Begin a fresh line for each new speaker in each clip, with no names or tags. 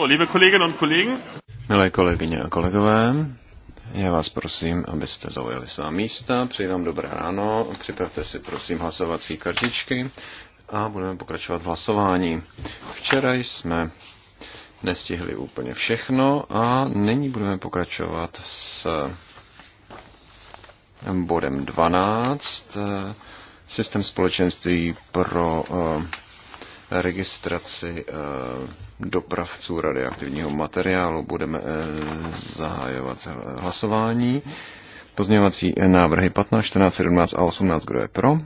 Oh, liebe Kolleginnen und Kollegen.
Milé kolegyně a kolegové, já vás prosím, abyste zaujali svá místa. Přeji vám dobré ráno, připravte si prosím hlasovací kartičky a budeme pokračovat v hlasování. Včera jsme nestihli úplně všechno a nyní budeme pokračovat s bodem 12, eh, systém společenství pro eh, registraci eh, dopravců radioaktivního materiálu. Budeme eh, zahajovat hlasování. Pozměňovací návrhy 15, 14, 17 a 18. Kdo je pro?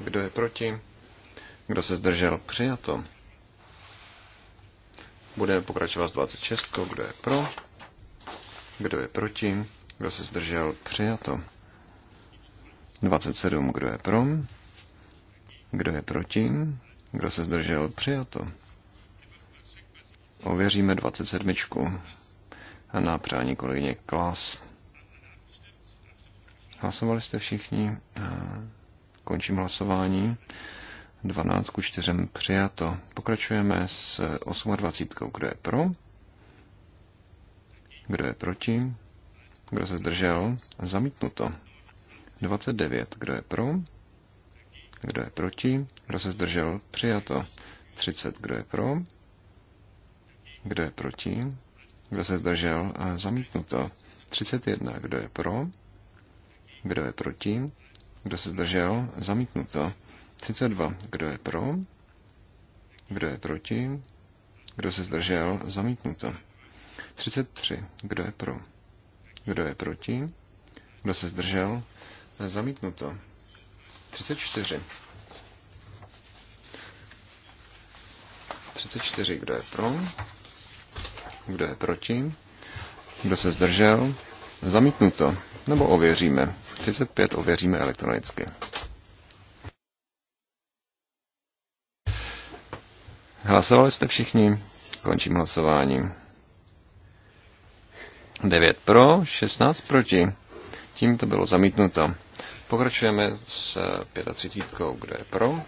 Kdo je proti? Kdo se zdržel? Přijato. Budeme pokračovat s 26. Kdo je pro? Kdo je proti? Kdo se zdržel? Přijato. 27. Kdo je pro? Kdo je proti? Kdo se zdržel? Přijato. Ověříme 27. A na přání kolegyně Klas. Hlasovali jste všichni. Končím hlasování. 12 ku 4 přijato. Pokračujeme s 28. Kdo je pro? Kdo je proti? Kdo se zdržel? Zamítnuto. 29. Kdo je pro? Kdo je proti? Kdo se zdržel? Přijato. 30. Kdo je pro? Kdo je proti? Kdo se zdržel? Zamítnuto. 31. Kdo je pro? Kdo je proti? Kdo se zdržel? Zamítnuto. 32. Kdo je pro? Kdo je proti? Kdo se zdržel? Zamítnuto. 33. Kdo je pro? Kdo je proti? Kdo se zdržel? Zamítnuto. 34. 34. Kdo je pro? Kdo je proti? Kdo se zdržel? Zamítnuto. Nebo ověříme. 35 ověříme elektronicky. Hlasovali jste všichni? Končím hlasování. 9 pro, 16 proti. Tím to bylo zamítnuto. Pokračujeme s 35, kdo je pro,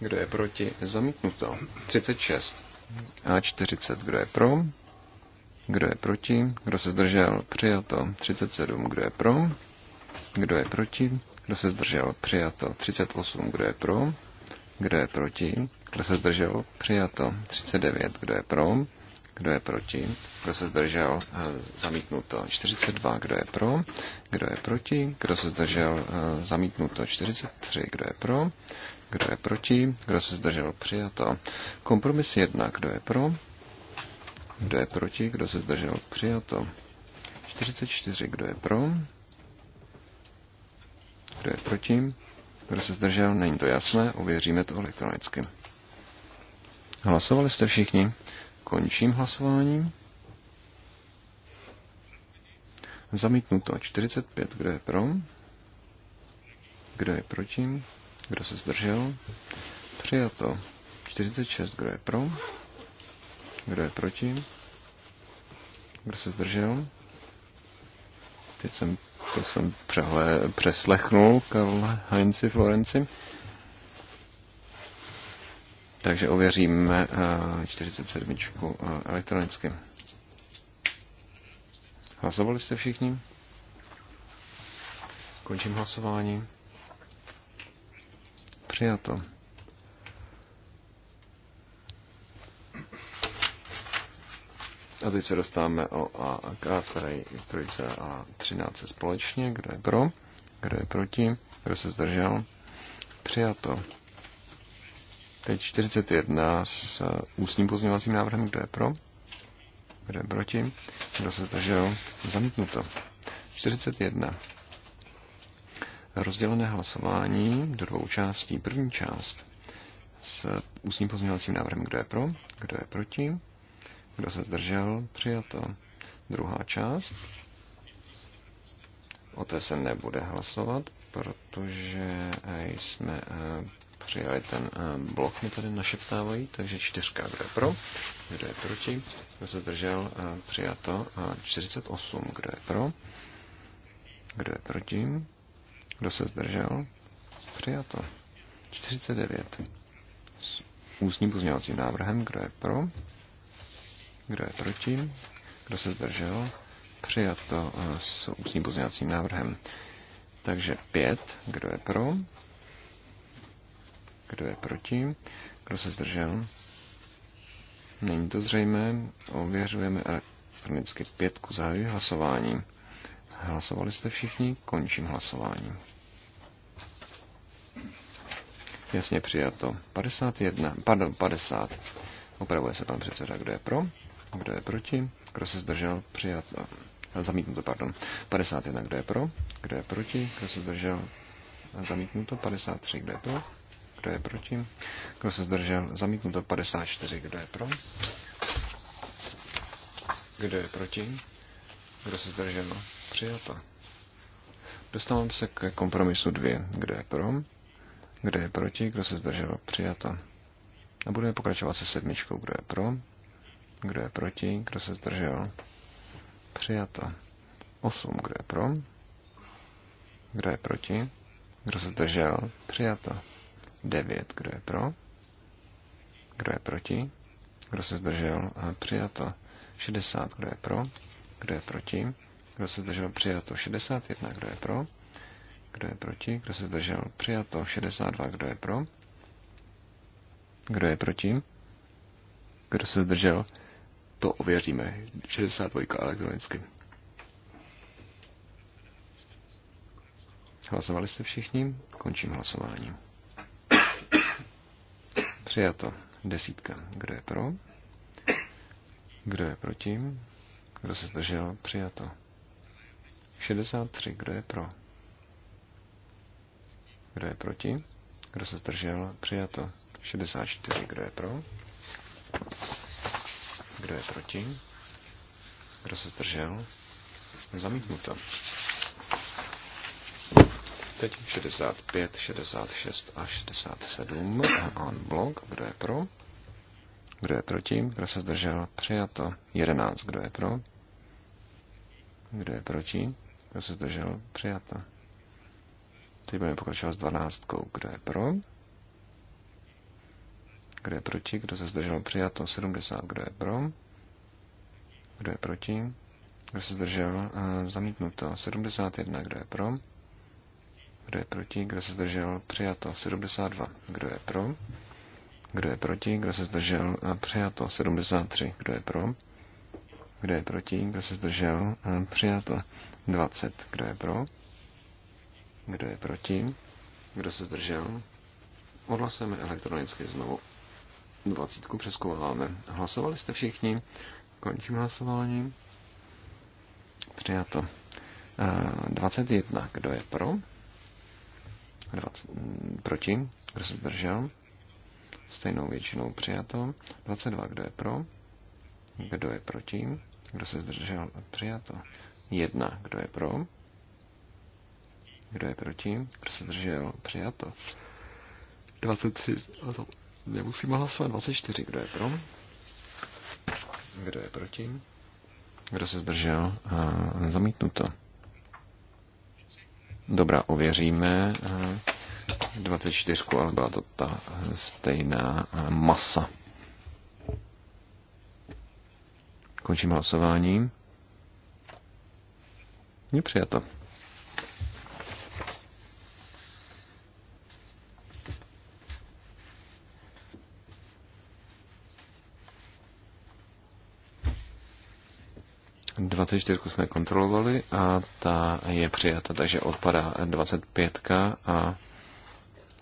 kdo je proti, zamítnuto. 36 a 40, kdo je pro, kdo je proti, kdo se zdržel, přijato. 37, kdo je pro, kdo je proti, kdo se zdržel, přijato. 38, kdo je pro, kdo je proti, kdo se zdržel, přijato. 39, kdo je pro, kdo je proti? Kdo se zdržel? Eh, zamítnuto. 42. Kdo je pro? Kdo je proti? Kdo se zdržel? Eh, zamítnuto. 43. Kdo je pro? Kdo je proti? Kdo se zdržel? Přijato. Kompromis 1. Kdo je pro? Kdo je proti? Kdo se zdržel? Přijato. 44. Kdo je pro? Kdo je proti? Kdo se zdržel? Není to jasné. Ověříme to elektronicky. Hlasovali jste všichni? Končím hlasování. Zamítnuto 45. Kdo je pro? Kdo je proti? Kdo se zdržel? Přijato 46. Kdo je pro? Kdo je proti? Kdo se zdržel? Teď jsem to jsem přehle, přeslechnul Karl Heinzi Florenci. Takže ověříme eh, 47 eh, elektronicky. Hlasovali jste všichni? Končím hlasování. Přijato. A teď se dostáváme o A a K, který, který a 13 společně. Kdo je pro? Kdo je proti? Kdo se zdržel? Přijato. Teď 41 s eh, ústním pozměňovacím návrhem. Kdo je pro? Kdo je proti? Kdo se zdržel? Zamítnuto. 41. Rozdělené hlasování do dvou částí. První část s ústním pozměňovacím návrhem. Kdo je pro? Kdo je proti? Kdo se zdržel? Přijato. Druhá část. O té se nebude hlasovat, protože eh, jsme eh, přijali ten eh, blok, mi tady našeptávají, takže čtyřka, kdo je pro, kdo je proti, kdo se zdržel, eh, přijato, 48, kdo je pro, kdo je proti, kdo se zdržel, přijato, 49, s ústním pozměňovacím návrhem, kdo je pro, kdo je proti, kdo se zdržel, přijato eh, s ústním pozměňovacím návrhem. Takže 5, kdo je pro, kdo je proti? Kdo se zdržel? Není to zřejmé. Ověřujeme elektronicky pětku zahajuji hlasování. Hlasovali jste všichni? Končím hlasování. Jasně přijato. 51, pardon, 50. Opravuje se pan předseda, kdo je pro, kdo je proti, kdo se zdržel, přijato. Zamítnuto, pardon. 51, kdo je pro, kdo je proti, kdo se zdržel, zamítnuto. 53, kdo je pro, kdo je proti, kdo se zdržel, zamítnuto 54, kdo je pro, kdo je proti, kdo se zdržel, přijato. Dostávám se k kompromisu 2, kdo je pro, kdo je proti, kdo se zdržel, přijato. A budeme pokračovat se sedmičkou, kdo je pro, kdo je proti, kdo se zdržel, přijato. 8, kdo je pro, kdo je proti, kdo se zdržel? Přijato. 9. Kdo je pro? Kdo je proti? Kdo se zdržel? Přijato. 60. Kdo je pro? Kdo je proti? Kdo se zdržel? Přijato. 61. Kdo je pro? Kdo je proti? Kdo se zdržel? Přijato. 62. Kdo je pro? Kdo je proti? Kdo se zdržel? To ověříme. 62 elektronicky. Hlasovali jste všichni? Končím hlasování. Přijato. Desítka. Kdo je pro? Kdo je proti? Kdo se zdržel? Přijato. 63. Kdo je pro? Kdo je proti? Kdo se zdržel? Přijato. 64. Kdo je pro? Kdo je proti? Kdo se zdržel? Zamítnuto. Teď 65, 66 a 67 on blog, Kdo je pro? Kdo je proti? Kdo se zdržel? Přijato. 11. Kdo je pro? Kdo je proti? Kdo se zdržel? Přijato. Teď budeme pokračovat s 12. Kdo je pro? Kdo je proti? Kdo se zdržel? Přijato. 70. Kdo je pro? Kdo je proti? Kdo se zdržel? Zamítnuto. 71. Kdo je pro? Kdo je proti? Kdo se zdržel? Přijato 72. Kdo je pro? Kdo je proti? Kdo se zdržel? Přijato 73. Kdo je pro? Kdo je proti? Kdo se zdržel? Přijato 20. Kdo je pro? Kdo je proti? Kdo se zdržel? Odhlasujeme elektronicky znovu. 20 přeskouváme. Hlasovali jste všichni? Končím hlasování. Přijato. 21. Kdo je pro? 20, proti, kdo se zdržel, stejnou většinou přijato, 22, kdo je pro, kdo je proti, kdo se zdržel, přijato, 1, kdo je pro, kdo je proti, kdo se zdržel, přijato, 23, nemusím hlasovat, 24, kdo je pro, kdo je proti, kdo se zdržel, zamítnuto. Dobrá, ověříme. 24, ale byla to ta stejná masa. Končím hlasování. Je přijato. 24 jsme kontrolovali a ta je přijata, takže odpadá 25 a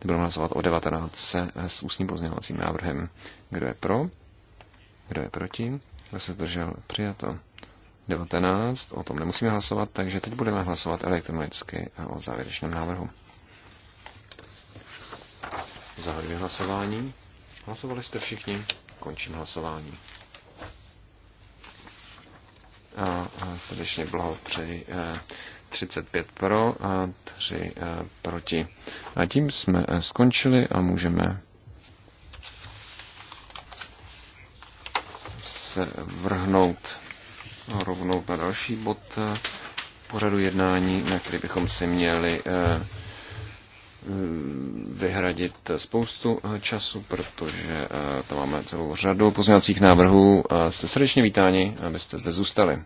budeme hlasovat o 19 s ústním pozměňovacím návrhem. Kdo je pro? Kdo je proti? Kdo se zdržel? Přijato. 19, o tom nemusíme hlasovat, takže teď budeme hlasovat elektronicky o závěrečném návrhu. Zahajuji hlasování. Hlasovali jste všichni, končím hlasování a srdečně blahopřeji 35 e, pro a 3 e, proti. A tím jsme e, skončili a můžeme se vrhnout rovnou na další bod pořadu jednání, na který bychom si měli vyhradit spoustu eh, času, protože eh, to máme celou řadu pozměňovacích návrhů. Jste srdečně vítáni, abyste zde zůstali.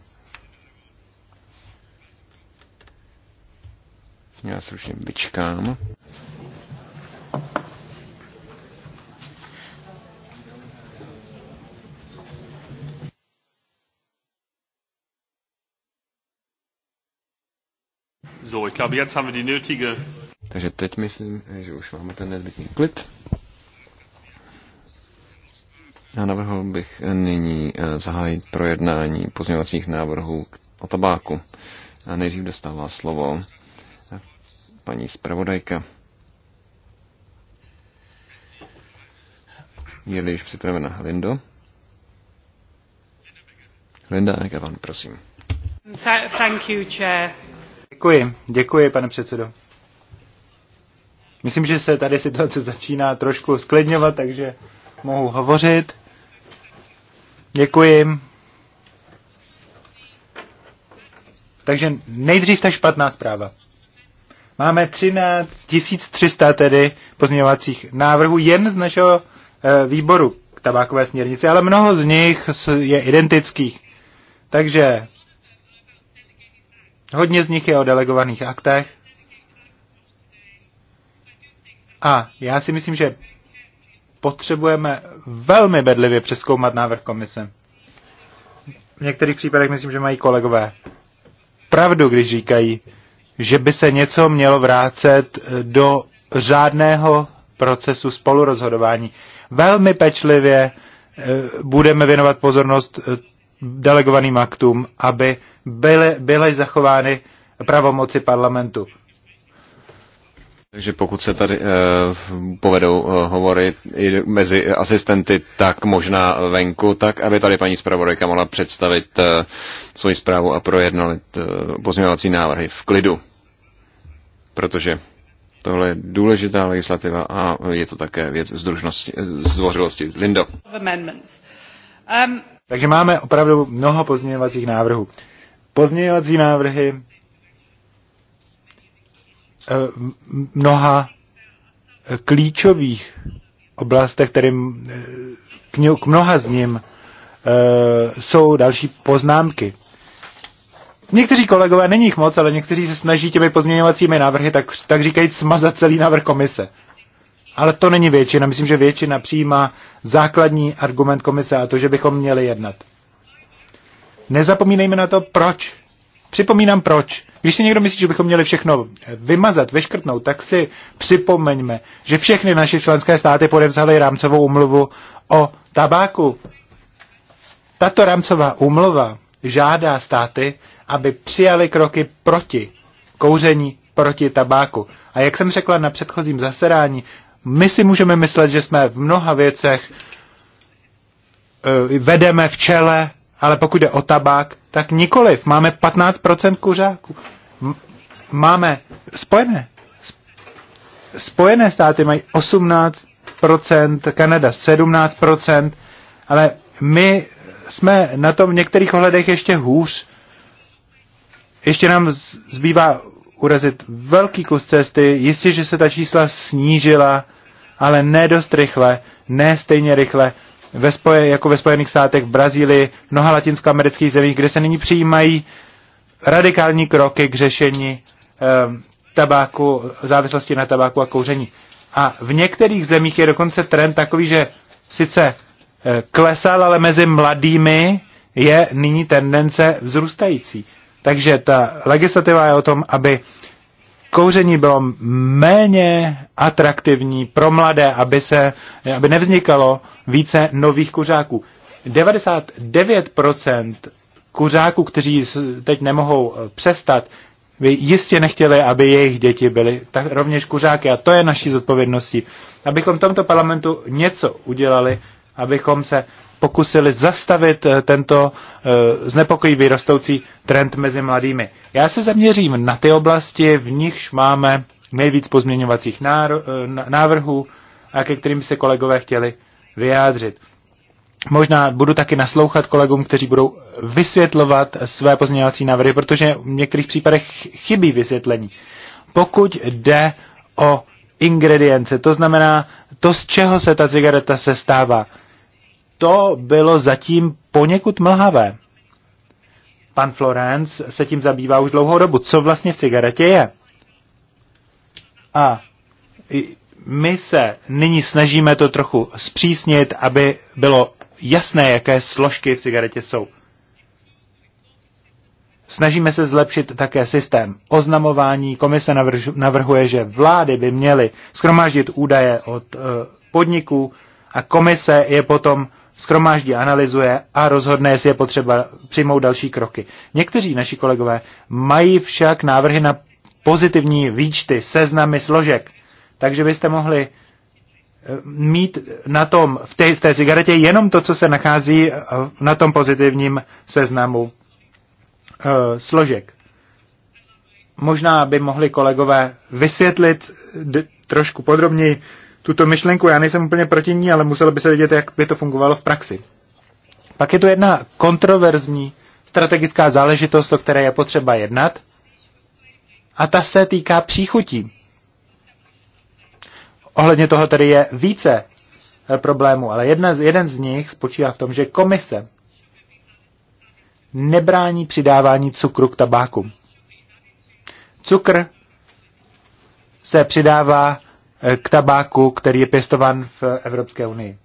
Já srdečně vyčkám.
So, ich glaube, jetzt haben wir die nötige
takže teď myslím, že už máme ten nezbytný klid. A navrhl bych nyní eh, zahájit projednání pozměňovacích návrhů o tabáku. A nejdřív dostává slovo eh, paní zpravodajka. Je-li již připravena Lindo? Linda vám prosím.
Thank you, chair. Děkuji, děkuji, pane předsedo. Myslím, že se tady situace začíná trošku sklidňovat, takže mohu hovořit. Děkuji. Takže nejdřív ta špatná zpráva. Máme 13 300 tedy pozměňovacích návrhů jen z našeho eh, výboru k tabákové směrnici, ale mnoho z nich je identických. Takže hodně z nich je o delegovaných aktech. A já si myslím, že potřebujeme velmi bedlivě přeskoumat návrh komise. V některých případech myslím, že mají kolegové pravdu, když říkají, že by se něco mělo vrátit eh, do řádného procesu spolurozhodování. Velmi pečlivě eh, budeme věnovat pozornost eh, delegovaným aktům, aby byly, byly zachovány pravomoci parlamentu.
Takže pokud se tady eh, povedou eh, hovory i mezi asistenty, tak možná venku, tak aby tady paní zpravodajka mohla představit eh, svoji zprávu a projednat pozměňovací návrhy v klidu. Protože tohle je důležitá legislativa a je to také věc združnosti, zdvořilosti. Lindo.
Um, Takže máme opravdu mnoho pozměňovacích návrhů. Pozměňovací návrhy mnoha klíčových oblastech, kterým eh, k mnoha z ním eh, jsou další poznámky. Někteří kolegové, není jich moc, ale někteří se snaží těmi pozměňovacími návrhy tak, tak říkají smazat celý návrh komise. Ale to není většina. Myslím, že většina přijímá základní argument komise a to, že bychom měli jednat. Nezapomínejme na to, proč Připomínám proč. Když si někdo myslí, že bychom měli všechno eh, vymazat, vyškrtnout, tak si připomeňme, že všechny naše členské státy podepsaly rámcovou umluvu o tabáku. Tato rámcová umluva žádá státy, aby přijali kroky proti kouření, proti tabáku. A jak jsem řekla na předchozím zasedání, my si můžeme myslet, že jsme v mnoha věcech eh, vedeme v čele ale pokud jde o tabák, tak nikoliv. Máme 15% kuřáků. Máme spojené. Spojené státy mají 18%, Kanada 17%, ale my jsme na tom v některých ohledech ještě hůř. Ještě nám zbývá urazit velký kus cesty. Jistě, že se ta čísla snížila, ale ne dost rychle, ne stejně rychle ve spoje, jako ve Spojených státech, v Brazílii, mnoha latinskoamerických zemích, kde se nyní přijímají radikální kroky k řešení um, tabáku, závislosti na tabáku a kouření. A v některých zemích je dokonce trend takový, že sice eh, klesal, ale mezi mladými je nyní tendence vzrůstající. Takže ta legislativa je o tom, aby kouření bylo méně atraktivní pro mladé, aby, se, aby nevznikalo více nových kuřáků. 99% kuřáků, kteří teď nemohou eh, přestat, by jistě nechtěli, aby jejich děti byly tak rovněž kuřáky. A to je naší zodpovědností. Abychom v tomto parlamentu něco udělali, abychom se pokusili zastavit eh, tento eh, znepokojivý rostoucí trend mezi mladými. Já se zaměřím na ty oblasti, v nichž máme nejvíc pozměňovacích eh, návrhů a ke kterým se kolegové chtěli vyjádřit. Možná budu taky naslouchat kolegům, kteří budou vysvětlovat své pozměňovací návrhy, protože v některých případech chybí vysvětlení. Pokud jde o ingredience, to znamená to, z čeho se ta cigareta sestává to bylo zatím poněkud mlhavé. Pan Florence se tím zabývá už dlouhou dobu. Co vlastně v cigaretě je? A my se nyní snažíme to trochu zpřísnit, aby bylo jasné, jaké složky v cigaretě jsou. Snažíme se zlepšit také systém oznamování. Komise navrhuje, že vlády by měly schromáždit údaje od eh, podniků a komise je potom schromáždí, analyzuje a rozhodne, jestli je potřeba přijmout další kroky. Někteří naši kolegové mají však návrhy na pozitivní výčty, seznamy složek, takže byste mohli eh, mít na tom, v té, v té cigaretě jenom to, co se nachází eh, na tom pozitivním seznamu e, složek. Možná by mohli kolegové vysvětlit trošku podrobněji, tuto myšlenku. Já nejsem úplně proti ní, ale muselo by se vidět, jak by to fungovalo v praxi. Pak je tu jedna kontroverzní strategická záležitost, o které je potřeba jednat, a ta se týká příchutí. Ohledně toho tedy je více eh, problémů, ale jedna z, jeden z nich spočívá v tom, že komise nebrání přidávání cukru k tabáku. Cukr se přidává Eh, k tabáku, který je pěstován v Evropské unii.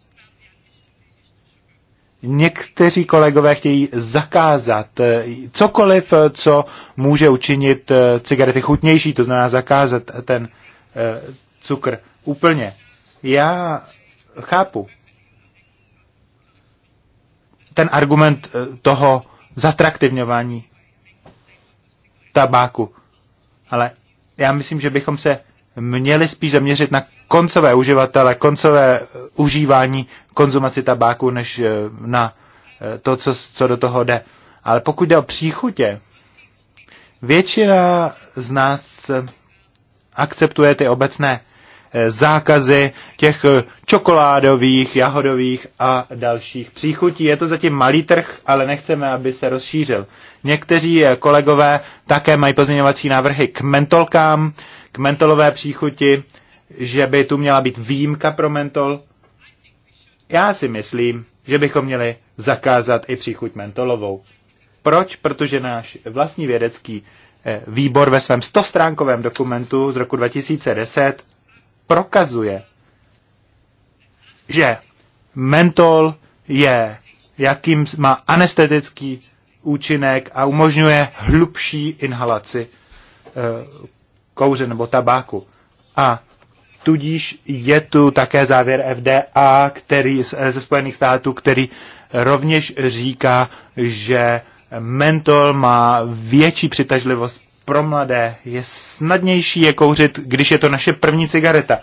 Někteří kolegové chtějí zakázat eh, cokoliv, eh, co může učinit cigarety chutnější, to znamená zakázat ten cukr úplně. Já chápu ten argument toho zatraktivňování tabáku, ale já myslím, že bychom se měli spíš zaměřit na koncové uživatele, koncové eh, užívání, konzumaci tabáku, než eh, na eh, to, co, co do toho jde. Ale pokud jde o příchutě, většina z nás akceptuje ty obecné zákazy těch čokoládových, jahodových a dalších příchutí. Je to zatím malý trh, ale nechceme, aby se rozšířil. Někteří kolegové také mají pozměňovací návrhy k mentolkám, k mentolové příchuti, že by tu měla být výjimka pro mentol. Já si myslím, že bychom měli zakázat i příchuť mentolovou. Proč? Protože náš vlastní vědecký eh, výbor ve svém stostránkovém dokumentu z roku 2010 prokazuje, že mentol je jakým má anestetický účinek a umožňuje hlubší inhalaci eh, kouře nebo tabáku. A tudíž je tu také závěr FDA, který ze Spojených států, který rovněž říká, že mentol má větší přitažlivost pro mladé, je snadnější je kouřit, když je to naše první cigareta.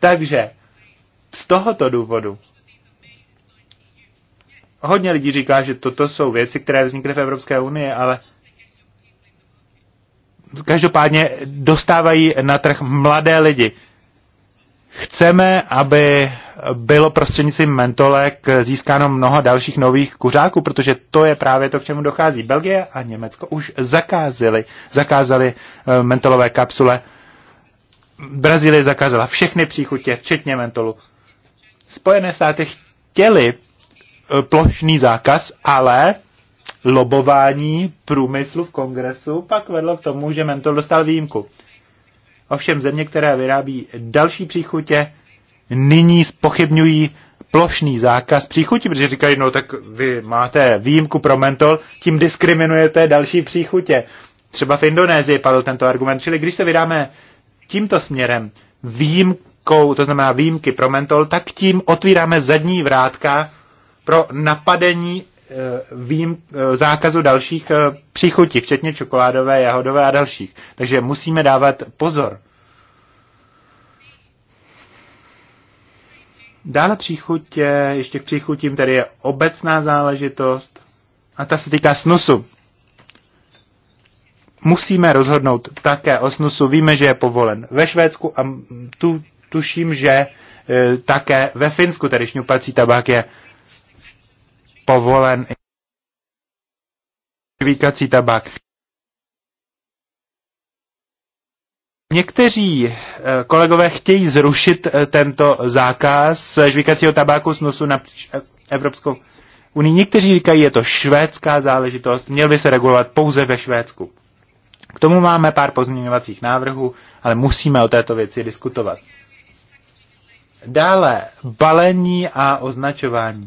Takže z tohoto důvodu hodně lidí říká, že toto jsou věci, které vznikly v Evropské unii, ale každopádně dostávají na trh mladé lidi. Chceme, aby bylo prostřednictvím mentolek získáno mnoho dalších nových kuřáků, protože to je právě to, k čemu dochází. Belgie a Německo už zakázali, zakázali eh, mentolové kapsule. Brazílie zakázala všechny příchutě, včetně mentolu. Spojené státy chtěli eh, plošný zákaz, ale lobování průmyslu v kongresu pak vedlo k tomu, že mentol dostal výjimku. Ovšem země, které vyrábí další příchutě, nyní spochybňují plošný zákaz příchutí, protože říkají, no tak vy máte výjimku pro mentol, tím diskriminujete další příchutě. Třeba v Indonésii padl tento argument, čili když se vydáme tímto směrem výjimkou, to znamená výjimky pro mentol, tak tím otvíráme zadní vrátka pro napadení Eh, vím eh, zákazu dalších eh, příchutí, včetně čokoládové, jahodové a dalších. Takže musíme dávat pozor. Dále příchuť, ještě k příchutím, tady je obecná záležitost a ta se týká snusu. Musíme rozhodnout také o snusu. Víme, že je povolen ve Švédsku a tu, tuším, že také ve Finsku, tady šňupací tabák je povolen vykací tabak. Někteří eh, kolegové chtějí zrušit eh, tento zákaz eh, žvíkacího tabáku z nosu na e- Evropskou unii. Někteří říkají, je to švédská záležitost, měl by se regulovat pouze ve Švédsku. K tomu máme pár pozměňovacích návrhů, ale musíme o této věci diskutovat. Dále balení a označování.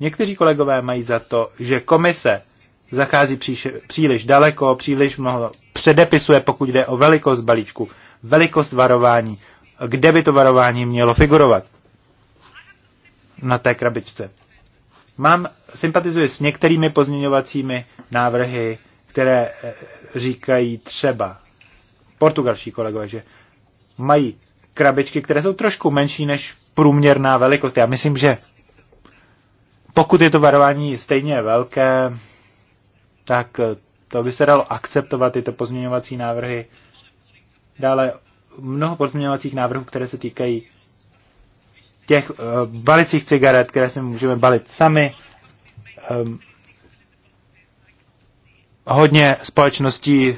Někteří kolegové mají za to, že komise zachází příš, příliš daleko, příliš mnoho předepisuje, pokud jde o velikost balíčku, velikost varování, kde by to varování mělo figurovat na té krabičce. Mám, sympatizuji s některými pozměňovacími návrhy, které eh, říkají třeba portugalští kolegové, že mají krabičky, které jsou trošku menší než průměrná velikost. Já myslím, že pokud je to varování stejně velké, tak to by se dalo akceptovat tyto pozměňovací návrhy. Dále mnoho pozměňovacích návrhů, které se týkají těch uh, eh, balicích cigaret, které si můžeme balit sami. Um, hodně společností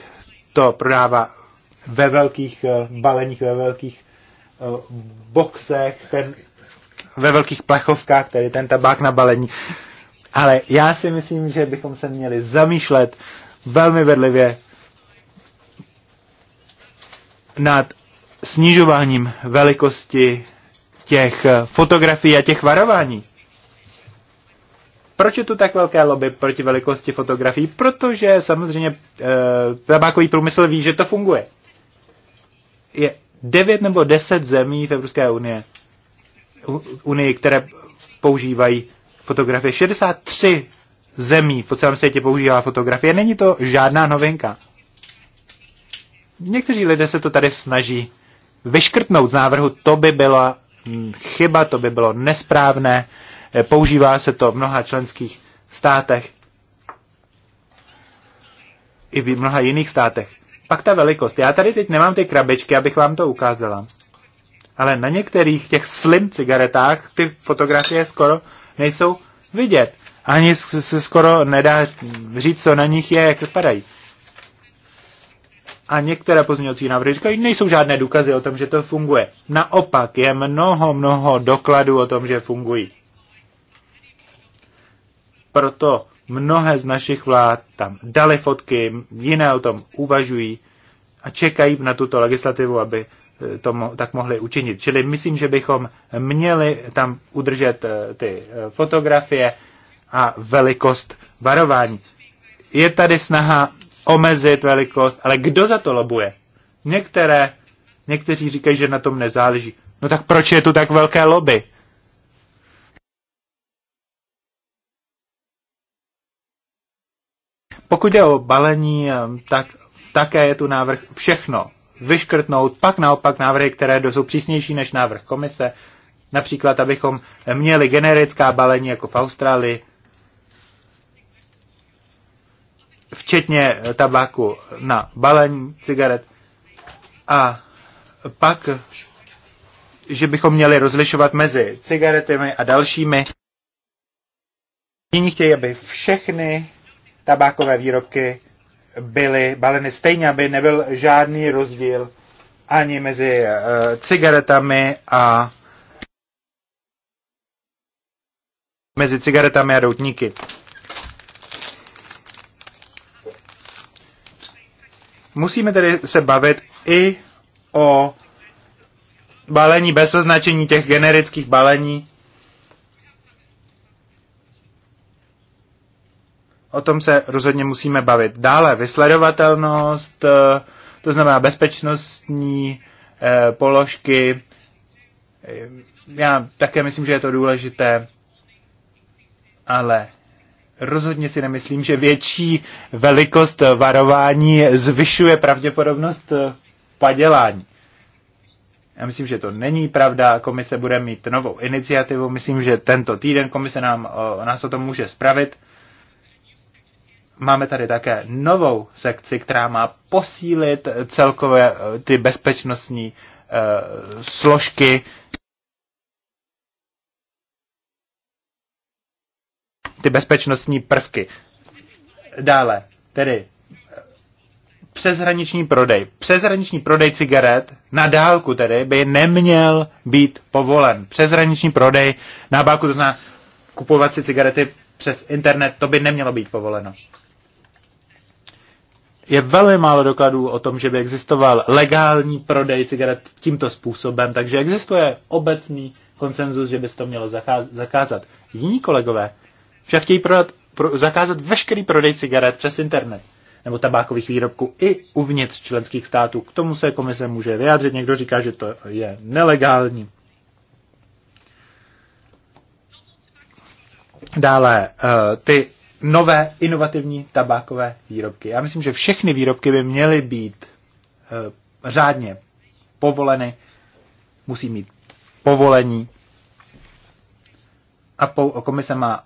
to prodává ve velkých uh, baleních, ve velkých uh, boxech. Ten ve velkých plechovkách, tedy ten tabák na balení. Ale já si myslím, že bychom se měli zamýšlet velmi vedlivě nad snižováním velikosti těch fotografií a těch varování. Proč je tu tak velké lobby proti velikosti fotografií? Protože samozřejmě e, tabákový průmysl ví, že to funguje. Je devět nebo deset zemí v Evropské unie, unii, které používají fotografie. 63 zemí po celém světě používá fotografie. Není to žádná novinka. Někteří lidé se to tady snaží vyškrtnout z návrhu. To by byla chyba, to by bylo nesprávné. Používá se to v mnoha členských státech i v mnoha jiných státech. Pak ta velikost. Já tady teď nemám ty krabičky, abych vám to ukázala ale na některých těch slim cigaretách ty fotografie skoro nejsou vidět. Ani se skoro nedá říct, co na nich je, jak vypadají. A některé pozměňovací návrhy říkají, nejsou žádné důkazy o tom, že to funguje. Naopak je mnoho, mnoho dokladů o tom, že fungují. Proto mnohé z našich vlád tam dali fotky, jiné o tom uvažují a čekají na tuto legislativu, aby to tak mohli učinit. Čili myslím, že bychom měli tam udržet eh, ty eh, fotografie a velikost varování. Je tady snaha omezit velikost, ale kdo za to lobuje? Některé, někteří říkají, že na tom nezáleží. No tak proč je tu tak velké lobby? Pokud je o balení, eh, tak také je tu návrh všechno vyškrtnout, pak naopak návrhy, které jsou přísnější než návrh komise, například abychom měli generická balení jako v Austrálii, včetně eh, tabáku na balení cigaret. A pak, že bychom měli rozlišovat mezi cigaretami a dalšími. Jiní chtějí, aby všechny tabákové výrobky byly baleny stejně, aby nebyl žádný rozdíl ani mezi eh, cigaretami a mezi cigaretami a doutníky. Musíme tedy se bavit i o balení bez označení těch generických balení, o tom se rozhodně musíme bavit. Dále vysledovatelnost, eh, to znamená bezpečnostní eh, položky. Já také myslím, že je to důležité, ale rozhodně si nemyslím, že větší velikost varování zvyšuje pravděpodobnost eh, padělání. Já myslím, že to není pravda. Komise bude mít novou iniciativu. Myslím, že tento týden komise nám, nás o tom může spravit. Máme tady také novou sekci, která má posílit celkové eh, ty bezpečnostní uh, složky. Ty bezpečnostní prvky. Dále, tedy eh, přeshraniční prodej. Přeshraniční prodej cigaret na dálku tedy by neměl být povolen. Přeshraniční prodej na báku, to znamená kupovat si cigarety přes internet, to by nemělo být povoleno je velmi málo dokladů o tom, že by existoval legální prodej cigaret tímto způsobem, takže existuje obecný konsenzus, že by se to mělo zakázat. Jiní kolegové však chtějí prodat, pro, zakázat veškerý prodej cigaret přes internet nebo tabákových výrobků i uvnitř členských států. K tomu se komise může vyjádřit. Někdo říká, že to je nelegální. Dále eh, ty nové inovativní tabákové výrobky. Já myslím, že všechny výrobky by měly být e, řádně povoleny, musí mít povolení a po, komise má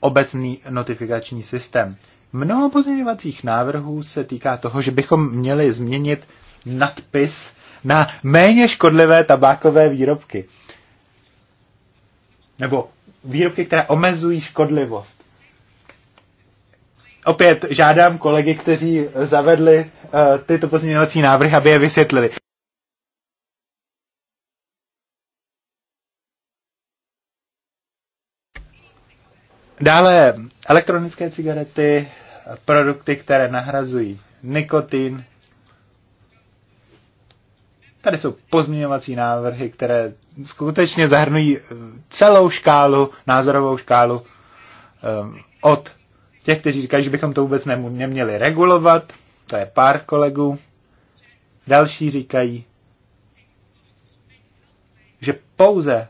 obecný notifikační systém. Mnoho pozměňovacích návrhů se týká toho, že bychom měli změnit nadpis na méně škodlivé tabákové výrobky. Nebo výrobky, které omezují škodlivost opět žádám kolegy, kteří zavedli eh, tyto pozměňovací návrhy, aby je vysvětlili. Dále elektronické cigarety, produkty, které nahrazují nikotin. Tady jsou pozměňovací návrhy, které skutečně zahrnují celou škálu, názorovou škálu eh, od těch, kteří říkají, že bychom to vůbec neměli regulovat, to je pár kolegů. Další říkají, že pouze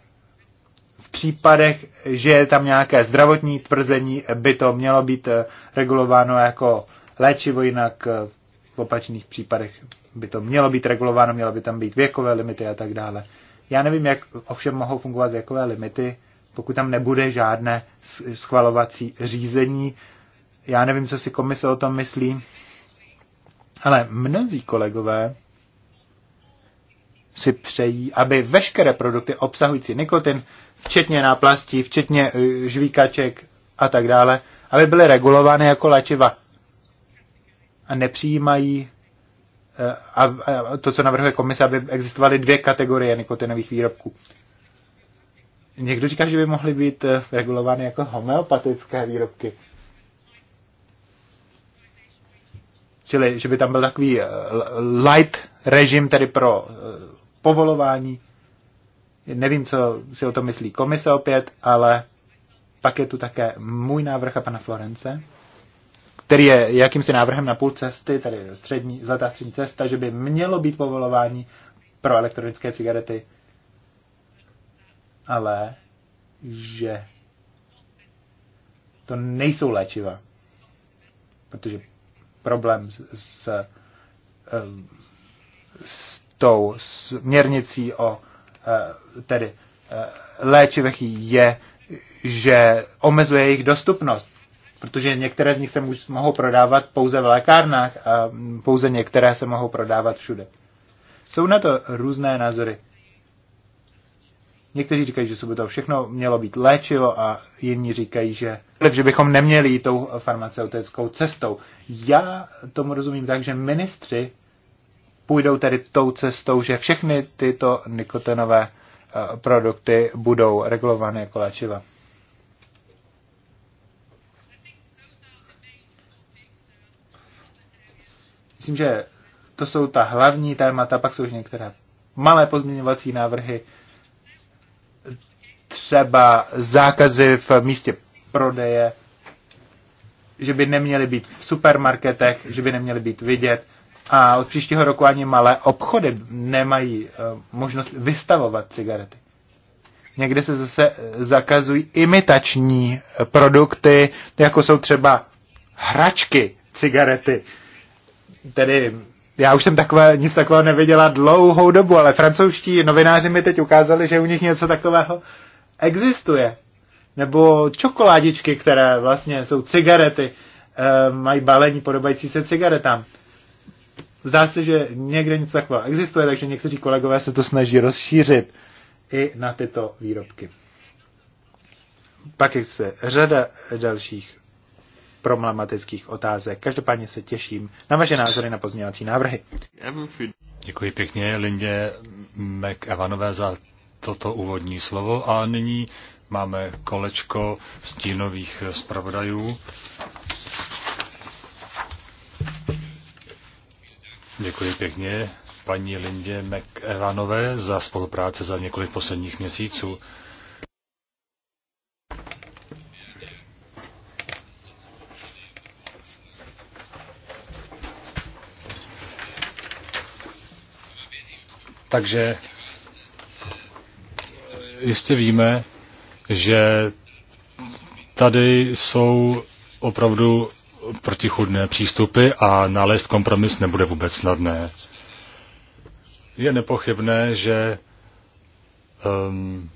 v případech, že je tam nějaké zdravotní tvrzení, by to mělo být eh, regulováno jako léčivo, jinak eh, v opačných případech by to mělo být regulováno, mělo by tam být věkové limity a tak dále. Já nevím, jak ovšem mohou fungovat věkové limity, pokud tam nebude žádné schvalovací řízení, já nevím, co si komise o tom myslí, ale mnozí kolegové si přejí, aby veškeré produkty obsahující nikotin, včetně náplastí, včetně eh, žvíkaček a tak dále, aby byly regulovány jako léčiva. A nepřijímají eh, a, a to, co navrhuje komise, aby existovaly dvě kategorie nikotinových výrobků. Někdo říká, že by mohly být eh, regulovány jako homeopatické výrobky. Čili, že by tam byl takový eh, light režim, tedy pro eh, povolování. Nevím, co si o tom myslí komise opět, ale pak je tu také můj návrh a pana Florence, který je jakýmsi návrhem na půl cesty, tedy střední, zlatá střední cesta, že by mělo být povolování pro elektronické cigarety, ale že to nejsou léčiva. Protože problém s, s, s tou směrnicí o e, tedy e, léčivech je, že omezuje jejich dostupnost, protože některé z nich se mohou prodávat pouze v lékárnách a pouze některé se mohou prodávat všude. Jsou na to různé názory. Někteří říkají, že by to všechno mělo být léčivo a jiní říkají, že, že bychom neměli jít tou farmaceutickou cestou. Já tomu rozumím tak, že ministři půjdou tedy tou cestou, že všechny tyto nikotinové eh, produkty budou regulovány jako léčiva. Myslím, že to jsou ta hlavní témata, pak jsou už některé malé pozměňovací návrhy, třeba zákazy v místě prodeje, že by neměly být v supermarketech, že by neměly být vidět. A od příštího roku ani malé obchody nemají eh, možnost vystavovat cigarety. Někde se zase eh, zakazují imitační eh, produkty, jako jsou třeba hračky, cigarety. Tedy já už jsem takové, nic takového neviděla dlouhou dobu, ale francouzští novináři mi teď ukázali, že u nich něco takového existuje. Nebo čokoládičky, které vlastně jsou cigarety, eh, mají balení podobající se cigaretám. Zdá se, že někde něco takového existuje, takže někteří kolegové se to snaží rozšířit i na tyto výrobky. Pak se řada dalších problematických otázek. Každopádně se těším na vaše názory na pozměňovací návrhy.
Děkuji pěkně Lindě McEvanové za toto úvodní slovo a nyní máme kolečko stínových zpravodajů. Děkuji pěkně paní Lindě McEvanové za spolupráci za několik posledních měsíců. Takže jistě víme, že tady jsou opravdu protichudné přístupy a nalézt kompromis nebude vůbec snadné. Je nepochybné, že um,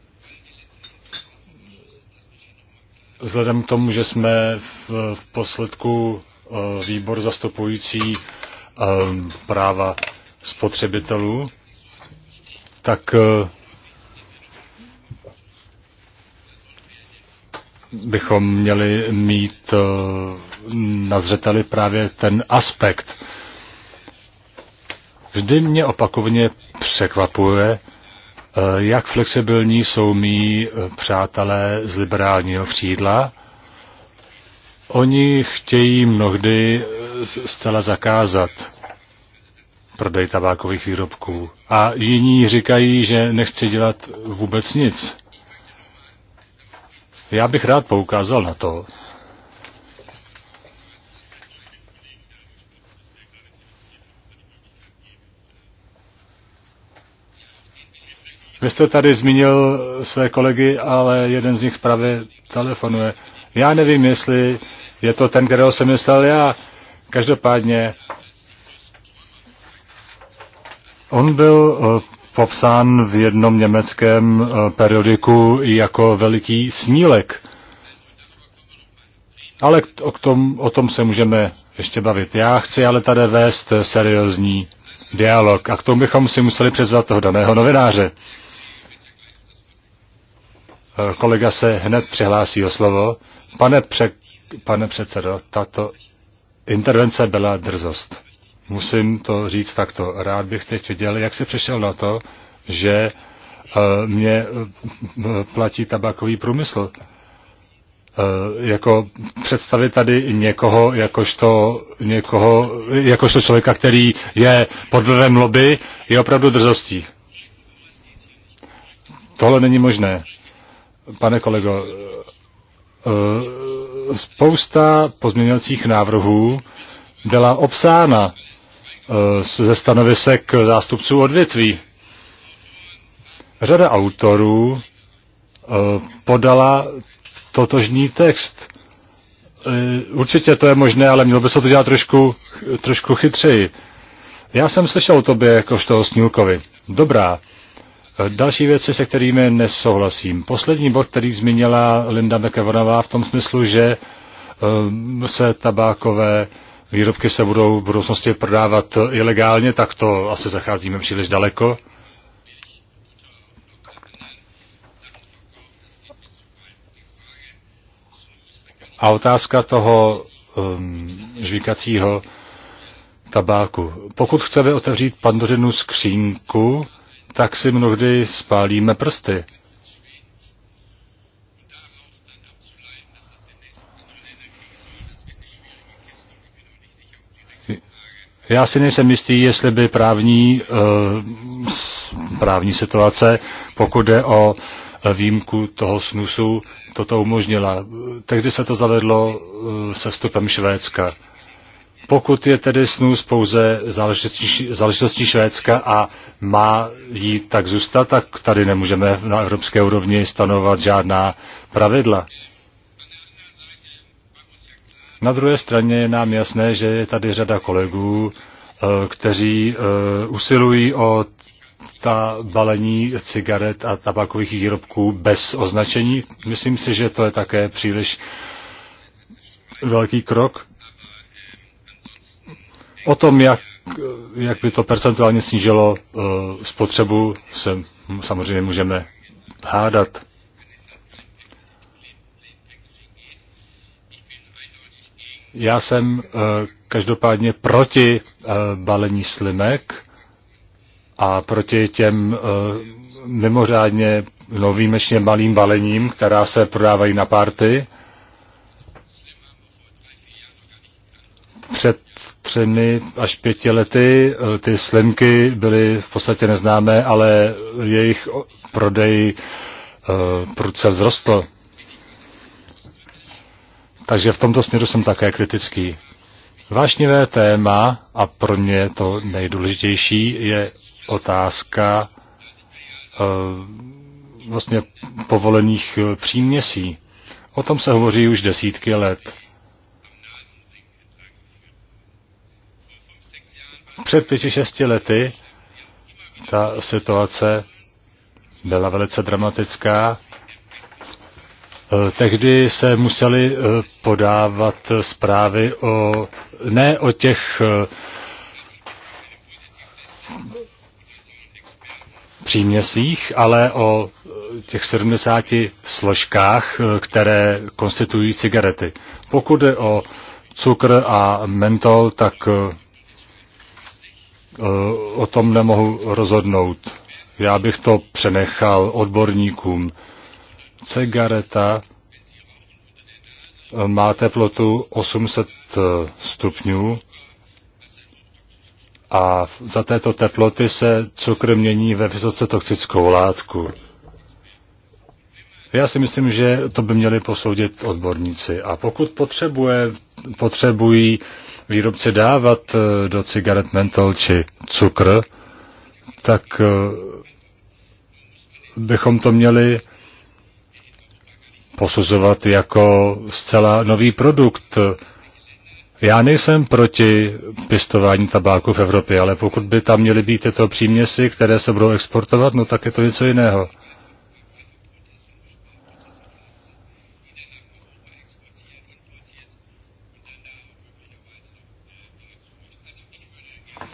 vzhledem k tomu, že jsme v, v posledku uh, výbor zastupující um, práva spotřebitelů, tak uh, bychom měli mít eh, na zřeteli právě ten aspekt. Vždy mě opakovaně překvapuje, eh, jak flexibilní jsou mý eh, přátelé z liberálního křídla. Oni chtějí mnohdy zcela zakázat prodej tabákových výrobků. A jiní říkají, že nechci dělat vůbec nic. Já bych rád poukázal na to, Vy jste tady zmínil své kolegy, ale jeden z nich právě telefonuje. Já nevím, jestli je to ten, kterého jsem myslel já. Každopádně, on byl eh, popsán v jednom německém eh, periodiku jako veliký snílek. Ale o tom, o tom se můžeme ještě bavit. Já chci ale tady vést seriózní dialog a k tomu bychom si museli přizvat toho daného novináře. Eh, kolega se hned přihlásí o slovo. Pane, pře- pane předsedo, tato intervence byla drzost. Musím to říct takto. Rád bych teď viděl, jak se přešel na to, že eh, mě eh, platí tabakový průmysl. Eh, jako představit tady někoho, jakožto, někoho, jakožto člověka, který je pod vlivem lobby, je opravdu drzostí. Tohle není možné. Pane kolego, spousta pozměňovacích návrhů byla obsána Eh, ze stanovisek zástupců odvětví. Řada autorů eh, podala totožný text. Eh, určitě to je možné, ale mělo by se to dělat trošku, trošku chytřeji. Já jsem slyšel o tobě jakožto o Snílkovi. Dobrá. Další věci, se kterými nesouhlasím. Poslední bod, který zmínila Linda McEvanová v tom smyslu, že se tabákové výrobky se budou v budoucnosti prodávat ilegálně, tak to asi zacházíme příliš daleko. A otázka toho um, žvíkacího tabáku. Pokud chceme otevřít pandořinu skřínku, tak si mnohdy spálíme prsty. Já si nejsem jistý, jestli by právní, eh, právní situace, pokud jde o eh, výjimku toho snusu, toto umožnila. Tehdy se to zavedlo eh, se vstupem Švédska. Pokud je tedy snus pouze záležitostí, Švédska a má jí tak zůstat, tak tady nemůžeme na evropské úrovni stanovat žádná pravidla. Na druhé straně je nám jasné, že je tady řada kolegů, eh, kteří eh, usilují o ta balení cigaret a tabakových výrobků bez označení. Myslím si, že to je také příliš velký krok. O tom, jak, jak by to percentuálně snížilo eh, spotřebu, se samozřejmě můžeme hádat. Já jsem eh, každopádně proti eh, balení slimek a proti těm eh, mimořádně novým, ještě malým balením, která se prodávají na párty. Před třemi až pěti lety ty slimky byly v podstatě neznámé, ale jejich prodej prudce vzrostl. Takže v tomto směru jsem také kritický. Vášnivé téma, a pro mě to nejdůležitější, je otázka eh, vlastně povolených eh, příměsí. O tom se hovoří už desítky let. Před pěti, šesti lety ta situace byla velice dramatická. Eh, tehdy se museli eh, podávat eh, zprávy o, ne o těch příměsích, ale o těch 70 složkách, které konstituují cigarety. Pokud je o cukr a mentol, tak o tom nemohu rozhodnout. Já bych to přenechal odborníkům cigareta eh, má teplotu 800 eh, stupňů a za této teploty se cukr mění ve vysoce toxickou látku. Já si myslím, že to by měli posoudit odborníci. A pokud potřebuje, potřebují výrobci dávat eh, do cigaret mentol či cukr, tak bychom to měli posuzovat jako zcela nový produkt. Já nejsem proti pěstování tabáku v Evropě, ale pokud by tam měly být tyto příměsi, které se budou exportovat, no tak je to něco jiného.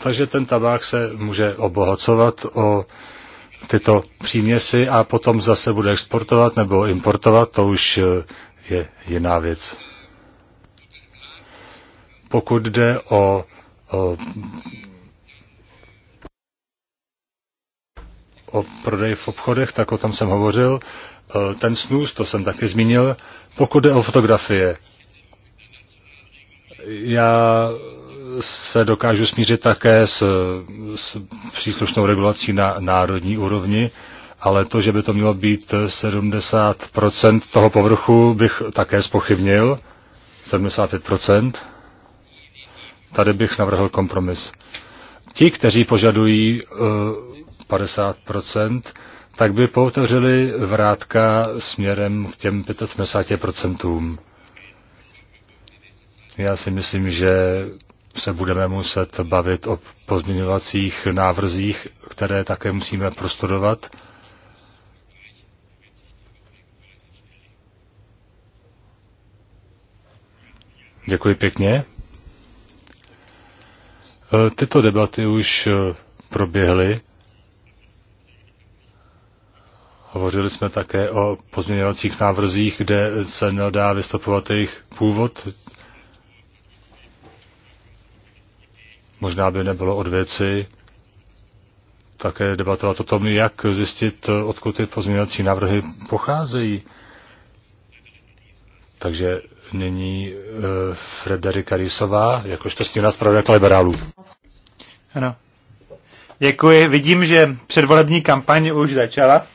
Takže ten tabák se může obohacovat o tyto příměsy a potom zase bude exportovat nebo importovat, to už eh, je jiná věc. Pokud jde o, o, o prodej v obchodech, tak o tom jsem hovořil. Eh, ten snus, to jsem taky zmínil. Pokud jde o fotografie, já se dokážu smířit také s, s příslušnou regulací na národní úrovni, ale to, že by to mělo být 70% toho povrchu, bych také spochybnil. 75%. Tady bych navrhl kompromis. Ti, kteří požadují uh, eh, 50%, tak by pootevřeli vrátka směrem k těm 75%. Já si myslím, že se budeme muset bavit o pozměňovacích návrzích, které také musíme prostudovat. Děkuji pěkně. E, tyto debaty už e, proběhly. Hovořili jsme také o pozměňovacích návrzích, kde se nedá vystupovat jejich původ. Možná by nebylo od věci také debatovat o tom, jak zjistit, odkud ty pozměňovací návrhy pocházejí. Takže nyní uh, Frederika Rysová, jakožto s tím nás pravodajka liberálů.
Ano. Děkuji. Vidím, že předvolební kampaň už začala,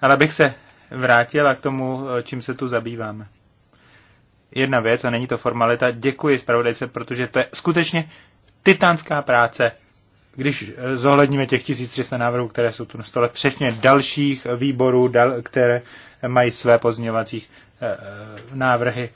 ale bych se vrátila k tomu, eh, čím se tu zabýváme jedna věc, a není to formalita, děkuji zpravodajce, protože to je skutečně titánská práce, když eh, zohledníme těch 1300 návrhů, které jsou tu na stole, přesně dalších výborů, dal, které mají své pozměňovací e, návrhy.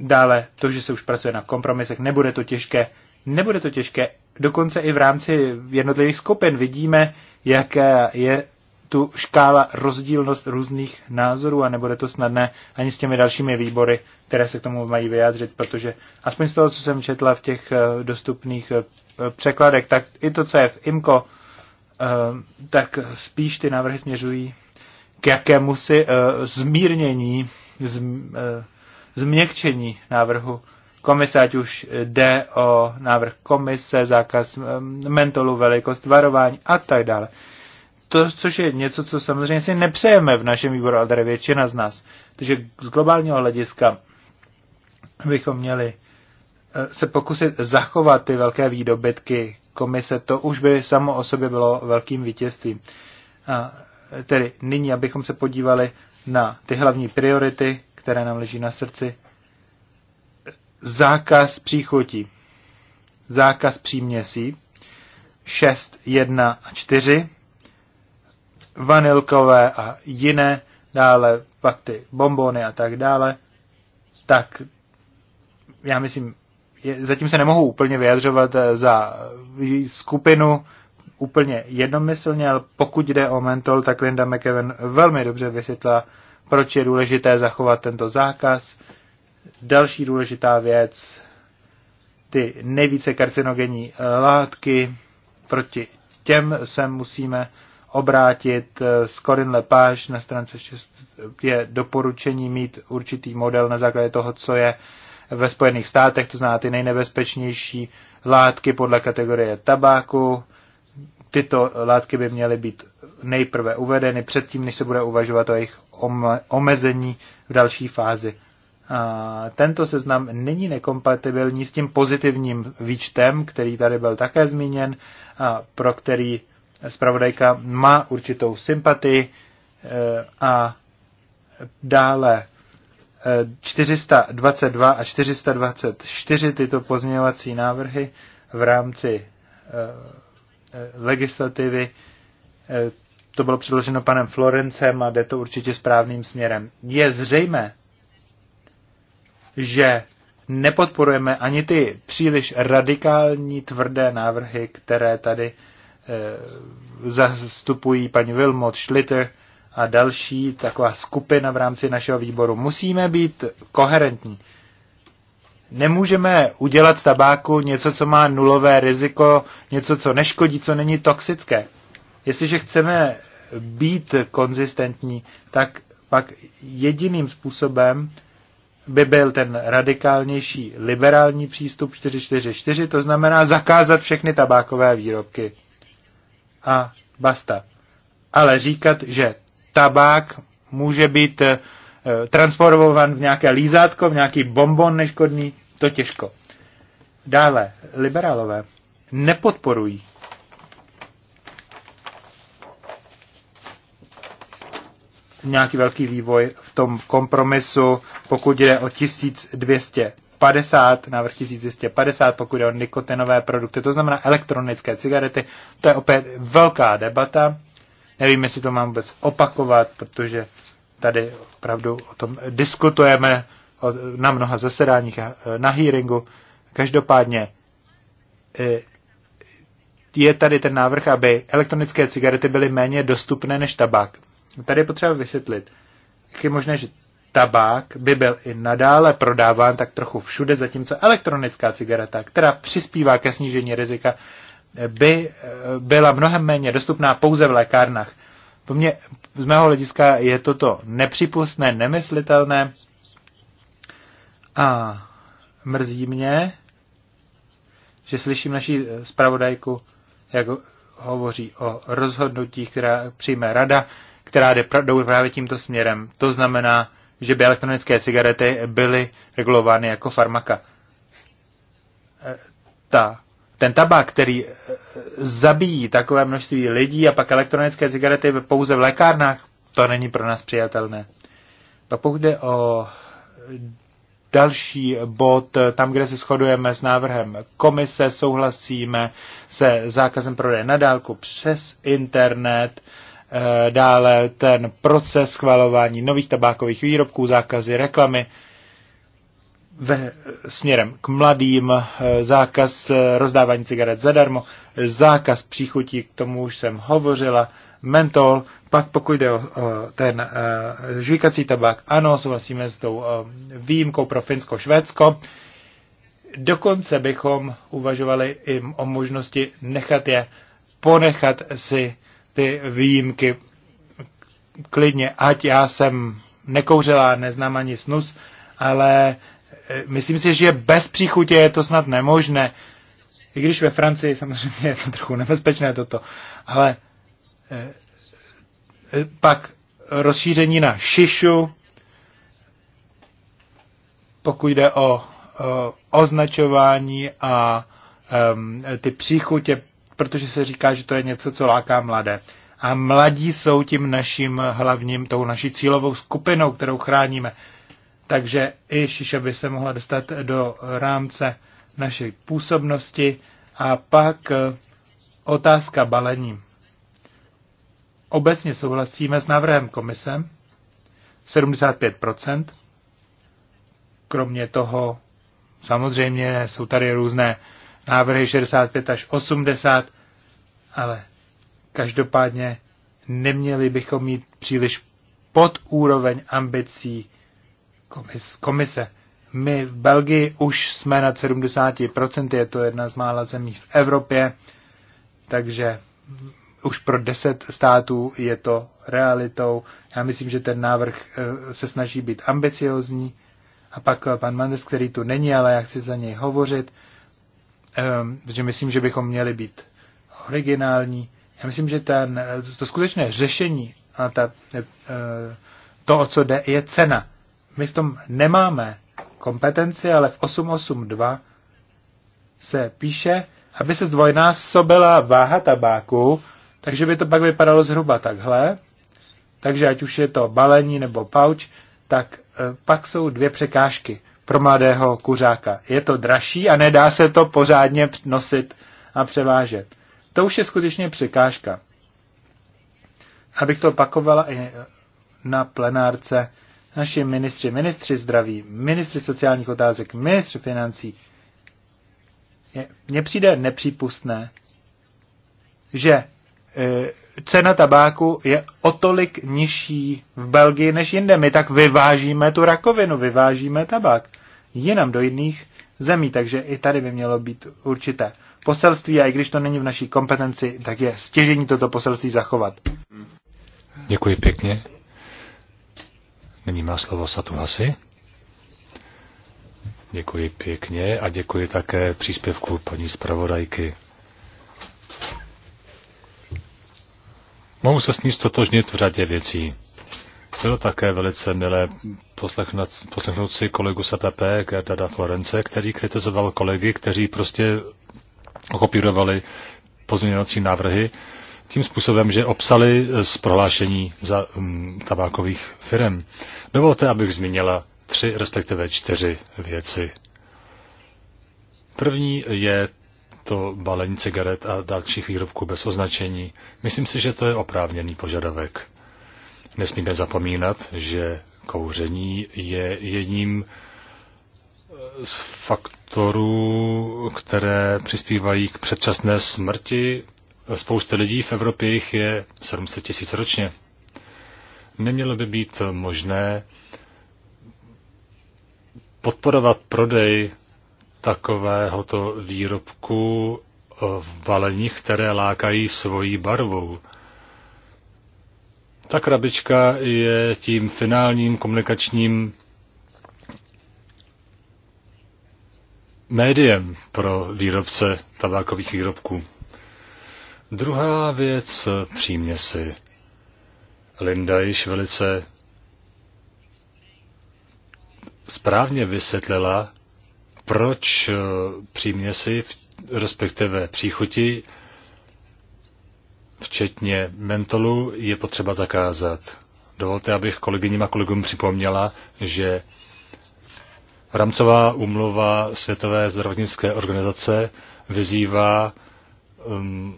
Dále to, že se už pracuje na kompromisech, nebude to těžké. Nebude to těžké. Dokonce i v rámci jednotlivých skupin vidíme, jaké je tu škála rozdílnost různých názorů a nebude to snadné ani s těmi dalšími výbory, které se k tomu mají vyjádřit, protože aspoň z toho, co jsem četla v těch eh, dostupných eh, překladech, tak i to, co je v IMCO, eh, tak spíš ty návrhy směřují k jakému si zmírnění, změkčení návrhu komise, ať už jde o návrh komise, zákaz mentolu, velikost varování a tak dále to, což je něco, co samozřejmě si nepřejeme v našem výboru, ale tady většina z nás. Takže z globálního hlediska bychom měli eh, se pokusit zachovat ty velké výdobytky komise, to už by samo o sobě bylo velkým vítězstvím. A eh, tedy nyní, abychom se podívali na ty hlavní priority, které nám leží na srdci. Zákaz příchutí, zákaz příměsí, 6, 1 a 4, vanilkové a jiné, dále pak ty bombony a tak dále, tak já myslím, je, zatím se nemohu úplně vyjadřovat eh, za eh, skupinu úplně jednomyslně, ale pokud jde o mentol, tak Linda McEwen velmi dobře vysvětla, proč je důležité zachovat tento zákaz. Další důležitá věc, ty nejvíce karcinogenní látky, proti těm se musíme obrátit z eh, Corin Lepage na stránce 6 je doporučení mít určitý model na základě toho, co je ve Spojených státech, to znamená ty nejnebezpečnější látky podle kategorie tabáku. Tyto látky by měly být nejprve uvedeny předtím, než se bude uvažovat o jejich omezení v další fázi. A tento seznam není nekompatibilní s tím pozitivním výčtem, který tady byl také zmíněn, a pro který zpravodajka má určitou sympatii eh, a dále 422 eh, a 424 tyto pozměňovací návrhy v rámci eh, legislativy. To bylo předloženo panem Florencem a jde to určitě správným směrem. Je zřejmé, že nepodporujeme ani ty příliš radikální tvrdé návrhy, které tady Eh, zastupují paní Wilmot, Schlitter a další taková skupina v rámci našeho výboru. Musíme být koherentní. Nemůžeme udělat z tabáku něco, co má nulové riziko, něco, co neškodí, co není toxické. Jestliže chceme být konzistentní, tak pak jediným způsobem by byl ten radikálnější liberální přístup 444, to znamená zakázat všechny tabákové výrobky a basta. Ale říkat, že tabák může být eh, transformovan v nějaké lízátko, v nějaký bonbon neškodný, to těžko. Dále, liberálové nepodporují nějaký velký vývoj v tom kompromisu, pokud jde o 1200 50, návrh 1250, pokud je o nikotinové produkty, to znamená elektronické cigarety. To je opět velká debata. Nevím, jestli to mám vůbec opakovat, protože tady opravdu o tom diskutujeme na mnoha zasedáních e, na hearingu. Každopádně e, je tady ten návrh, aby elektronické cigarety byly méně dostupné než tabák. Tady je potřeba vysvětlit, jak je možné, že tabák by byl i nadále prodáván tak trochu všude, zatímco elektronická cigareta, která přispívá ke snížení rizika, by eh, byla mnohem méně dostupná pouze v lékárnách. To mě, z mého hlediska je toto nepřípustné, nemyslitelné a mrzí mě, že slyším naší eh, zpravodajku, jak hovoří o rozhodnutí, která přijme rada, která jde, právě tímto směrem. To znamená že by elektronické cigarety byly regulovány jako farmaka. E, ta, ten tabák, který e, zabíjí takové množství lidí a pak elektronické cigarety pouze v lékárnách, to není pro nás přijatelné. Pak pokud jde o další bod, tam, kde se shodujeme s návrhem komise, souhlasíme se zákazem prodeje na dálku přes internet, Eh, dále ten proces schvalování nových tabákových výrobků, zákazy reklamy ve, směrem k mladým, eh, zákaz eh, rozdávání cigaret zadarmo, zákaz příchutí, k tomu už jsem hovořila, mentol, pak pokud jde o, o ten e, žvíkací tabák, ano, souhlasíme s tou e, výjimkou pro Finsko, Švédsko. Dokonce bychom uvažovali i o možnosti nechat je ponechat si ty výjimky klidně, ať já jsem nekouřila, neznám ani snus, ale e, myslím si, že bez příchutě je to snad nemožné. I když ve Francii samozřejmě je to trochu nebezpečné toto, ale e, e, pak rozšíření na šišu, pokud jde o označování a um, ty příchutě protože se říká, že to je něco, co láká mladé. A mladí jsou tím naším hlavním, tou naší cílovou skupinou, kterou chráníme. Takže i šiša by se mohla dostat do rámce naší působnosti. A pak eh, otázka balení. Obecně souhlasíme s návrhem komise 75%. Kromě toho samozřejmě jsou tady různé návrhy 65 až 80, ale každopádně neměli bychom mít příliš pod úroveň ambicí komis, komise. My v Belgii už jsme na 70%, je to jedna z mála zemí v Evropě, takže už pro 10 států je to realitou. Já myslím, že ten návrh eh, se snaží být ambiciozní. A pak eh, pan Manders, který tu není, ale já chci za něj hovořit, Ehm, protože myslím, že bychom měli být originální. Já myslím, že ten, eh, to skutečné řešení a ta, eh, to, o co jde, je cena. My v tom nemáme kompetenci, ale v 882 se píše, aby se zdvojnásobila váha tabáku, takže by to pak vypadalo zhruba takhle. Takže ať už je to balení nebo pauč, tak eh, pak jsou dvě překážky pro mladého kuřáka. Je to dražší a nedá se to pořádně nosit a převážet. To už je skutečně překážka. Abych to opakovala i na plenárce, naši ministři, ministři zdraví, ministři sociálních otázek, ministři financí, mně přijde nepřípustné, že e, cena tabáku je o tolik nižší v Belgii než jinde. My tak vyvážíme tu rakovinu, vyvážíme tabák jinam do jiných zemí, takže i tady by mělo být určité poselství a i když to není v naší kompetenci, tak je stěžení toto poselství zachovat.
Děkuji pěkně. Nyní má slovo Satu Hasi. Děkuji pěkně a děkuji také příspěvku paní zpravodajky. Mohu se s ní stotožnit v řadě věcí. Bylo také velice milé poslechnout, poslechnout si kolegu z e Gerdada Florence, který kritizoval kolegy, kteří prostě okopírovali pozměňovací návrhy tím způsobem, že obsali z prohlášení za um, tabákových firm. Dovolte, abych zmínila tři, respektive čtyři věci. První je to balení cigaret a dalších výrobků bez označení. Myslím si, že to je oprávněný požadavek. Nesmíme zapomínat, že Kouření je jedním eh, z faktorů, které přispívají k předčasné smrti. Spousta lidí v Evropě jich je 700 tisíc ročně. Nemělo by být možné podporovat prodej takovéhoto výrobku v baleních, které lákají svojí barvou. Ta krabička je tím finálním komunikačním médiem pro výrobce tabákových výrobků. Druhá věc, si. Linda již velice správně vysvětlila, proč příměsi, respektive příchuti, včetně mentolu, je potřeba zakázat. Dovolte, abych kolegyním a kolegům připomněla, že Rámcová úmluva Světové zdravotnické organizace vyzývá um,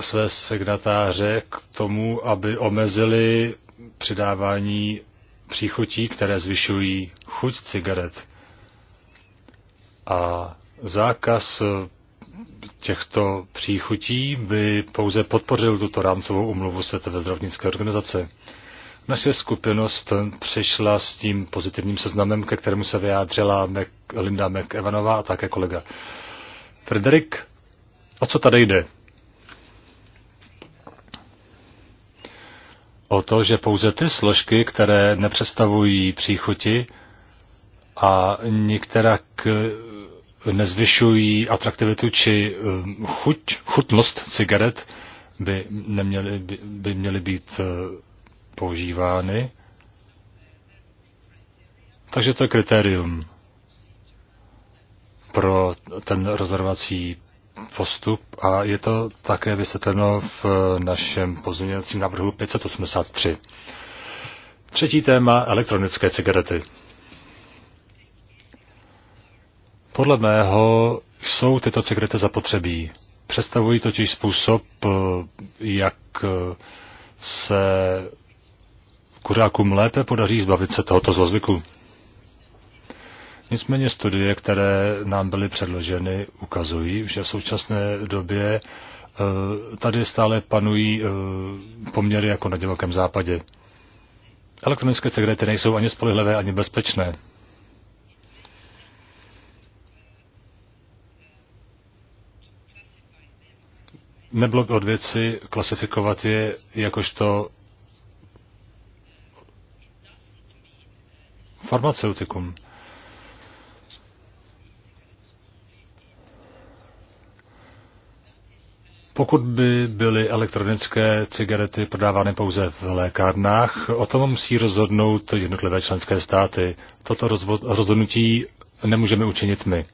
své signatáře k tomu, aby omezili přidávání příchutí, které zvyšují chuť cigaret. A zákaz těchto příchutí by pouze podpořil tuto rámcovou umluvu Světové zdravotnické organizace. Naše skupinost přišla s tím pozitivním seznamem, ke kterému se vyjádřila Mac, Linda McEvanová a také kolega. Frederik, o co tady jde? O to, že pouze ty složky, které nepředstavují příchuti a některá k nezvyšují atraktivitu či um, chuť, chutnost cigaret, by, neměly, by, by měly být uh, používány. Takže to je kritérium pro ten rozhodovací postup a je to také vysvětleno v uh, našem pozměňovacím návrhu 583. Třetí téma elektronické cigarety. Podle mého jsou tyto cigarety zapotřebí. Představují totiž způsob, eh, jak eh, se kuřákům lépe podaří zbavit se tohoto zlozvyku. Nicméně studie, které nám byly předloženy, ukazují, že v současné době eh, tady stále panují poměry jako na divokém západě. Elektronické cigarety nejsou ani spolehlivé, ani bezpečné. nebylo by od věci klasifikovat je jakožto farmaceutikum. Pokud by byly elektronické cigarety prodávány pouze v lékárnách, o tom musí rozhodnout jednotlivé členské státy. Toto rozhodnutí nemůžeme učinit my.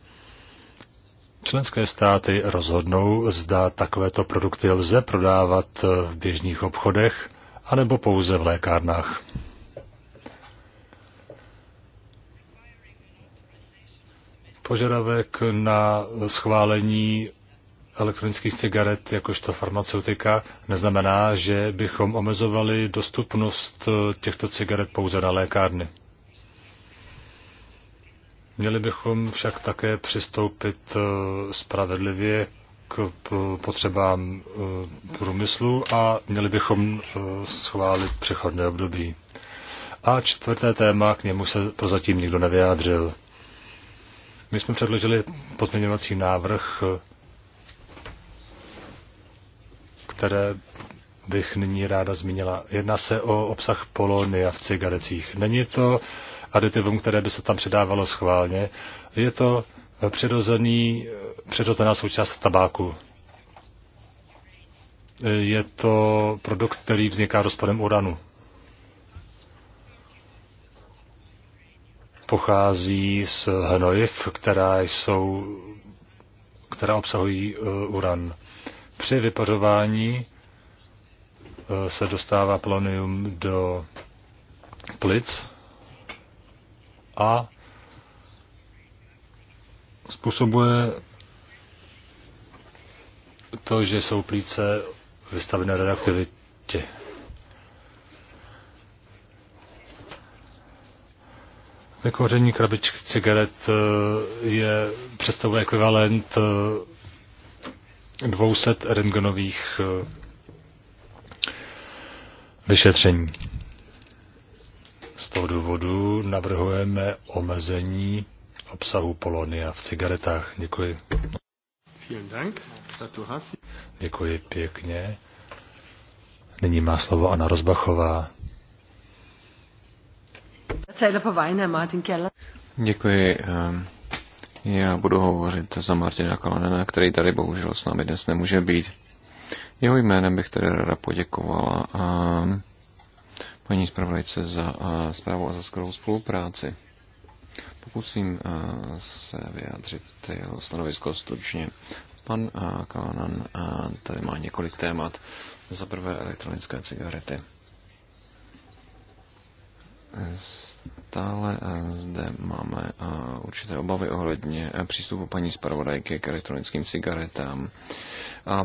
Členské státy rozhodnou, zda takovéto produkty lze prodávat v běžných obchodech anebo pouze v lékárnách. Požadavek na schválení elektronických cigaret jakožto farmaceutika neznamená, že bychom omezovali dostupnost těchto cigaret pouze na lékárny. Měli bychom však také přistoupit eh, spravedlivě k potřebám eh, průmyslu a měli bychom eh, schválit přechodné období. A čtvrté téma, k němu se prozatím nikdo nevyjádřil. My jsme předložili pozměňovací návrh, které bych nyní ráda zmínila. Jedná se o obsah Polony a v cigarecích. Není to aditivům, které by se tam přidávalo schválně. Je to přirozený, přirozená součást tabáku. Je to produkt, který vzniká rozpadem uranu. Pochází z hnojiv, která jsou, která obsahují eh, uran. Při vypařování eh, se dostává plonium do plic, a způsobuje to, že jsou plíce vystavené radioaktivitě. Vykouření jako krabiček cigaret eh, je představuje ekvivalent 200 eh, rentgenových eh, vyšetření. Z toho důvodu navrhujeme omezení obsahu polonia v cigaretách. Děkuji. Děkuji pěkně. Nyní má slovo Anna Rozbachová. Děkuji. Ehm,
já budu hovořit za Martina Kalanena, který tady bohužel s námi dnes nemůže být. Jeho jménem bych tedy rada poděkovala paní zpravodajce za eh, zprávu a za skvělou spolupráci. Pokusím eh, se vyjádřit jeho stanovisko stručně. Pan eh, Kalanan tady má několik témat. Za prvé elektronické cigarety. Stále zde máme určité obavy ohledně přístupu paní zpravodajky k elektronickým cigaretám. A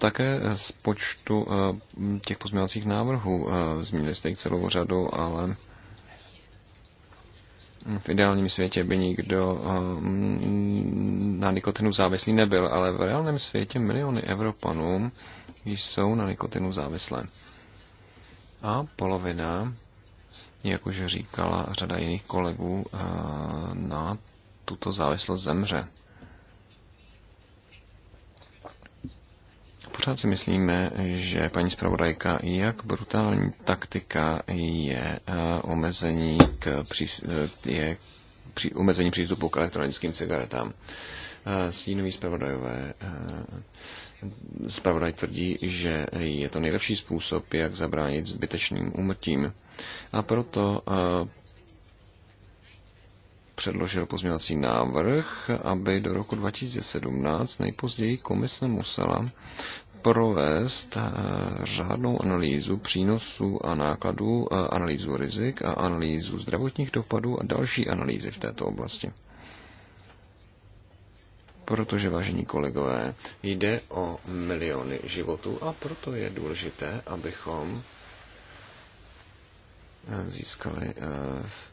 také z počtu eh, těch pozměňovacích návrhů eh, zmínili jste jich celou řadu, ale v ideálním světě by nikdo eh, na nikotinu závislý nebyl, ale v reálném světě miliony Evropanů jsou na nikotinu závislé. A polovina, jak už říkala řada jiných kolegů, na tuto závislost zemře. Pořád si myslíme, že paní zpravodajka, jak brutální taktika je eh, omezení, k, eh, je při, omezení přístupu k elektronickým cigaretám. Eh, stínoví zpravodajové zpravodaj tvrdí, že je to nejlepší způsob, jak zabránit zbytečným úmrtím. A proto předložil pozměňovací návrh, aby do roku 2017 nejpozději komise musela provést eh, řádnou analýzu přínosů a nákladů, eh, analýzu rizik a analýzu zdravotních dopadů a další analýzy v této oblasti. Protože, vážení kolegové, jde o miliony životů a proto je důležité, abychom získali eh,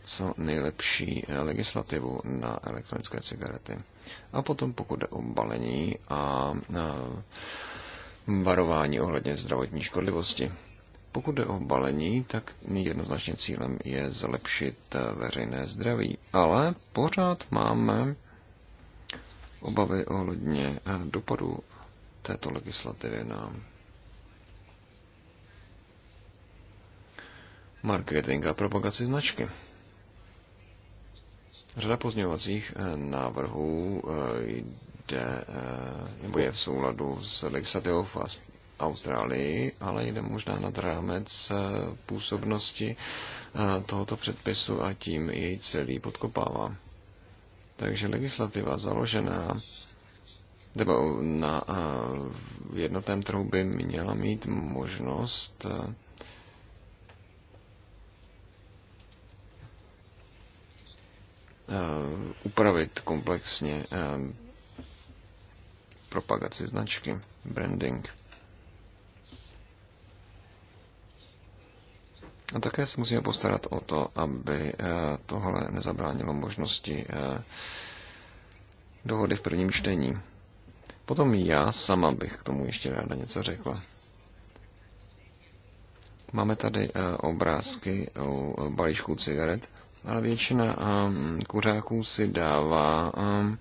co nejlepší eh, legislativu na elektronické cigarety. A potom, pokud jde o balení a eh, varování ohledně zdravotní škodlivosti. Pokud jde o balení, tak jednoznačně cílem je zlepšit veřejné zdraví, ale pořád máme obavy ohledně dopadu této legislativy na marketing a propagaci značky. Řada pozměňovacích eh, návrhů eh, jde, eh, nebo je v souladu s legislativou v Austrálii, ale jde možná nad rámec působnosti tohoto předpisu a tím jej celý podkopává. Takže legislativa založená nebo na jednotném trhu by měla mít možnost Eh, upravit komplexně eh, propagaci značky, branding. A také se musíme postarat o to, aby eh, tohle nezabránilo možnosti dohody v prvním čtení. Potom já sama bych k tomu ještě ráda něco řekla. Máme tady obrázky o balíčku cigaret ale většina um, kuřáků si dává um,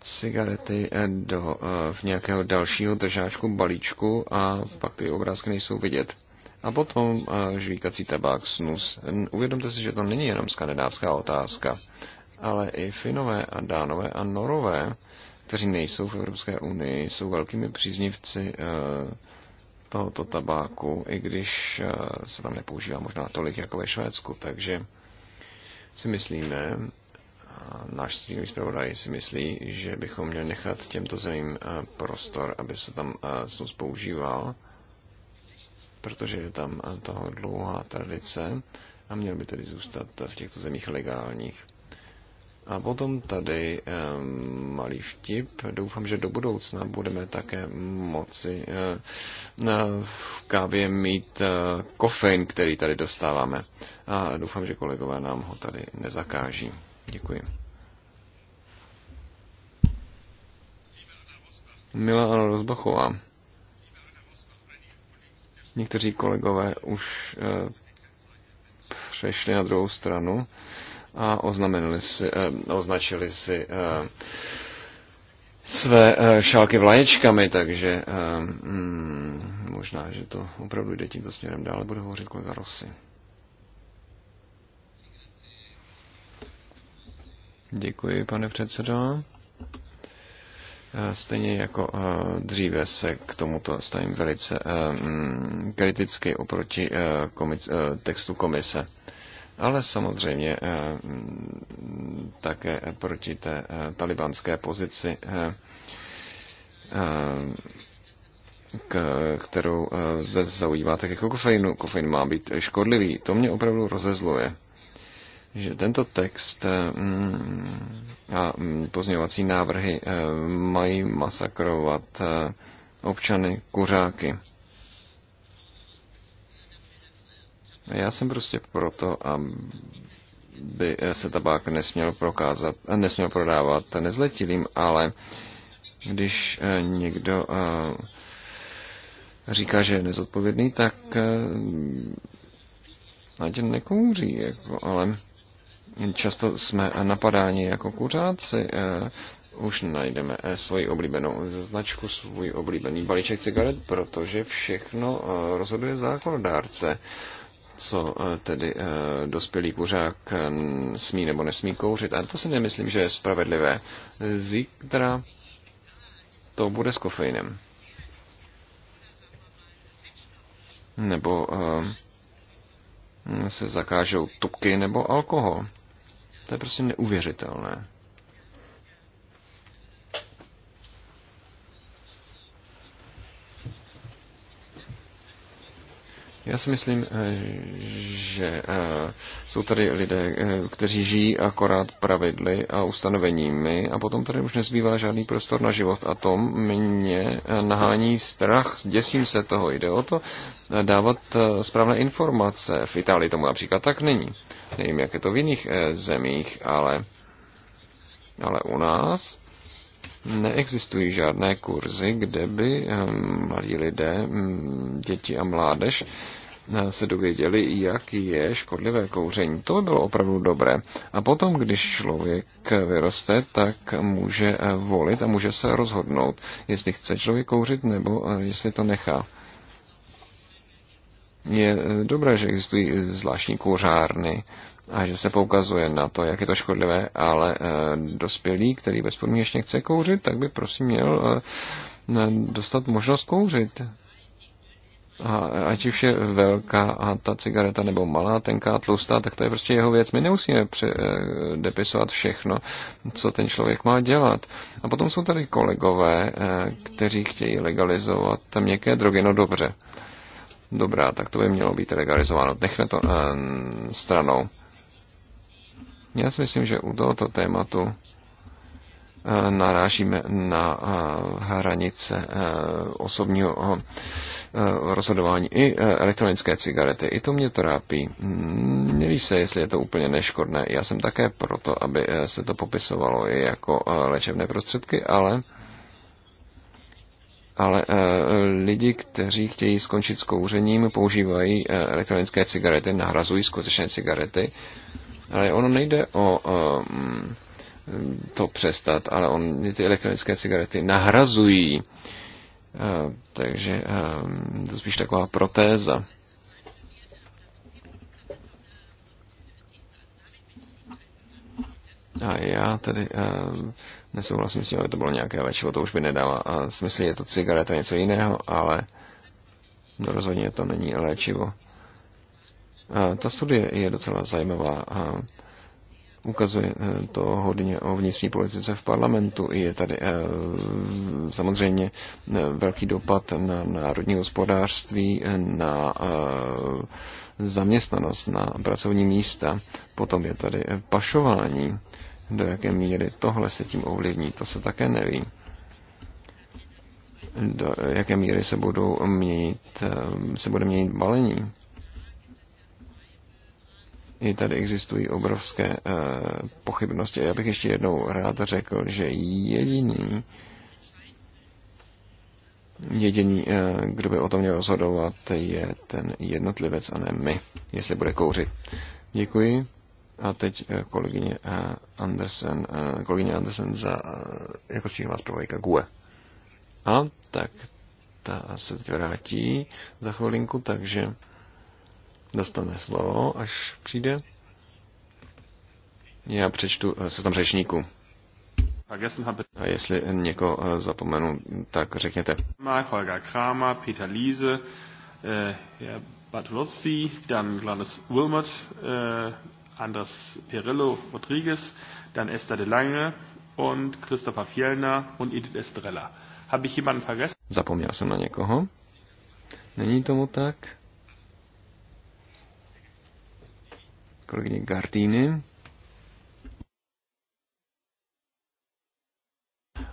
cigarety eh, do eh, v nějakého dalšího držáčku, balíčku a pak ty obrázky nejsou vidět. A potom eh, žvíkací tabák, snus. Uvědomte si, že to není jenom skandinávská otázka, ale i Finové a Dánové a Norové, kteří nejsou v Evropské unii, jsou velkými příznivci tohoto tabáku, i když eh, se tam nepoužívá možná tolik jako ve Švédsku. Takže si myslíme, a náš stínový zpravodaj si myslí, že bychom měli nechat těmto zemím eh, prostor, aby se tam snus eh, používal, protože je tam toho dlouhá tradice a měl by tedy zůstat v těchto zemích legálních. A potom tady malý vtip. Doufám, že do budoucna budeme také moci eh, v kávě mít eh, kofein, který tady dostáváme. A doufám, že kolegové nám ho tady nezakáží. Děkuji. Milá Anna Rozbachová. Někteří kolegové už eh, přešli na druhou stranu a oznamenili si, eh, označili si eh, své eh, šálky vlaječkami, takže eh, hmm, možná, že to opravdu jde tímto směrem dále, bude hovořit kolega Rosy. Děkuji, pane předsedo. Eh, stejně jako eh, dříve se k tomuto stavím velice eh, mm, kriticky oproti textu komise ale samozřejmě eh, mm, také proti té eh, talibanské pozici, eh, kterou zde zaujívá. tak jako kofeinu. Kofein má být škodlivý. To mě opravdu rozezluje že tento text mm, a mm, pozměňovací návrhy mají masakrovat občany kuřáky. Já jsem prostě proto, aby se tabák nesměl, prokázat, nesměl prodávat nezletilým, ale když eh, někdo eh, říká, že je nezodpovědný, tak eh, ať nekouří, jako, ale často jsme napadáni jako kuřáci. Už najdeme svoji oblíbenou značku, svůj oblíbený balíček cigaret, protože všechno rozhoduje zákonodárce co eh, tedy eh, dospělý kuřák eh, smí nebo nesmí kouřit. A to si nemyslím, že je spravedlivé. Zítra to bude s kofeinem. Nebo se zakážou tuky nebo alkohol. To je prostě neuvěřitelné. Já si myslím, eh, že eh, jsou tady lidé, eh, kteří žijí akorát pravidly a ustanoveními a potom tady už nezbývá žádný prostor na život a to mě nahání strach, děsím se toho, jde o to dávat správné informace. V Itálii tomu například tak není. Nevím, jak je to v jiných zemích, ale, ale u nás neexistují žádné kurzy, kde by mladí lidé, mm, děti a mládež Eh, se dověděli, jak je škodlivé kouření. To by bylo opravdu dobré. A potom, když člověk vyroste, tak může eh, volit a může se rozhodnout, jestli chce člověk kouřit nebo eh, jestli to nechá. Je dobré, že existují zvláštní kouřárny a že se poukazuje na to, jak je to škodlivé, ale dospělý, který bezpodmínečně chce kouřit, tak by prosím měl dostat možnost kouřit. A ať už je velká a ta cigareta nebo malá, tenká, tlustá, tak to je prostě jeho věc. My nemusíme eh, depisovat všechno, co ten člověk má dělat. A potom jsou tady kolegové, eh, kteří chtějí legalizovat tam měkké drogy. No dobře, dobrá, tak to by mělo být legalizováno. Nechme to eh, stranou. Já si myslím, že u tohoto tématu narážíme na hranice osobního Eh, rozhodování i eh, elektronické cigarety. I to mě trápí. Neví se, jestli je to úplně neškodné. Já jsem také proto, aby eh, se to popisovalo i jako léčebné prostředky, ale ale lidi, kteří chtějí skončit s kouřením, používají elektronické cigarety, nahrazují skutečné cigarety, ale ono nejde o to přestat, ale on, ty elektronické cigarety nahrazují Eh, takže eh, to spíš taková protéza. A já tedy uh, nesouhlasím s tím, aby to bylo nějaké léčivo, to už by nedává uh, smysl, je to cigareta, něco jiného, ale no, rozhodně to není léčivo. Uh, ta studie je docela zajímavá. Uh, Ukazuje eh, to hodně o vnitřní politice v parlamentu. Je tady eh, samozřejmě eh, velký dopad na národní hospodářství, na zaměstnanost, na pracovní místa. Potom je tady pašování. Do jaké míry tohle se tím ovlivní, to se také neví do jaké míry se budou měnit, se bude měnit balení i tady existují obrovské eh, pochybnosti. Já bych ještě jednou rád řekl, že jediný, jediný, eh, kdo by o tom měl rozhodovat, je ten jednotlivec a ne my, jestli bude kouřit. Děkuji. A teď eh, kolegyně Andersen, kolegyně Andersen za, jako stínová zpravodajka GUE. A tak ta se vrátí za chvilinku, takže dostane slovo, až přijde. Já přečtu se tam řečníku. A jestli někoho eh, zapomenu, tak řekněte.
Holger Kramer, Peter Liese, eh, Herr Bartolozzi, dann Gladys Wilmot, eh, Anders Perillo Rodriguez, dann Esther de
Lange und Christopher Fjellner und Edith Estrella. Habe ich jemanden vergessen? Zapomněl
jsem na někoho. Není tomu tak. kolegyně Gardíny.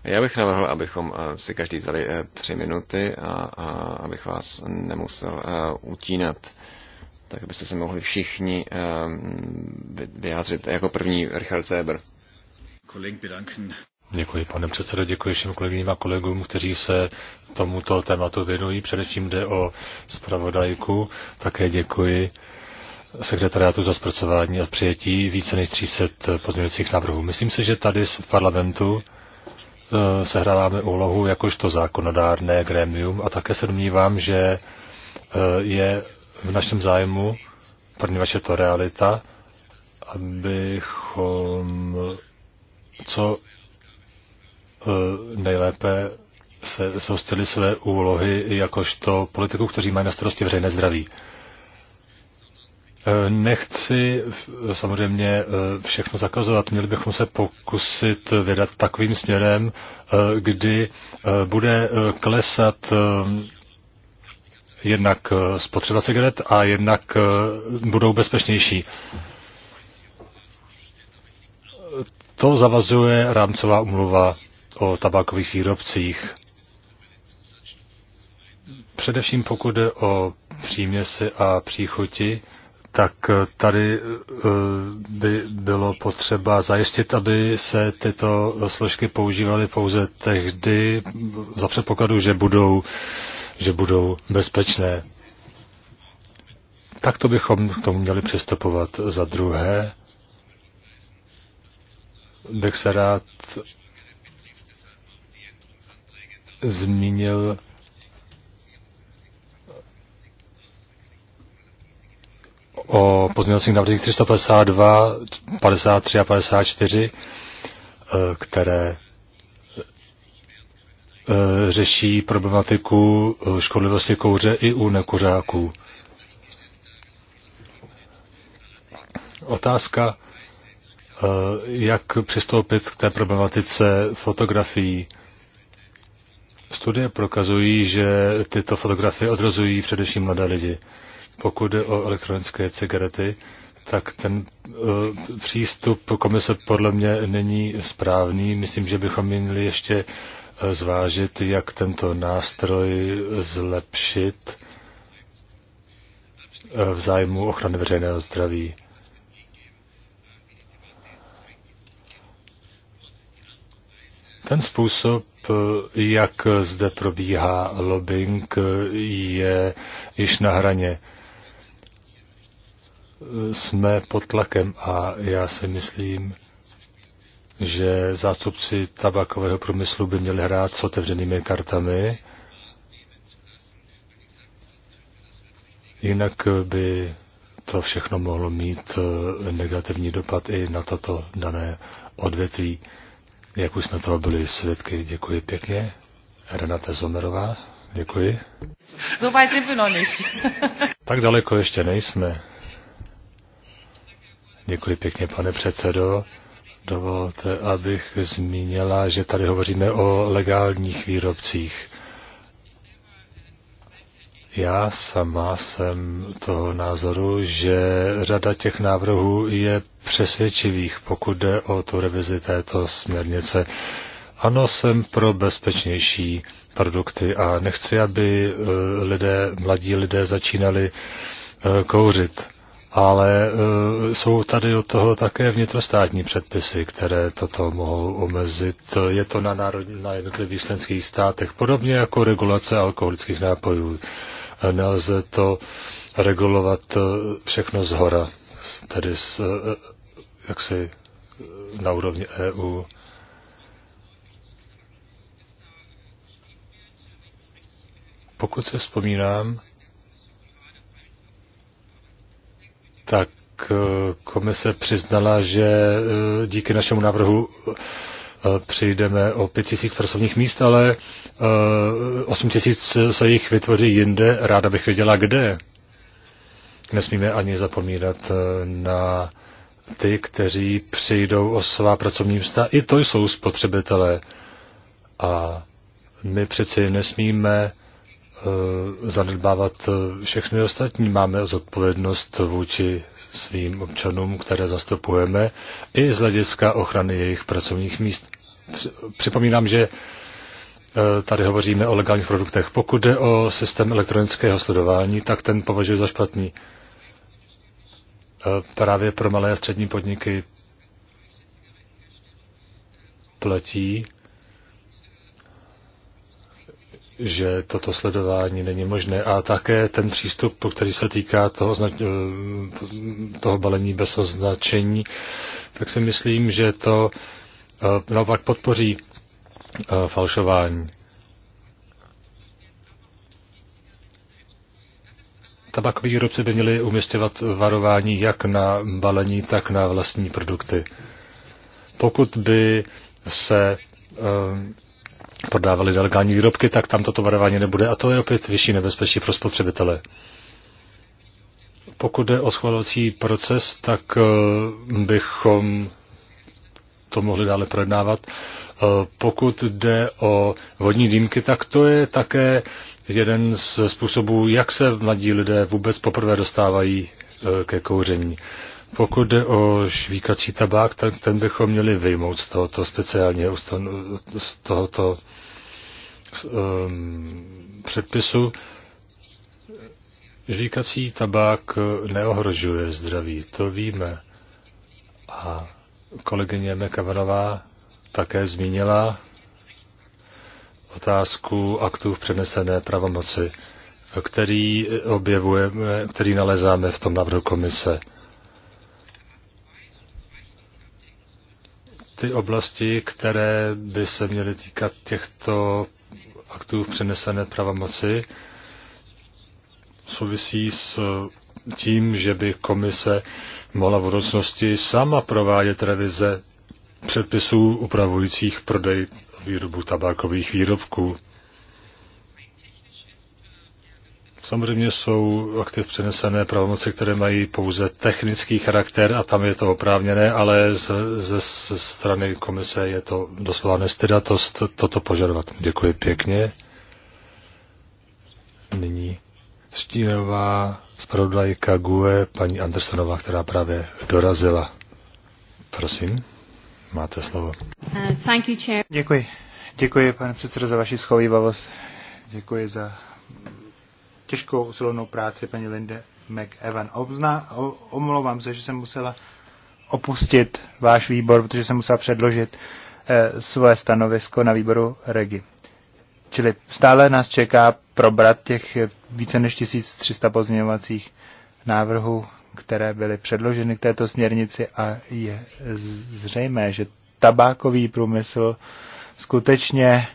Já bych navrhl, abychom eh, si každý vzali eh, tři minuty a, a abych vás nemusel eh, utínat, tak abyste se mohli
všichni vyjádřit. Jako první Richard Zeber. Děkuji, pane předsedo, děkuji všem kolegyním a kolegům, kteří se tomuto tématu věnují. Především jde o zpravodajku. Také děkuji sekretariátu za zpracování a přijetí více než 300 eh, pozměňovacích návrhů. Myslím si, že tady v parlamentu eh, sehráváme úlohu jakožto zákonodárné grémium a také se domnívám, že eh, je v našem zájmu, první vaše to realita, abychom co nejlépe se zhostili své úlohy jakožto politiků, kteří mají na starosti veřejné zdraví. Eh, nechci samozřejmě eh, všechno zakazovat. Měli bychom se pokusit vydat takovým směrem, eh, kdy bude klesat jednak spotřeba cigaret a jednak budou bezpečnější. To zavazuje rámcová umluva o tabákových výrobcích. Především pokud jde o příměsi a příchuti, tak eh, tady eh, by bylo potřeba zajistit, aby se tyto složky používaly pouze tehdy za předpokladu, že budou, že budou bezpečné. Tak to bychom k tomu měli přistupovat. Za druhé bych se rád zmínil o pozměňovacích návrzích 352, 53 a 54, eh, které eh, řeší problematiku eh, škodlivosti kouře i u nekuřáků. Otázka, jak přistoupit k té problematice fotografií. Studie prokazují, že tyto fotografie odrazují především mladé lidi pokud jde o elektronické cigarety, tak ten uh, přístup komise podle mě není správný. Myslím, že bychom měli ještě eh, zvážit, jak tento nástroj zlepšit eh, v zájmu ochrany veřejného zdraví. Ten způsob, jak zde probíhá lobbying, je již na hraně jsme pod tlakem a já si myslím, že zástupci tabakového průmyslu by měli hrát s otevřenými kartami, jinak by to všechno mohlo mít eh, negativní dopad i na toto dané odvětví. Jak už jsme toho byli svědky, děkuji pěkně. Renata Zomerová, děkuji. So weit sind wir noch nicht. tak daleko ještě nejsme. Děkuji pěkně, pane předsedo. Dovolte, abych zmínila, že tady hovoříme o legálních výrobcích. Já sama jsem toho názoru, že řada těch návrhů je přesvědčivých, pokud jde o tu revizi této směrnice. Ano, jsem pro bezpečnější produkty a nechci, aby eh, lidé, mladí lidé začínali eh, kouřit ale eh, jsou tady od toho také vnitrostátní předpisy, které toto mohou omezit. Je to na, národní, na jednotlivých členských státech, podobně jako regulace alkoholických nápojů. Nelze to regulovat eh, všechno z hora, tedy z, eh, jaksi na úrovni EU. Pokud se vzpomínám, tak eh, komise přiznala, že eh, díky našemu návrhu eh, přijdeme o 5 tisíc pracovních míst, ale 8 tisíc se jich vytvoří jinde. Ráda bych věděla, kde. Nesmíme ani zapomínat na ty, kteří přijdou o svá pracovní místa. I to jsou spotřebitelé. A my přeci nesmíme Eh, zanedbávat eh, všechny ostatní. Máme zodpovědnost vůči svým občanům, které zastupujeme, i z hlediska ochrany jejich pracovních míst. Připomínám, že eh, tady hovoříme o legálních produktech. Pokud jde o systém elektronického sledování, tak ten považuji za špatný. Právě pro malé a střední podniky platí, že toto sledování není možné. A také ten přístup, který se týká toho, eh, toho balení bez označení, tak si myslím, že to eh, naopak podpoří eh, falšování. Tabakoví výrobci by měli uměstňovat varování jak na balení, tak na vlastní produkty. Pokud by se prodávali delegální výrobky, tak tam toto varování nebude a to je opět vyšší nebezpečí pro spotřebitele. Pokud jde o schvalovací proces, tak eh, bychom to mohli dále projednávat. Eh, pokud jde o vodní dýmky, tak to je také jeden z způsobů, jak se mladí lidé vůbec poprvé dostávají eh, ke kouření. Pokud jde o švíkací tabák, tak ten bychom měli vyjmout z tohoto speciálně z tohoto um, předpisu. Žvíkací tabák neohrožuje zdraví, to víme. A kolegyně Mekavanová také zmínila otázku aktů v přenesené pravomoci, který objevujeme, který nalezáme v tom návrhu komise. ty oblasti, které by se měly týkat těchto aktů v přenesené pravomoci, souvisí s tím, že by komise mohla v budoucnosti sama provádět revize předpisů upravujících prodej výrobu tabákových výrobků. Samozřejmě jsou aktiv přenesené pravomoci, které mají pouze technický charakter a tam je to oprávněné, ale ze, ze, ze strany komise je to doslova nestydatost toto požadovat. Děkuji pěkně. Nyní stínová zpravodajka GUE, paní Andersonová, která právě dorazila. Prosím, máte slovo.
Uh, thank you, chair. Děkuji. Děkuji, pane předsedo, za vaši schovývavost. Děkuji za těžkou usilovnou práci paní Linde McEvan. Obzna, o, omlouvám se, že jsem musela opustit váš výbor, protože jsem musela předložit eh, svoje stanovisko na výboru Regi. Čili stále nás čeká probrat těch více než 1300 pozměňovacích návrhů, které byly předloženy k této směrnici a je zřejmé, že tabákový průmysl skutečně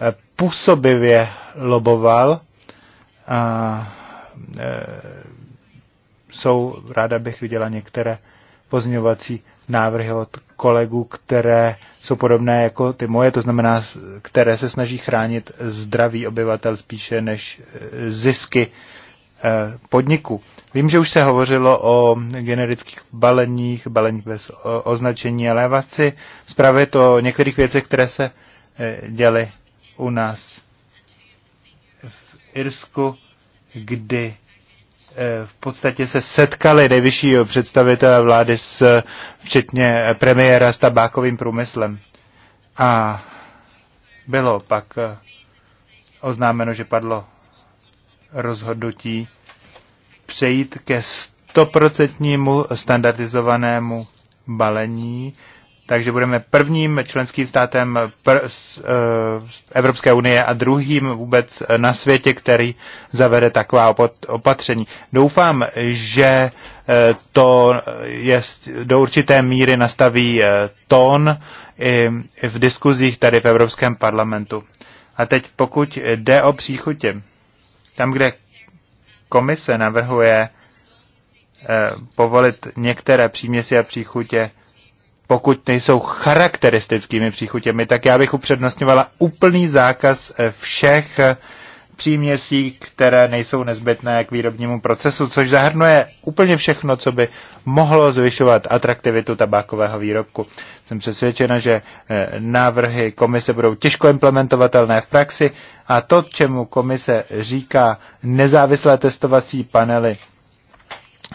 eh, působivě loboval a e, jsou, ráda bych viděla některé pozměňovací návrhy od kolegů, které jsou podobné jako ty moje, to znamená, které se snaží chránit zdraví obyvatel spíše než e, zisky e, podniku. Vím, že už se hovořilo o generických baleních, baleních bez označení, ale já vás chci zpravit o některých věcech, které se děly u nás. Irsku, kdy eh, v podstatě se setkali nejvyšší představitelé vlády s, včetně eh, premiéra s tabákovým průmyslem. A bylo pak eh, oznámeno, že padlo rozhodnutí přejít ke stoprocentnímu standardizovanému balení takže budeme prvním členským státem pr- z, uh, eh, z Evropské unie a druhým vůbec na světě, který zavede taková opatření. Doufám, že uh, to je, do určité míry nastaví uh, tón i, i v diskuzích tady v Evropském parlamentu. A teď pokud jde o příchutě, tam, kde komise navrhuje uh, povolit některé příměsi a příchutě, pokud nejsou charakteristickými příchutěmi, tak já bych upřednostňovala úplný zákaz eh, všech eh, příměsí, které nejsou nezbytné k výrobnímu procesu, což zahrnuje úplně všechno, co by mohlo zvyšovat atraktivitu tabákového výrobku. Jsem přesvědčena, že eh, návrhy komise budou těžko implementovatelné v praxi a to, čemu komise říká nezávislé testovací panely,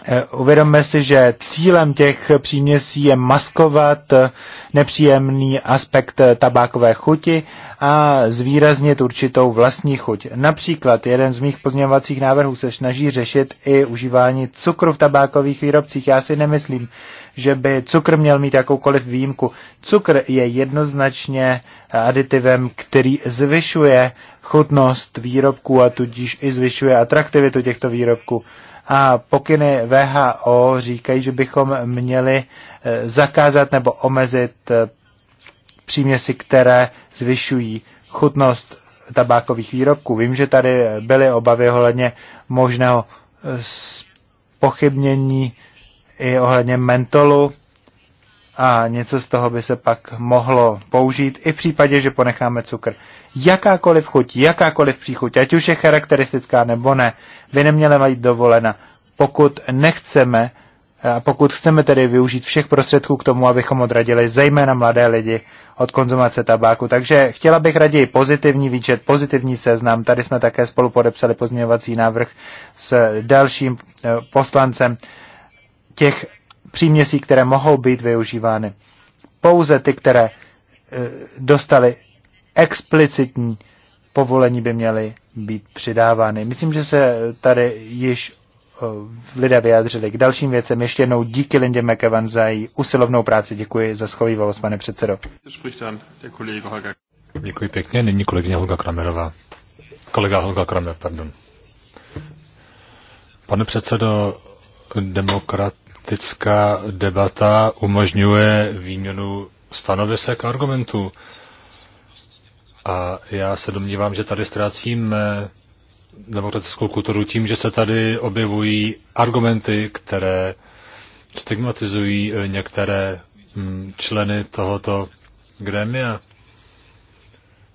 Eh, uvědomme si, že cílem těch příměsí je maskovat eh, nepříjemný aspekt eh, tabákové chuti a zvýraznit určitou vlastní chuť. Například jeden z mých pozměňovacích návrhů se snaží řešit i užívání cukru v tabákových výrobcích. Já si nemyslím, že by cukr měl mít jakoukoliv výjimku. Cukr je jednoznačně aditivem, který zvyšuje chutnost výrobků a tudíž i zvyšuje atraktivitu těchto výrobků. A pokyny VHO říkají, že bychom měli eh, zakázat nebo omezit eh, příměsi, které zvyšují chutnost tabákových výrobků. Vím, že tady byly obavy ohledně možného eh, pochybnění i ohledně mentolu a něco z toho by se pak mohlo použít i v případě, že ponecháme cukr jakákoliv chuť, jakákoliv příchuť, ať už je charakteristická nebo ne, by neměla být dovolena, pokud nechceme, a pokud chceme tedy využít všech prostředků k tomu, abychom odradili zejména mladé lidi od konzumace tabáku. Takže chtěla bych raději pozitivní výčet, pozitivní seznam. Tady jsme také spolu podepsali pozměňovací návrh s dalším eh, poslancem těch příměsí, které mohou být využívány. Pouze ty, které eh, dostali explicitní povolení by měly být přidávány. Myslím, že se tady již eh, lidé vyjádřili k dalším věcem. Ještě jednou díky Lindě McEvan za její usilovnou práci. Děkuji za schovývalost, pane předsedo.
Děkuji pěkně. Nyní kolegyně Holga Kramerová. Kolega Holga Kramer, pardon. Pane předsedo, demokratická debata umožňuje výměnu stanovisek a argumentů. A já se domnívám, že tady ztrácím demokratickou kulturu tím, že se tady objevují argumenty, které stigmatizují eh, některé hm, členy tohoto gremia.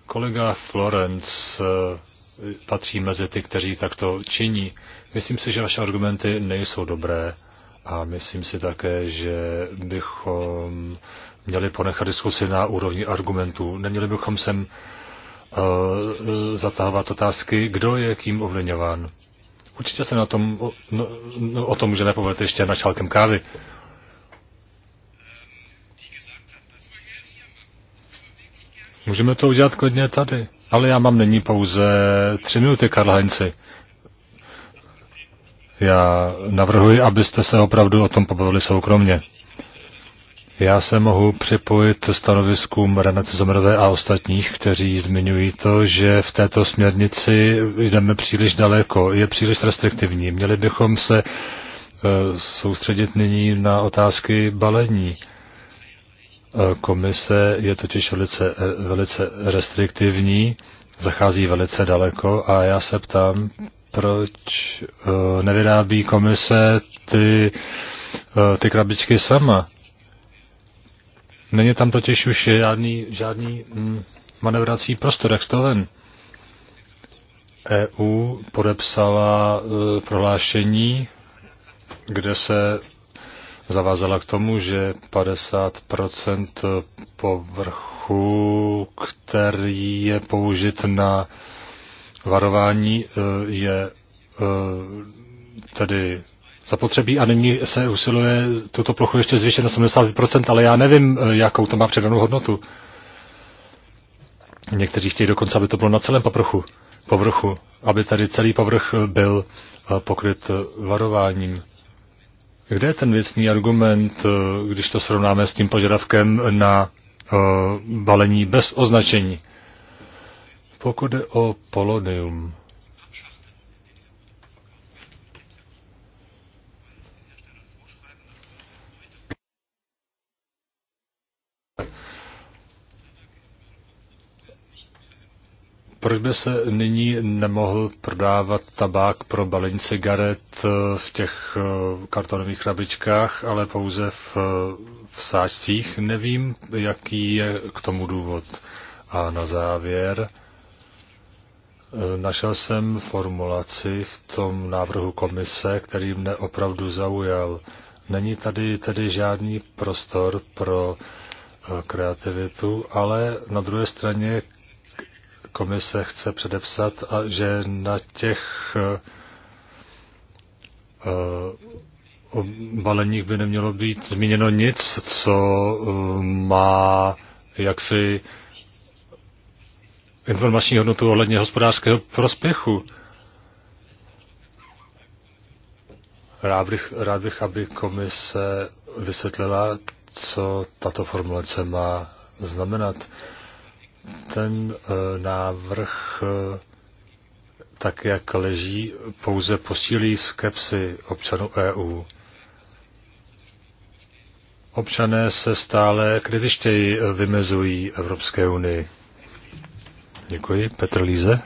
Kolega Florence eh, patří mezi ty, kteří takto činí. Myslím si, že vaše argumenty nejsou dobré a myslím si také, že bychom měli ponechat diskusi na úrovni argumentů. Neměli bychom sem Eh, zatávat otázky, kdo je kým ovlivňován. Určitě se na tom, o, no, no, o tom můžeme povědět ještě na čálkem kávy. Můžeme to udělat klidně tady. Ale já mám není pouze tři minuty, Karl Heinzi. Já navrhuji, abyste se opravdu o tom pobavili soukromně. Já se mohu připojit stanoviskům Renace Zomrové a ostatních, kteří zmiňují to, že v této směrnici jdeme příliš daleko, je příliš restriktivní. Měli bychom se eh, soustředit nyní na otázky balení. Eh, komise je totiž velice, eh, velice restriktivní, zachází velice daleko a já se ptám, proč nevyrábí komise ty, ty krabičky sama? Není tam totiž už žádný, žádný mm, manevrací prostor, jak to ven. EU podepsala e, prohlášení, kde se zavázala k tomu, že 50 povrchu, který je použit na varování, e, je e, tedy zapotřebí a nyní se usiluje tuto plochu ještě zvýšit na 70%, ale já nevím, eh, jakou to má předanou hodnotu. Někteří chtějí dokonce, aby to bylo na celém povrchu, povrchu aby tady celý povrch eh, byl eh, pokryt varováním. Kde je ten věcný argument, když to srovnáme s tím požadavkem na balení bez označení? Pokud je o polonium, Proč by se nyní nemohl prodávat tabák pro balení cigaret eh, v těch eh, kartonových krabičkách, ale pouze v, eh, v sáčcích? Nevím, jaký je k tomu důvod. A na závěr, našel jsem formulaci v tom návrhu komise, který mne opravdu zaujal. Není tady tedy žádný prostor pro kreativitu, ale na druhé straně komise chce předepsat a že na těch eh, baleních by nemělo být zmíněno nic, co eh, má jaksi informační hodnotu ohledně hospodářského prospěchu. Rád bych, rád bych, aby komise vysvětlila, co tato formulace má znamenat ten eh, návrh eh, tak, jak leží, pouze posílí skepsy občanů EU. Občané se stále kritičtěji vymezují Evropské unii. Děkuji. Petr Líze.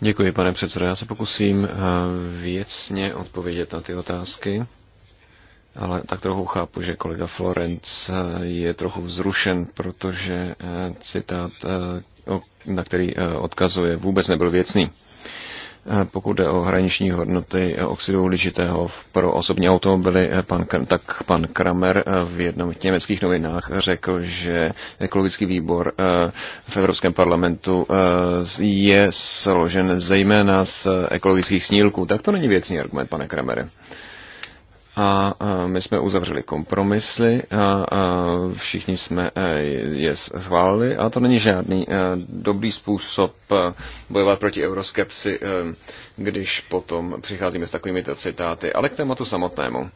Děkuji, pane předsedo. Já se pokusím eh, věcně odpovědět na ty otázky ale tak trochu chápu, že kolega Florenc eh, je trochu vzrušen, protože eh, citát, eh, na který odkazuje, vůbec nebyl věcný. Pokud jde o hraniční hodnoty oxidu uhličitého pro osobní automobily, pan, tak pan Kramer v jednom z německých novinách řekl, že ekologický výbor v Evropském parlamentu je složen zejména z ekologických snílků. Tak to není věcný argument, pane Kramere a my jsme uzavřeli kompromisy a všichni jsme e, je schválili a to není žádný e, dobrý způsob e, bojovat proti euroskepsi, když potom přicházíme s takovými citáty. Ale k tématu samotnému.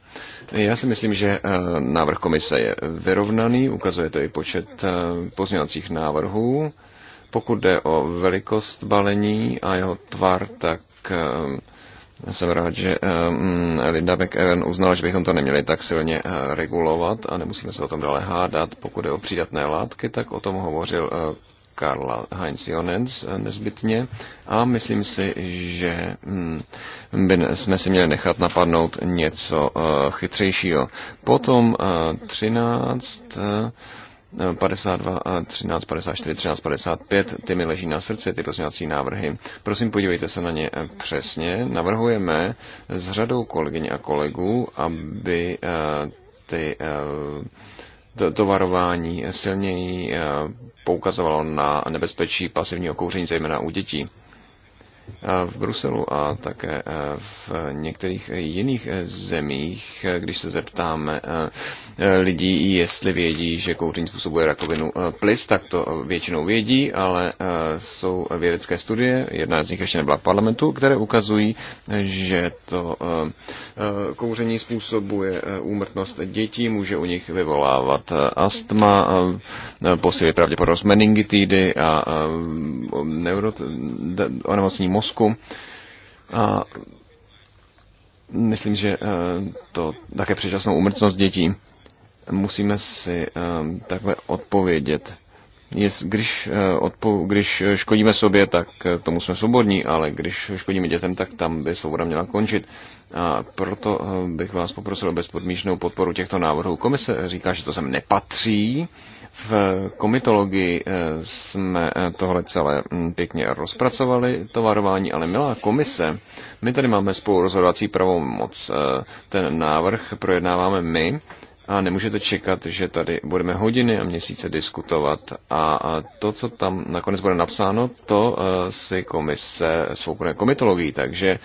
Já si myslím, že návrh komise je vyrovnaný, ukazuje to i počet pozměňovacích návrhů. Pokud jde o velikost balení a jeho tvar, tak jsem rád, že ehm, Linda McEwen uznala, že bychom to neměli tak silně eh, regulovat a nemusíme se o tom dále hádat. Pokud je o přídatné látky, tak o tom hovořil eh, Karla Heinz Jonens eh, nezbytně a myslím si, že hm, by jsme si měli nechat napadnout něco chytřejšího. Potom 13 52, 13, 54, 13, 55, ty mi leží na srdci, ty pozměňovací návrhy. Prosím, podívejte se na ně přesně. Navrhujeme s řadou kolegyň a kolegů, aby eh, ty eh, to, to varování silněji eh, poukazovalo na nebezpečí pasivního kouření, zejména u dětí v Bruselu a také e, v některých jiných e, zemích, e, když se zeptáme lidí, jestli vědí, že kouření způsobuje rakovinu plis, tak to většinou vědí, ale jsou vědecké studie, jedna z nich ještě nebyla v parlamentu, které ukazují, že to kouření způsobuje úmrtnost dětí, může u nich vyvolávat astma, posiluje pravděpodobnost meningitidy a neurot, onemocnění mozku. A myslím, že eh, to také předčasnou umrtnost dětí. Musíme si eh, takhle odpovědět. Jest, když, eh, odpo, když škodíme sobě, tak tomu jsme svobodní, ale když škodíme dětem, tak tam by svoboda měla končit. A proto bych vás poprosil o bezpodmíšnou podporu těchto návrhů. Komise říká, že to sem nepatří, v komitologii eh, jsme eh, tohle celé hm, pěkně rozpracovali, to varování, ale milá komise, my tady máme spolu rozhodovací pravomoc. Eh, ten návrh projednáváme my a nemůžete čekat, že tady budeme hodiny a měsíce diskutovat a to, co tam nakonec bude napsáno, to si komise svou komitologii, takže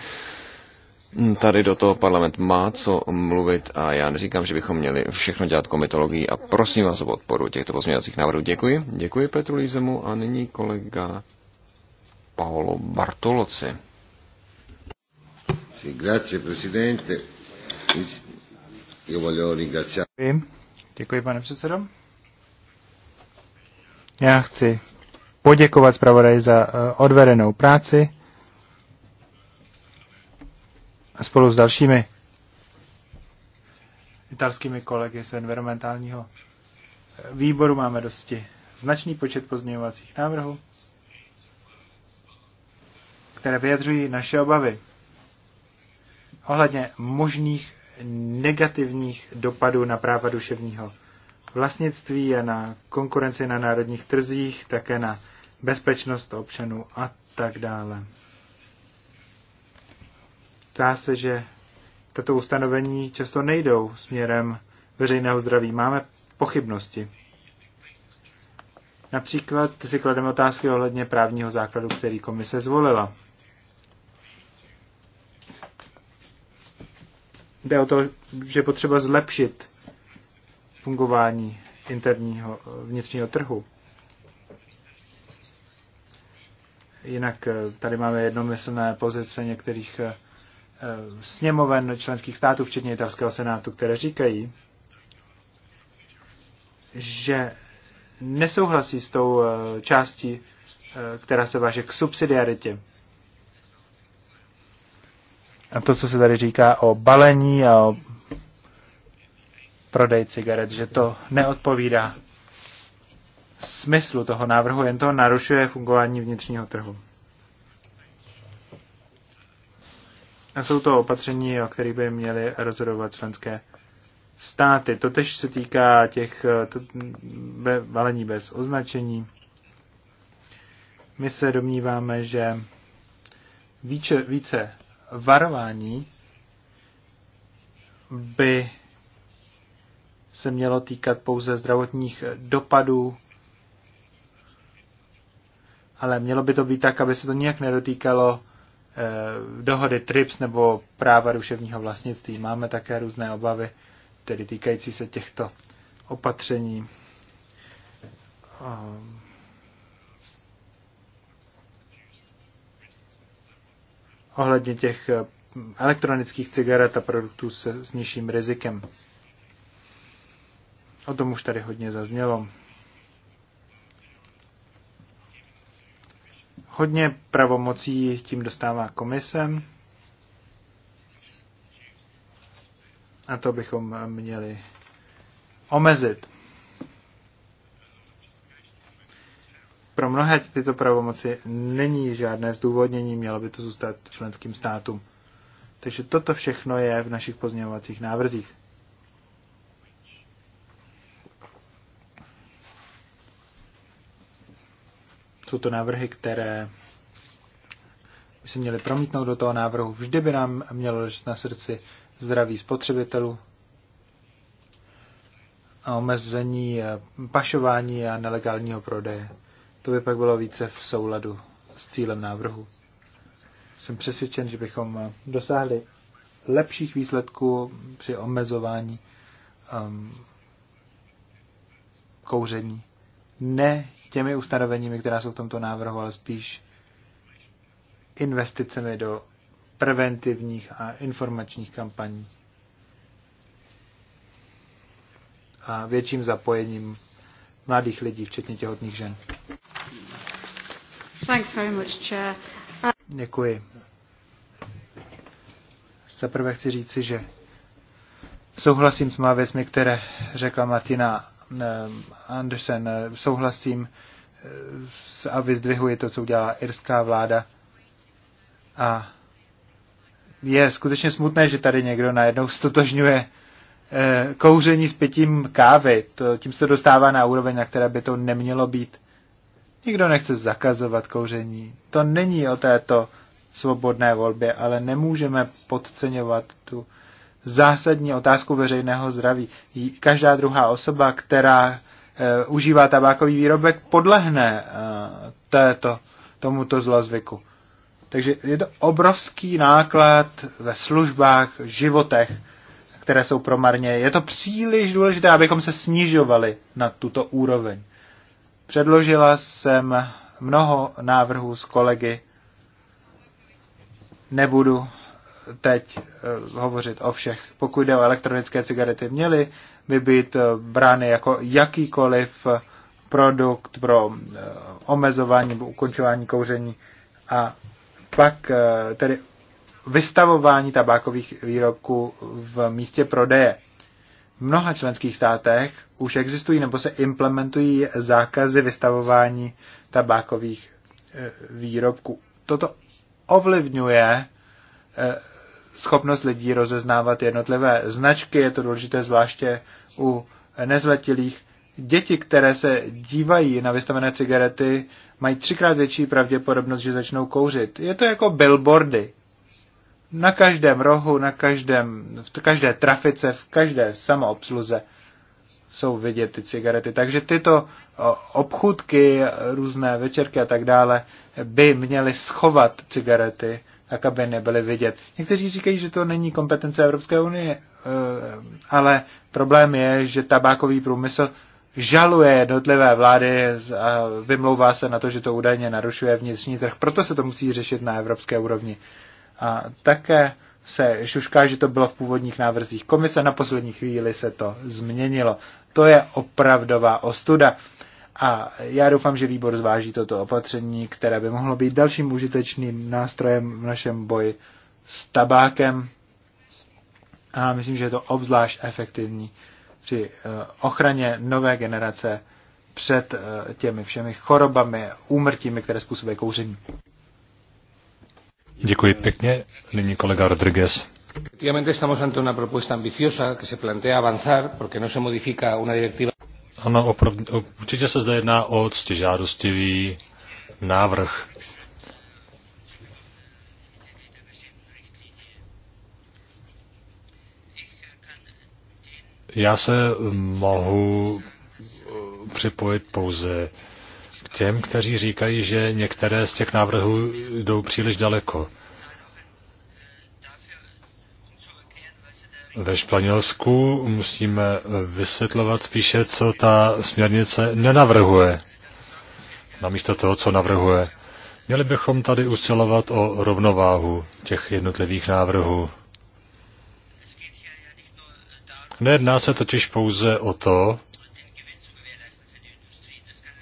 Tady do toho parlament má co mluvit a já neříkám, že bychom měli všechno dělat komitologií a prosím vás o podporu těchto pozměňovacích návrhů. Děkuji. Děkuji Petru Lízemu a nyní kolega Paolo
Bartoloci. Grazie, presidente. Io voglio ringraziare.
Děkuji, pane předsedo. Já chci poděkovat zpravodaji za eh, odvedenou práci spolu s dalšími italskými kolegy z environmentálního výboru máme dosti značný počet pozměňovacích návrhů, které vyjadřují naše obavy ohledně možných negativních dopadů na práva duševního vlastnictví a na konkurenci na národních trzích, také na bezpečnost občanů a tak dále. Zdá se, že tato ustanovení často nejdou směrem veřejného zdraví. Máme pochybnosti. Například si klademe otázky ohledně právního základu, který komise zvolila. Jde o to, že potřeba zlepšit fungování interního vnitřního trhu. Jinak eh, tady máme jednomyslné pozice některých eh, Eh, sněmoven členských států, včetně italského senátu, které říkají, že nesouhlasí s tou eh, částí, eh, která se váže k subsidiaritě. A to, co se tady říká o balení a o prodej cigaret, že to neodpovídá smyslu toho návrhu, jen to narušuje fungování vnitřního trhu. A jsou to opatření, o kterých by měly rozhodovat členské státy. To tež se týká těch be, valení bez označení. My se domníváme, že více, více varování by se mělo týkat pouze zdravotních dopadů, ale mělo by to být tak, aby se to nijak nedotýkalo Eh, dohody TRIPS nebo práva duševního vlastnictví. Máme také různé obavy, tedy týkající se těchto opatření. Eh, ohledně těch eh, elektronických cigaret a produktů se, s nižším rizikem. O tom už tady hodně zaznělo. Hodně pravomocí tím dostává komise. A to bychom měli omezit. Pro mnohé tyto pravomoci není žádné zdůvodnění, mělo by to zůstat členským státům. Takže toto všechno je v našich pozměňovacích návrzích. Jsou to návrhy, které by se měly promítnout do toho návrhu. Vždy by nám mělo ležet na srdci zdraví spotřebitelů a omezení eh, pašování a nelegálního prodeje. To by pak bylo více v souladu s cílem návrhu. Jsem přesvědčen, že bychom eh, dosáhli lepších výsledků při omezování um, kouření ne těmi ustanoveními, která jsou v tomto návrhu, ale spíš investicemi do preventivních a informačních kampaní a větším zapojením mladých lidí, včetně těhotných žen.
Thanks very much, Chair. Uh...
Děkuji. Za prvé chci říci, že souhlasím s má věcmi, které řekla Martina Eh, Andersen, eh, souhlasím eh, a vyzdvihuji to, co udělá irská vláda. A je skutečně smutné, že tady někdo najednou stotožňuje kouření s pitím kávy. To, tím se dostává na úroveň, na které by to nemělo být. Nikdo nechce zakazovat kouření. To není o této svobodné volbě, ale nemůžeme podceňovat tu zásadní otázku veřejného zdraví. Každá druhá osoba, která eh, užívá tabákový výrobek, podlehne eh, této, tomuto zlozvyku. Takže je to obrovský náklad ve službách, životech, které jsou promarně. Je to příliš důležité, abychom se snižovali na tuto úroveň. Předložila jsem mnoho návrhů s kolegy. Nebudu teď eh, hovořit o všech. Pokud jde o elektronické cigarety, měly by být eh, brány jako jakýkoliv eh, produkt pro omezování nebo ukončování kouření a pak tedy vystavování tabákových výrobků v místě prodeje. V mnoha členských státech už existují nebo se implementují zákazy vystavování tabákových výrobků. Toto ovlivňuje schopnost lidí rozeznávat jednotlivé značky. Je to důležité zvláště u nezletilých. Děti, které se dívají na vystavené cigarety, mají třikrát větší pravděpodobnost, že začnou kouřit. Je to jako billboardy. Na každém rohu, na každém, v každé trafice, v každé samoobsluze jsou vidět ty cigarety. Takže tyto obchůdky, různé večerky a tak dále by měly schovat cigarety tak aby nebyly vidět. Někteří říkají, že to není kompetence Evropské unie, eh, ale problém je, že tabákový průmysl žaluje jednotlivé vlády a vymlouvá se na to, že to údajně narušuje vnitřní trh. Proto se to musí řešit na evropské úrovni. A také se šušká, že to bylo v původních návrzích komise, na poslední chvíli se to změnilo. To je opravdová ostuda. A já doufám, že výbor zváží toto opatření, které by mohlo být dalším užitečným nástrojem v našem boji s tabákem. A myslím, že je to obzvlášť efektivní při eh, ochraně nové generace před eh, těmi všemi chorobami, úmrtími, které způsobuje kouření.
Děkuji pěkně. Nyní kolega Rodriguez. Efectivamente estamos ante una propuesta ambiciosa que se plantea avanzar porque no se modifica una directiva. Ano, opravdu, určitě se zde jedná o ctižádostivý návrh. Já se mohu eh, připojit pouze k těm, kteří říkají, že některé z těch návrhů jdou příliš daleko. ve Španělsku musíme eh, vysvětlovat spíše, co ta směrnice nenavrhuje, namísto toho, co navrhuje. Měli bychom tady usilovat o rovnováhu těch jednotlivých návrhů. Nejedná se totiž pouze o to,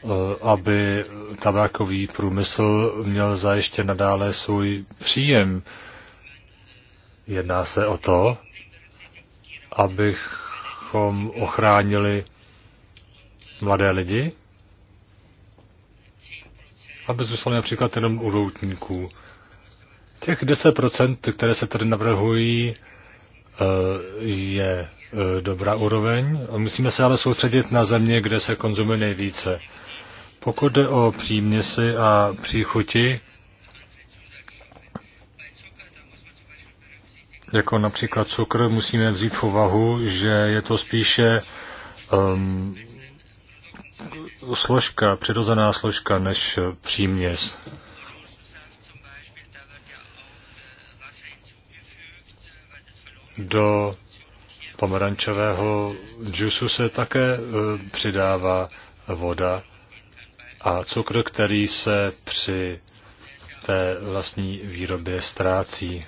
eh, aby tabákový průmysl měl zajištěn nadále svůj příjem. Jedná se o to, abychom ochránili mladé lidi, aby zůstali například jenom u routníků. Těch 10%, které se tady navrhují, eh, je eh, dobrá úroveň. Musíme se ale soustředit na země, kde se konzumuje nejvíce. Pokud jde o příměsi a příchuti, jako například cukr, musíme vzít v úvahu, že je to spíše um, složka, přirozená složka než příměs. Do pomerančového džusu se také eh, přidává voda a cukr, který se při té vlastní výrobě ztrácí.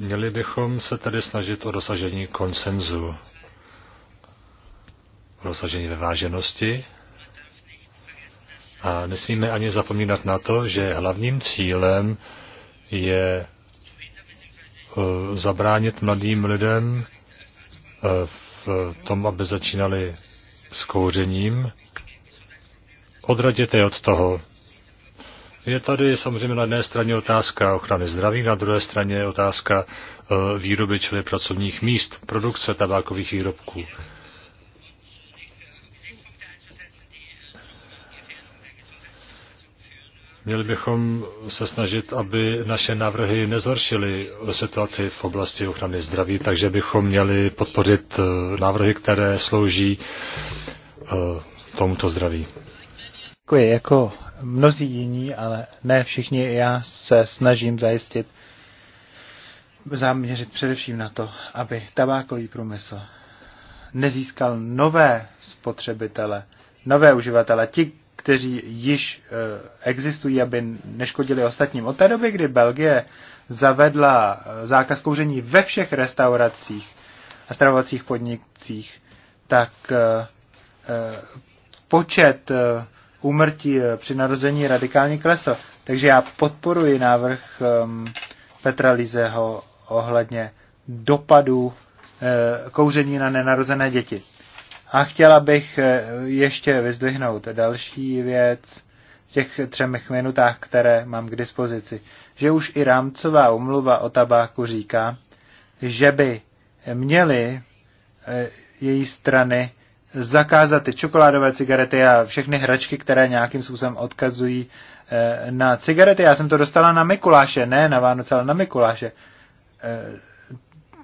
Měli bychom se tedy snažit o dosažení konsenzu, o dosažení vyváženosti a nesmíme ani zapomínat na to, že hlavním cílem je eh, zabránit mladým lidem eh, v tom, aby začínali s kouřením, odradit je od toho. Je tady samozřejmě na jedné straně otázka ochrany zdraví, na druhé straně je otázka e, výroby, čili pracovních míst, produkce tabákových výrobků. Měli bychom se snažit, aby naše návrhy nezhoršily situaci v oblasti ochrany zdraví, takže bychom měli podpořit e, návrhy, které slouží e, tomuto zdraví.
Děkuji. Jako mnozí jiní, ale ne všichni. Já se snažím zajistit, zaměřit především na to, aby tabákový průmysl nezískal nové spotřebitele, nové uživatele, ti, kteří již eh, existují, aby neškodili ostatním. Od té doby, kdy Belgie zavedla eh, zákaz kouření ve všech restauracích a stravovacích podnicích, tak eh, počet úmrtí eh, při narození radikálně klesl. Takže já podporuji návrh ehm, Petra Lízeho ohledně dopadů eh, kouření na nenarozené děti. A chtěla bych eh, ještě vyzdvihnout další věc v těch třech minutách, které mám k dispozici, že už i rámcová umluva o tabáku říká, že by měly její strany zakázat ty čokoládové cigarety a všechny hračky, které nějakým způsobem odkazují eh, na cigarety. Já jsem to dostala na Mikuláše, ne na Vánoce, ale na Mikuláše eh,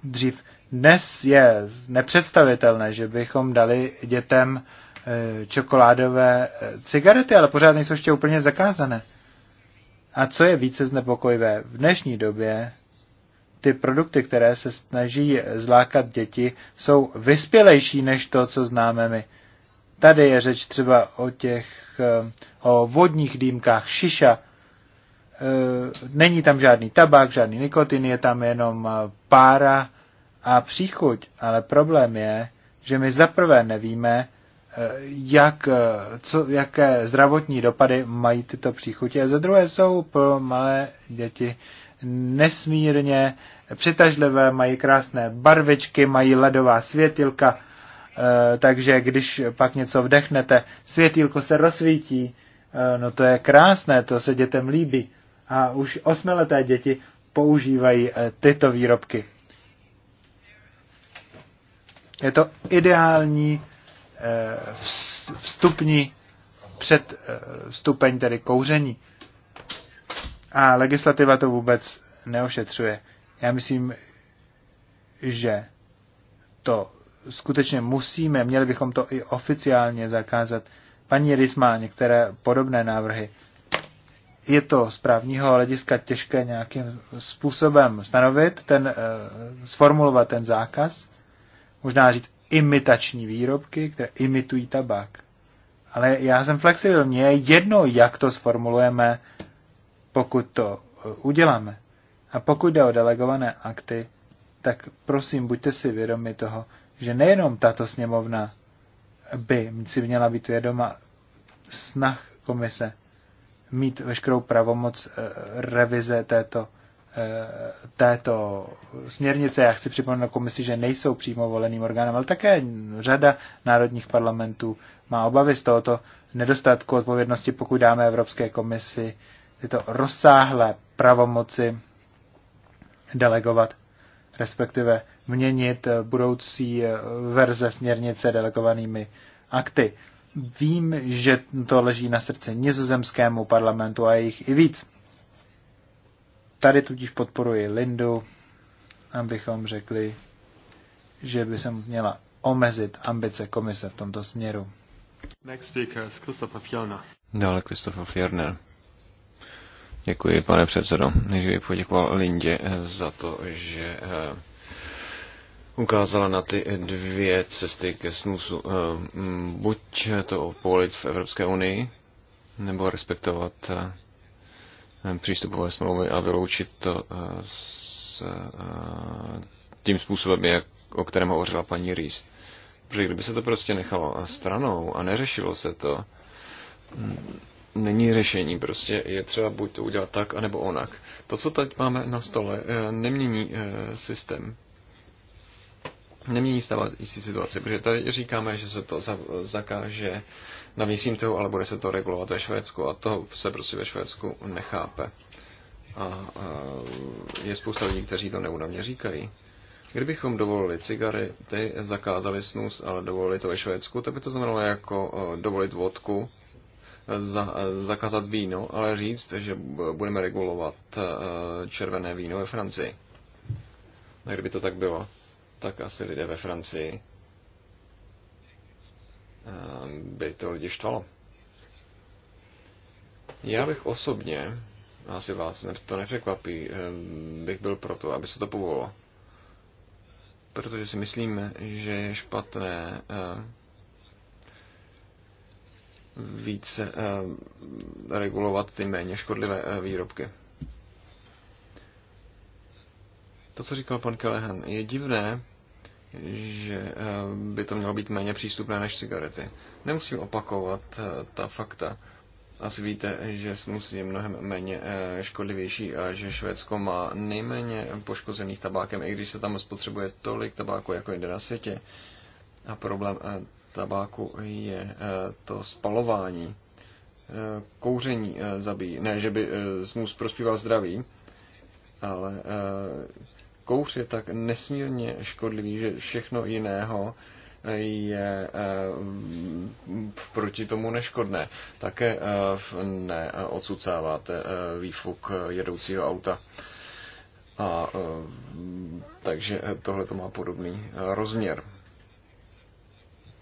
dřív. Dnes je nepředstavitelné, že bychom dali dětem eh, čokoládové cigarety, ale pořád nejsou ještě úplně zakázané. A co je více znepokojivé, v dnešní době ty produkty, které se snaží zlákat děti, jsou vyspělejší než to, co známe my. Tady je řeč třeba o těch eh, o vodních dýmkách šiša. Eh, není tam žádný tabák, žádný nikotin, je tam jenom eh, pára a příchuť. Ale problém je, že my zaprvé nevíme, jak, co, jaké zdravotní dopady mají tyto příchutě. A za druhé jsou pro malé děti nesmírně přitažlivé, mají krásné barvičky, mají ledová světilka, eh, takže když pak něco vdechnete, světílko se rozsvítí, eh, no to je krásné, to se dětem líbí. A už osmileté děti používají eh, tyto výrobky. Je to ideální vstupní před stupeň tedy kouření. A legislativa to vůbec neošetřuje. Já myslím, že to skutečně musíme, měli bychom to i oficiálně zakázat. Paní Rys má některé podobné návrhy. Je to z právního hlediska těžké nějakým způsobem stanovit, ten, e, sformulovat ten zákaz. Možná říct imitační výrobky, které imitují tabák. Ale já jsem flexibilní. Je jedno, jak to sformulujeme, pokud to eh, uděláme. A pokud jde o delegované akty, tak prosím, buďte si vědomi toho, že nejenom tato sněmovna by si měla být vědoma snah komise mít veškerou pravomoc eh, revize této, eh, této směrnice. Já chci připomenout komisi, že nejsou přímo voleným orgánem, ale také řada národních parlamentů má obavy z tohoto nedostatku odpovědnosti, pokud dáme Evropské komisi tyto rozsáhlé pravomoci delegovat, respektive měnit budoucí verze směrnice delegovanými akty. Vím, že to leží na srdce nizozemskému parlamentu a jejich i víc. Tady tudíž podporuji Lindu, abychom řekli, že by se měla omezit ambice komise v tomto směru.
Next speaker is Christopher Fjellner. Dále Christopher Fjellner. Děkuji, pane předsedo. Než bych poděkoval Lindě eh, za to, že eh, ukázala na ty dvě cesty ke snusu. Eh, buď to povolit v Evropské unii, nebo respektovat přístupové smlouvy a vyloučit to s tím způsobem, jak, o kterém hovořila paní Rýs. Protože kdyby se to prostě nechalo stranou a neřešilo se to, není řešení. Prostě je třeba buď to udělat tak, anebo onak. To, co teď máme na stole, eh, nemění eh, systém. Nemění stávající situaci, protože tady říkáme, že se to zakáže na vnitřním trhu, ale bude se to regulovat ve Švédsku a to se prostě ve Švédsku nechápe. A je spousta lidí, kteří to neúnavně říkají. Kdybychom dovolili cigary, ty zakázali snus, ale dovolili to ve Švédsku, to by to znamenalo jako eh, dovolit vodku, za, zakázat víno, ale říct, že budeme regulovat eh, červené víno ve Francii. A kdyby to tak bylo, tak asi lidé ve Francii eh, by to lidi štvalo. Já bych osobně, asi vás to nepřekvapí, eh, bych byl proto, aby se to povolilo. Protože si myslím, že je špatné více eh, regulovat ty méně škodlivé eh, výrobky. To, co říkal pan Kelehan, je divné, že eh, by to mělo být méně přístupné než cigarety. Nemusím opakovat ta fakta. Asi víte, že snus je mnohem méně škodlivější a že Švédsko má nejméně poškozených tabákem, i když se tam spotřebuje tolik tabáku jako jinde na světě. A problém tabáku je eh, to spalování. Eh, kouření eh, zabíjí. Ne, že by snus prospíval zdraví, ale kouř je tak nesmírně škodlivý, že všechno jiného je proti tomu neškodné. Také neodsucáváte výfuk jedoucího auta. A, takže tohle to má podobný rozměr.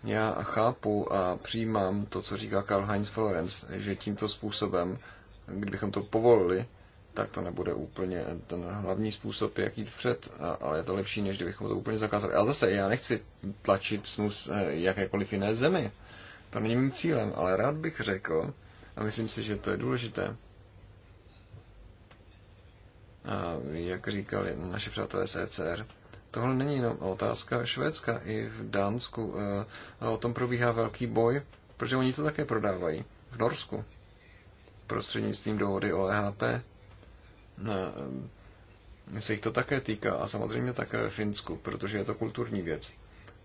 Já chápu a přijímám to, co říká Karl Heinz Florence, že tímto způsobem, kdybychom to povolili, tak to nebude úplně ten hlavní způsob, jak jít vpřed, ale je to lepší, než kdybychom to úplně zakázali. A zase, já nechci tlačit snus eh, jakékoliv jiné zemi. To není mým cílem, ale rád bych řekl, a myslím si, že to je důležité, a jak říkali naše přátelé z ECR, Tohle není jenom otázka Švédska, i v Dánsku eh, o tom probíhá velký boj, protože oni to také prodávají v Norsku prostřednictvím dohody o e no, EHP. Se jich to také týká a samozřejmě také ve Finsku, protože je to kulturní věc.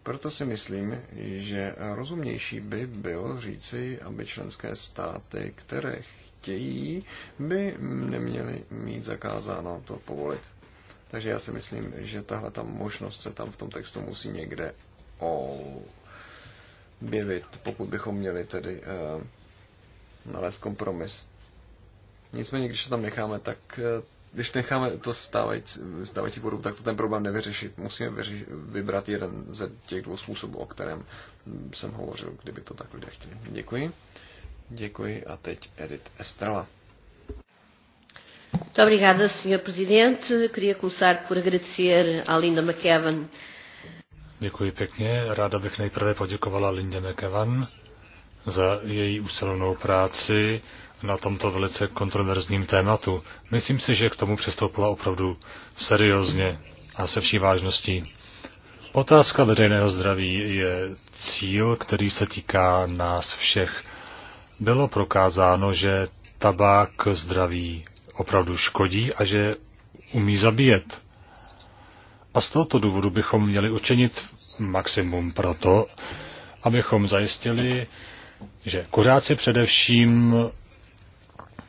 Proto si myslím, že rozumnější by bylo říci, aby členské státy, které chtějí, by neměly mít zakázáno to povolit. Takže já si myslím, že tahle ta možnost se tam v tom textu musí někde objevit, pokud bychom měli tedy uh, nalézt kompromis. Nicméně, když to tam necháme, tak uh, když necháme to stávající, stávající podobu, tak to ten problém nevyřešit. Musíme vyři, vybrat jeden ze těch dvou způsobů, o kterém jsem hovořil, kdyby to tak lidé chtěli. Děkuji. Děkuji a teď Edit Estrela. Muito obrigada, Sr. Presidente. Queria começar por agradecer à Linda McEwan
Děkuji pěkně. Ráda bych nejprve poděkovala Lindě McKevan za její usilovnou práci na tomto velice kontroverzním tématu. Myslím si, že k tomu přistoupila opravdu seriózně a se vší vážností. Otázka veřejného zdraví je cíl, který se týká nás všech. Bylo prokázáno, že tabák zdraví opravdu škodí a že umí zabíjet. A z tohoto důvodu bychom měli učinit maximum pro to, abychom zajistili, že kuřáci především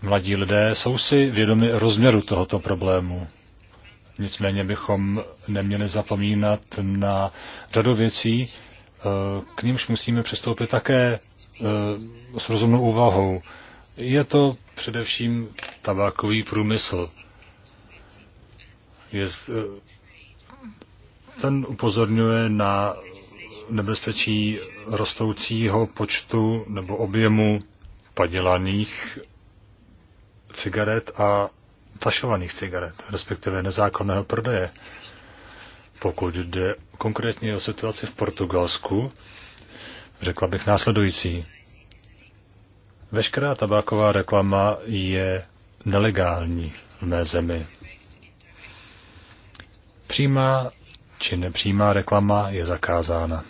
mladí lidé jsou si vědomi rozměru tohoto problému. Nicméně bychom neměli zapomínat na řadu věcí, eh, k nímž musíme přistoupit také eh, s rozumnou úvahou. Je to především tabákový průmysl. Je, eh, ten upozorňuje na nebezpečí rostoucího počtu nebo objemu padělaných cigaret a pašovaných cigaret, respektive nezákonného prodeje. Pokud jde konkrétně o situaci v Portugalsku, řekla bych následující. Veškerá tabáková reklama je nelegální v mé zemi. Přímá či nepřímá reklama je zakázána.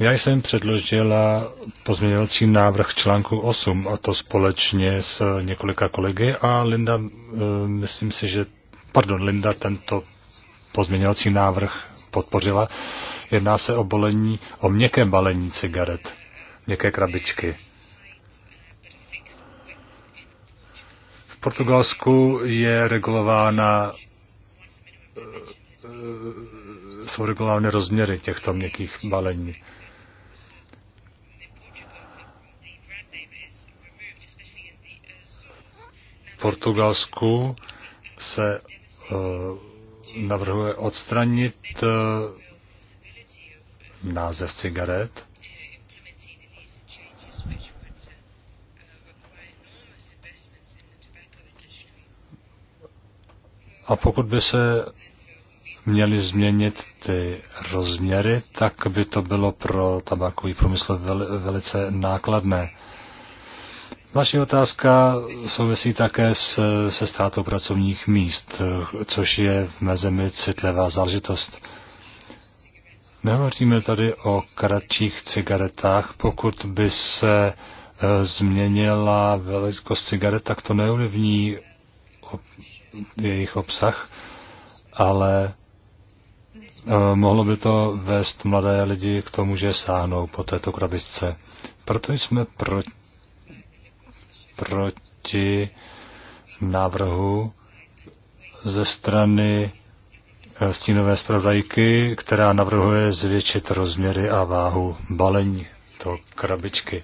Já jsem předložila pozměňovací návrh článku 8, a to společně s několika kolegy a Linda, eh, myslím si, že, pardon, Linda tento pozměňovací návrh podpořila. Jedná se o bolení, o měkké balení cigaret měkké krabičky. V Portugalsku je regulována eh, jsou regulovány rozměry těchto měkkých balení. V Portugalsku se eh, navrhuje odstranit eh, název cigaret. A pokud by se měly změnit ty rozměry, tak by to bylo pro tabakový průmysl velice nákladné. Vaše otázka souvisí také s, se ztrátou pracovních míst, což je v mezemi citlivá záležitost. Nehovoříme tady o kratších cigaretách. Pokud by se e, změnila velikost cigaret, tak to neulivní jejich obsah, ale eh, mohlo by to vést mladé lidi k tomu, že sáhnou po této krabičce. Proto jsme pro, proti návrhu ze strany eh, stínové zpravodajky, která navrhuje zvětšit rozměry a váhu balení to krabičky.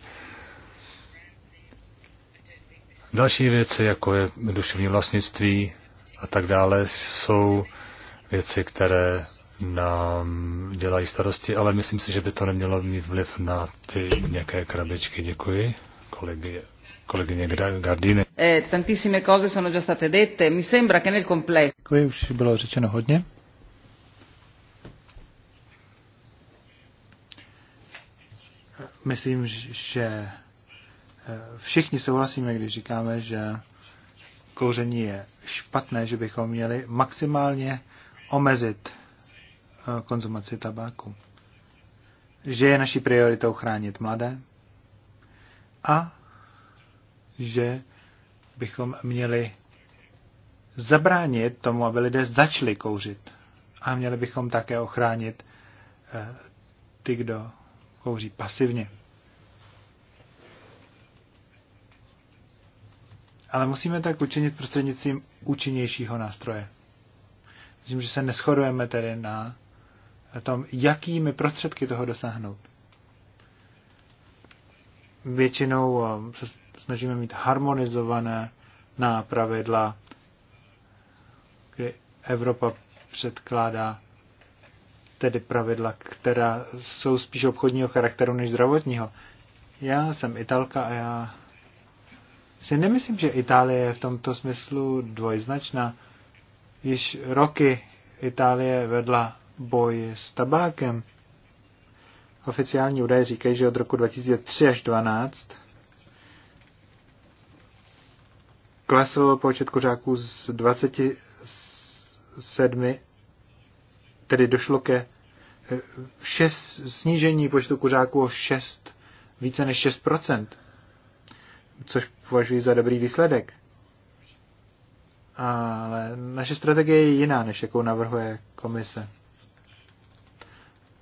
Další věci, jako je duševní vlastnictví a tak dále, jsou věci, které nám dělají starosti, ale myslím si, že by to nemělo mít vliv na ty nějaké krabičky. Děkuji, kolegy, kolegyně
eh, tantissime cose sono già state dette. Mi sembra che nel complesso... Děkuji, už bylo řečeno hodně. Myslím, že všichni souhlasíme, když říkáme, že kouření je špatné, že bychom měli maximálně omezit eh, konzumaci tabáku. Že je naší prioritou chránit mladé a že bychom měli zabránit tomu, aby lidé začali kouřit. A měli bychom také ochránit eh, ty, kdo kouří pasivně. ale musíme tak učinit prostřednictvím účinnějšího nástroje. Myslím, že se neschodujeme tedy na tom, jakými prostředky toho dosáhnout. Většinou eh, se snažíme mít harmonizované na pravidla, kdy Evropa předkládá tedy pravidla, která jsou spíš obchodního charakteru než zdravotního. Já jsem Italka a já si nemyslím, že Itálie je v tomto smyslu dvojznačná. Již roky Itálie vedla boj s tabákem. Oficiální údaje říkají, že od roku 2003 až 2012 klesl počet kuřáků z 27, tedy došlo ke eh, šest, snížení počtu kuřáků o 6, více než 6 což považuji za dobrý výsledek. Ale naše strategie je jiná, než jakou navrhuje komise.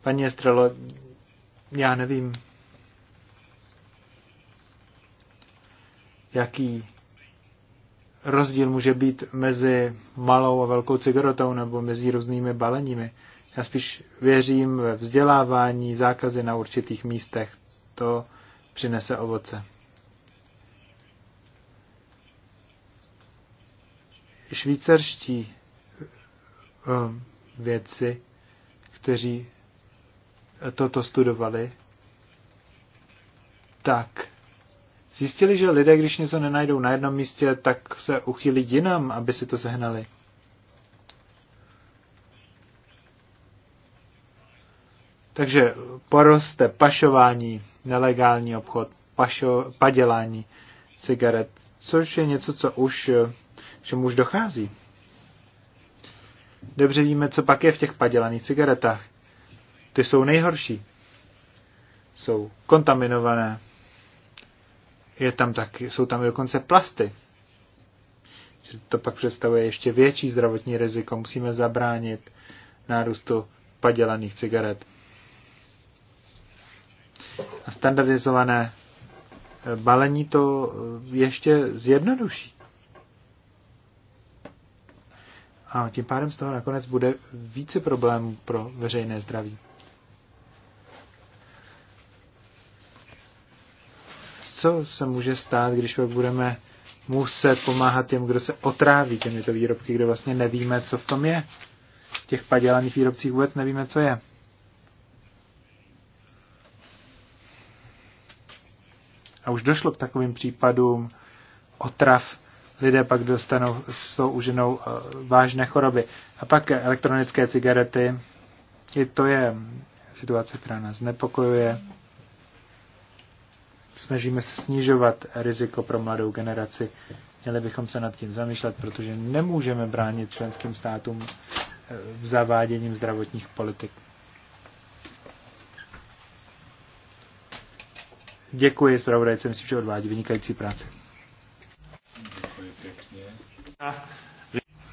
Paní Estrelo, já nevím, jaký rozdíl může být mezi malou a velkou cigaretou nebo mezi různými baleními. Já spíš věřím ve vzdělávání, zákazy na určitých místech. To přinese ovoce. švýcarští eh, vědci, kteří toto studovali, tak zjistili, že lidé, když něco nenajdou na jednom místě, tak se uchylí jinam, aby si to sehnali. Takže poroste pašování, nelegální obchod, pašo, padělání cigaret, což je něco, co už čemu už dochází. Dobře víme, co pak je v těch padělaných cigaretách. Ty jsou nejhorší. Jsou kontaminované. Je tam taky, jsou tam dokonce plasty. To pak představuje ještě větší zdravotní riziko. Musíme zabránit nárůstu padělaných cigaret. A standardizované balení to ještě zjednoduší. A tím pádem z toho nakonec bude více problémů pro veřejné zdraví. Co se může stát, když budeme muset pomáhat těm, kdo se otráví těmito výrobky, kde vlastně nevíme, co v tom je. V těch padělaných výrobcích vůbec nevíme, co je. A už došlo k takovým případům otrav lidé pak dostanou tou uženou eh, vážné choroby. A pak elektronické cigarety, i to je situace, která nás nepokojuje. Snažíme se snižovat riziko pro mladou generaci. Měli bychom se nad tím zamýšlet, protože nemůžeme bránit členským státům eh, v zaváděním zdravotních politik. Děkuji zpravodajce, myslím, že odvádí
vynikající práci.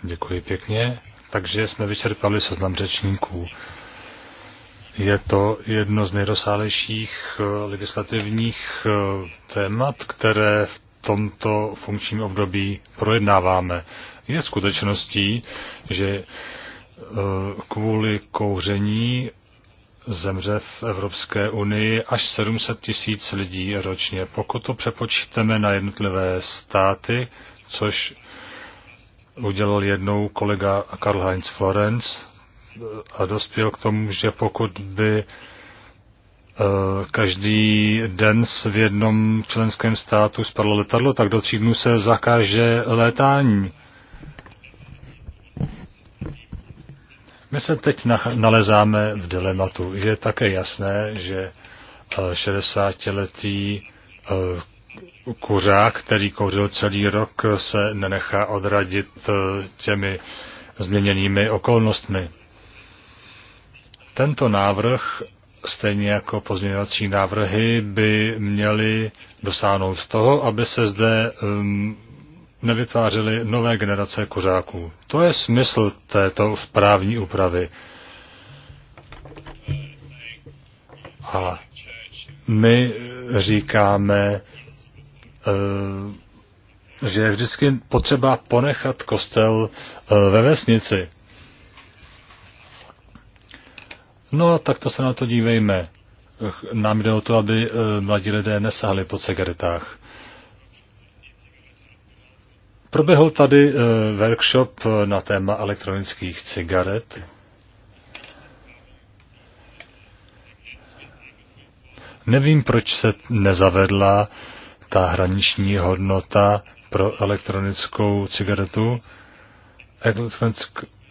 Děkuji pěkně. Takže jsme vyčerpali seznam řečníků. Je to jedno z nejrozsálejších eh, legislativních eh, témat, které v tomto funkčním období projednáváme. Je skutečností, že eh, kvůli kouření zemře v Evropské unii až 700 tisíc lidí ročně. Pokud to přepočíteme na jednotlivé státy, což udělal jednou kolega Karl Heinz Florenz eh, a dospěl k tomu, že pokud by eh, každý den v jednom členském státu spadlo letadlo, tak do tří dnů se zakáže létání. My se teď nalezáme v dilematu. Je také jasné, že 60-letý eh, kuřák, který kouřil celý rok, se nenechá odradit eh, těmi změněnými okolnostmi. Tento návrh, stejně jako pozměňovací návrhy, by měly dosáhnout toho, aby se zde um, nevytvářely nové generace kuřáků. To je smysl této právní úpravy. A my říkáme, Eh, že je vždycky potřeba ponechat kostel eh, ve vesnici. No a takto se na to dívejme. Eh, nám jde o to, aby mladí lidé nesahli po cigaretách. Proběhl tady workshop na téma elektronických cigaret. Nevím, proč se nezavedla ta hraniční hodnota pro elektronickou cigaretu.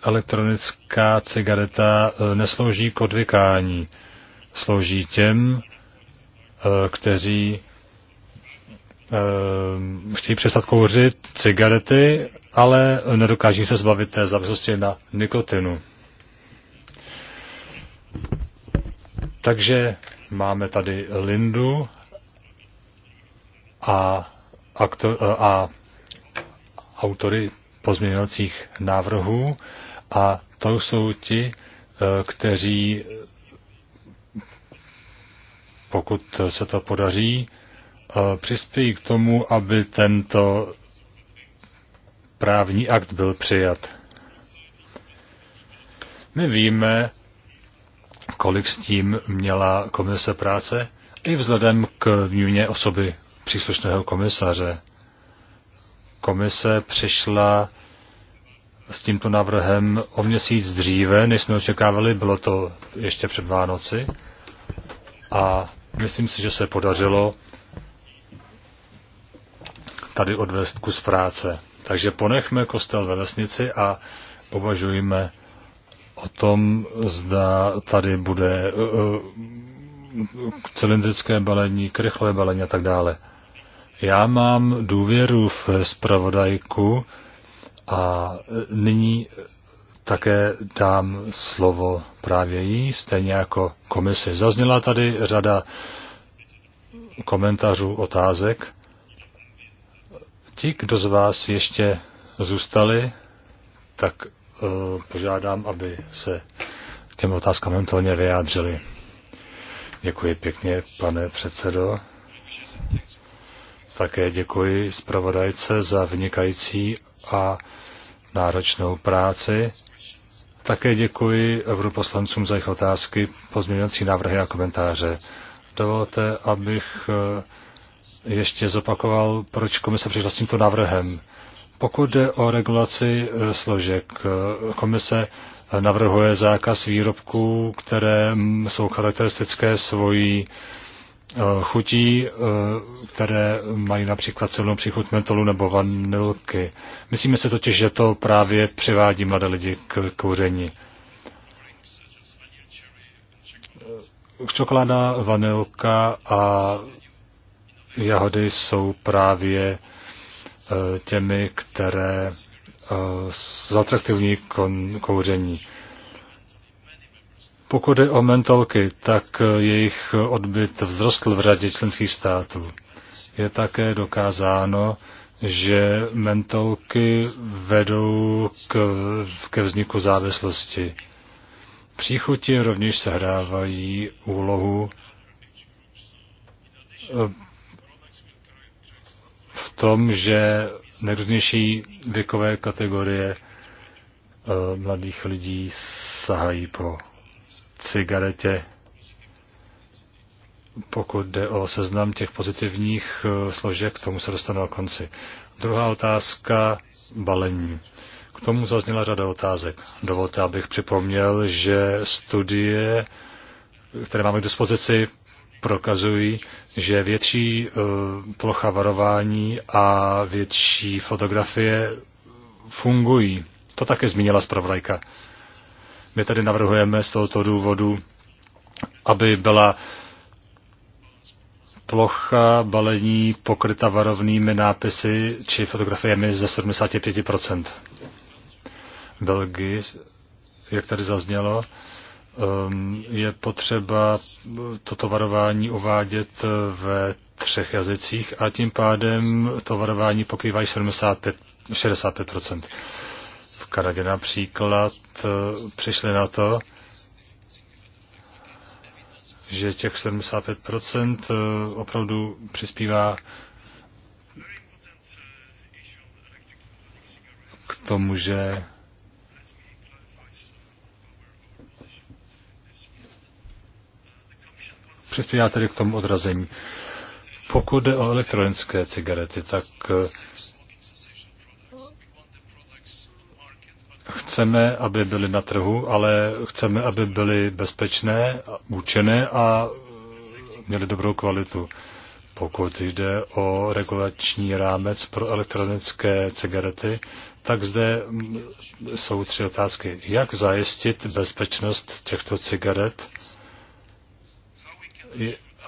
Elektronická cigareta e, neslouží k odvykání, slouží těm, e, kteří e, chtějí přestat kouřit cigarety, ale nedokáží se zbavit té závislosti na nikotinu. Takže máme tady Lindu, a, aktor, a autory pozměňovacích návrhů a to jsou ti, e, kteří, pokud se to podaří, e, přispějí k tomu, aby tento právní akt byl přijat. My víme, kolik s tím měla komise práce, i vzhledem k výměně osoby příslušného komisaře. Komise přišla s tímto návrhem o měsíc dříve, než jsme očekávali, bylo to ještě před Vánoci. A myslím si, že se podařilo tady odvést kus práce. Takže ponechme kostel ve vesnici a uvažujeme o tom, zda tady bude eh, eh, cylindrické balení, krychlé balení a tak dále. Já mám důvěru v zpravodajku a nyní také dám slovo právě jí, stejně jako komisi. Zazněla tady řada komentářů, otázek. Ti, kdo z vás ještě zůstali, tak uh, požádám, aby se k těm otázkám mentálně vyjádřili. Děkuji pěkně, pane předsedo. Také děkuji zpravodajce za vynikající a náročnou práci. Také děkuji europoslancům za jejich otázky, pozměňovací návrhy a komentáře. Dovolte, abych eh, ještě zopakoval, proč komise přišla s tímto návrhem. Pokud jde o regulaci eh, složek, eh, komise navrhuje zákaz výrobků, které mm, jsou charakteristické svojí Eh, chutí, eh, které mají například silnou příchuť mentolu nebo vanilky. Myslíme se totiž, že to právě přivádí mladé lidi k kouření. Eh, čokoláda, vanilka a jahody jsou právě těmi, které zatraktivní kouření. Pokud je o mentolky, tak jejich odbyt vzrostl v řadě členských států. Je také dokázáno, že mentolky vedou k, ke vzniku závislosti. Příchuti rovněž sehrávají úlohu eh, v tom, že nejrůznější věkové kategorie eh, mladých lidí sahají po cigaretě. Pokud jde o seznam těch pozitivních eh, složek, k tomu se dostanu na konci. Druhá otázka, balení. K tomu zazněla řada otázek. Dovolte, abych připomněl, že studie, které máme k dispozici, prokazují, že větší eh, plocha varování a větší fotografie fungují. To také zmínila zpravodajka. My tady navrhujeme z tohoto důvodu, aby byla plocha balení pokryta varovnými nápisy či fotografiemi ze 75%. Belgii, jak tady zaznělo, um, je potřeba toto varování uvádět ve třech jazycích a tím pádem to varování pokrývají 75, 65%. Kanadě například eh, přišli na to, že těch 75% eh, opravdu přispívá k tomu, že přispívá tedy k tomu odrazení. Pokud jde o elektronické cigarety, tak eh, Chceme, aby byly na trhu, ale chceme, aby byly bezpečné, účené a měly dobrou kvalitu. Pokud jde o regulační rámec pro elektronické cigarety, tak zde jsou tři otázky. Jak zajistit bezpečnost těchto cigaret?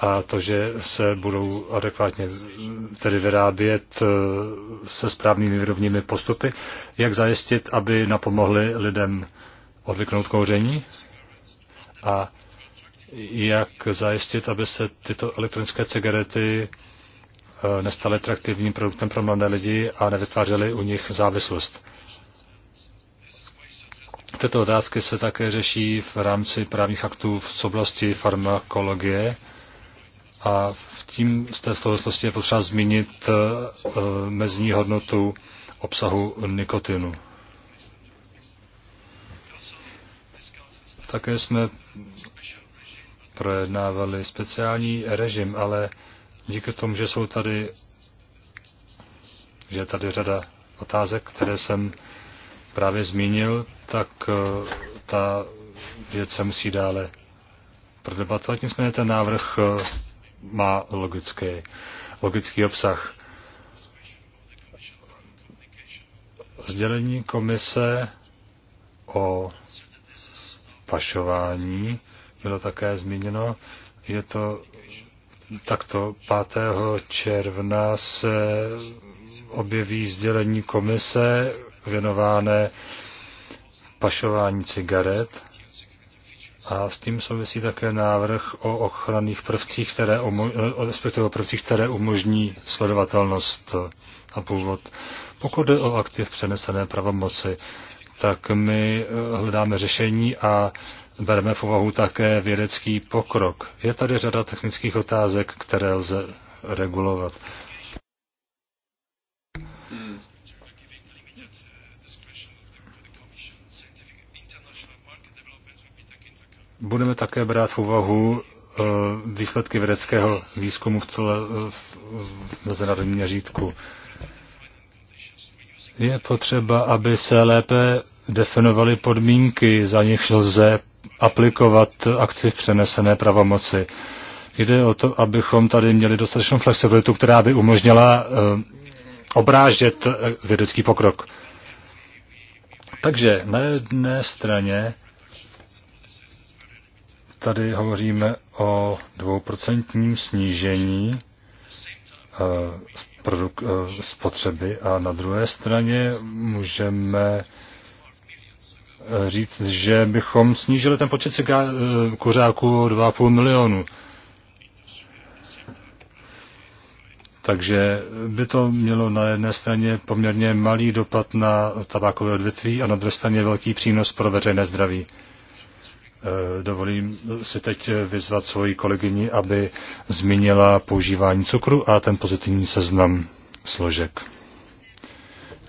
a to, že se budou adekvátně tedy vyrábět e, se správnými výrobními postupy, jak zajistit, aby napomohli lidem odvyknout kouření a jak zajistit, aby se tyto elektronické cigarety e, nestaly atraktivním produktem pro mladé lidi a nevytvářely u nich závislost. Tyto otázky se také řeší v rámci právních aktů v oblasti farmakologie a v tím z té souvislosti je potřeba zmínit eh, eh, mezní hodnotu obsahu nikotinu. Také jsme projednávali speciální režim, ale díky tomu, že jsou tady, že je tady řada otázek, které jsem právě zmínil, tak eh, ta věc se musí dále prodebatovat. Nicméně ten návrh má logické, logický obsah. Sdělení komise o pašování bylo také zmíněno. Je to takto 5. června se objeví sdělení komise věnované pašování cigaret a s tím souvisí také návrh o ochranných prvcích, které umo- respektive prvcích, které umožní sledovatelnost a původ. Pokud jde o aktiv přenesené pravomoci, tak my eh, hledáme řešení a bereme v úvahu také vědecký pokrok. Je tady řada technických otázek, které lze regulovat. Budeme také brát v úvahu eh, výsledky vědeckého výzkumu v celé eh, v mezinárodním měřítku. Je potřeba, aby se lépe definovaly podmínky, za nich lze aplikovat akci přenesené pravomoci. Jde o to, abychom tady měli dostatečnou flexibilitu, která by umožnila eh, obrážet vědecký pokrok. Takže na jedné straně tady hovoříme o dvouprocentním snížení eh, eh, spotřeby a na druhé straně můžeme eh, říct, že bychom snížili ten počet kuřáků o 2,5 milionu. Takže by to mělo na jedné straně poměrně malý dopad na tabákové odvětví a na druhé straně velký přínos pro veřejné zdraví. Eh, dovolím si teď vyzvat svoji kolegyni, aby zmínila používání cukru a ten pozitivní seznam složek.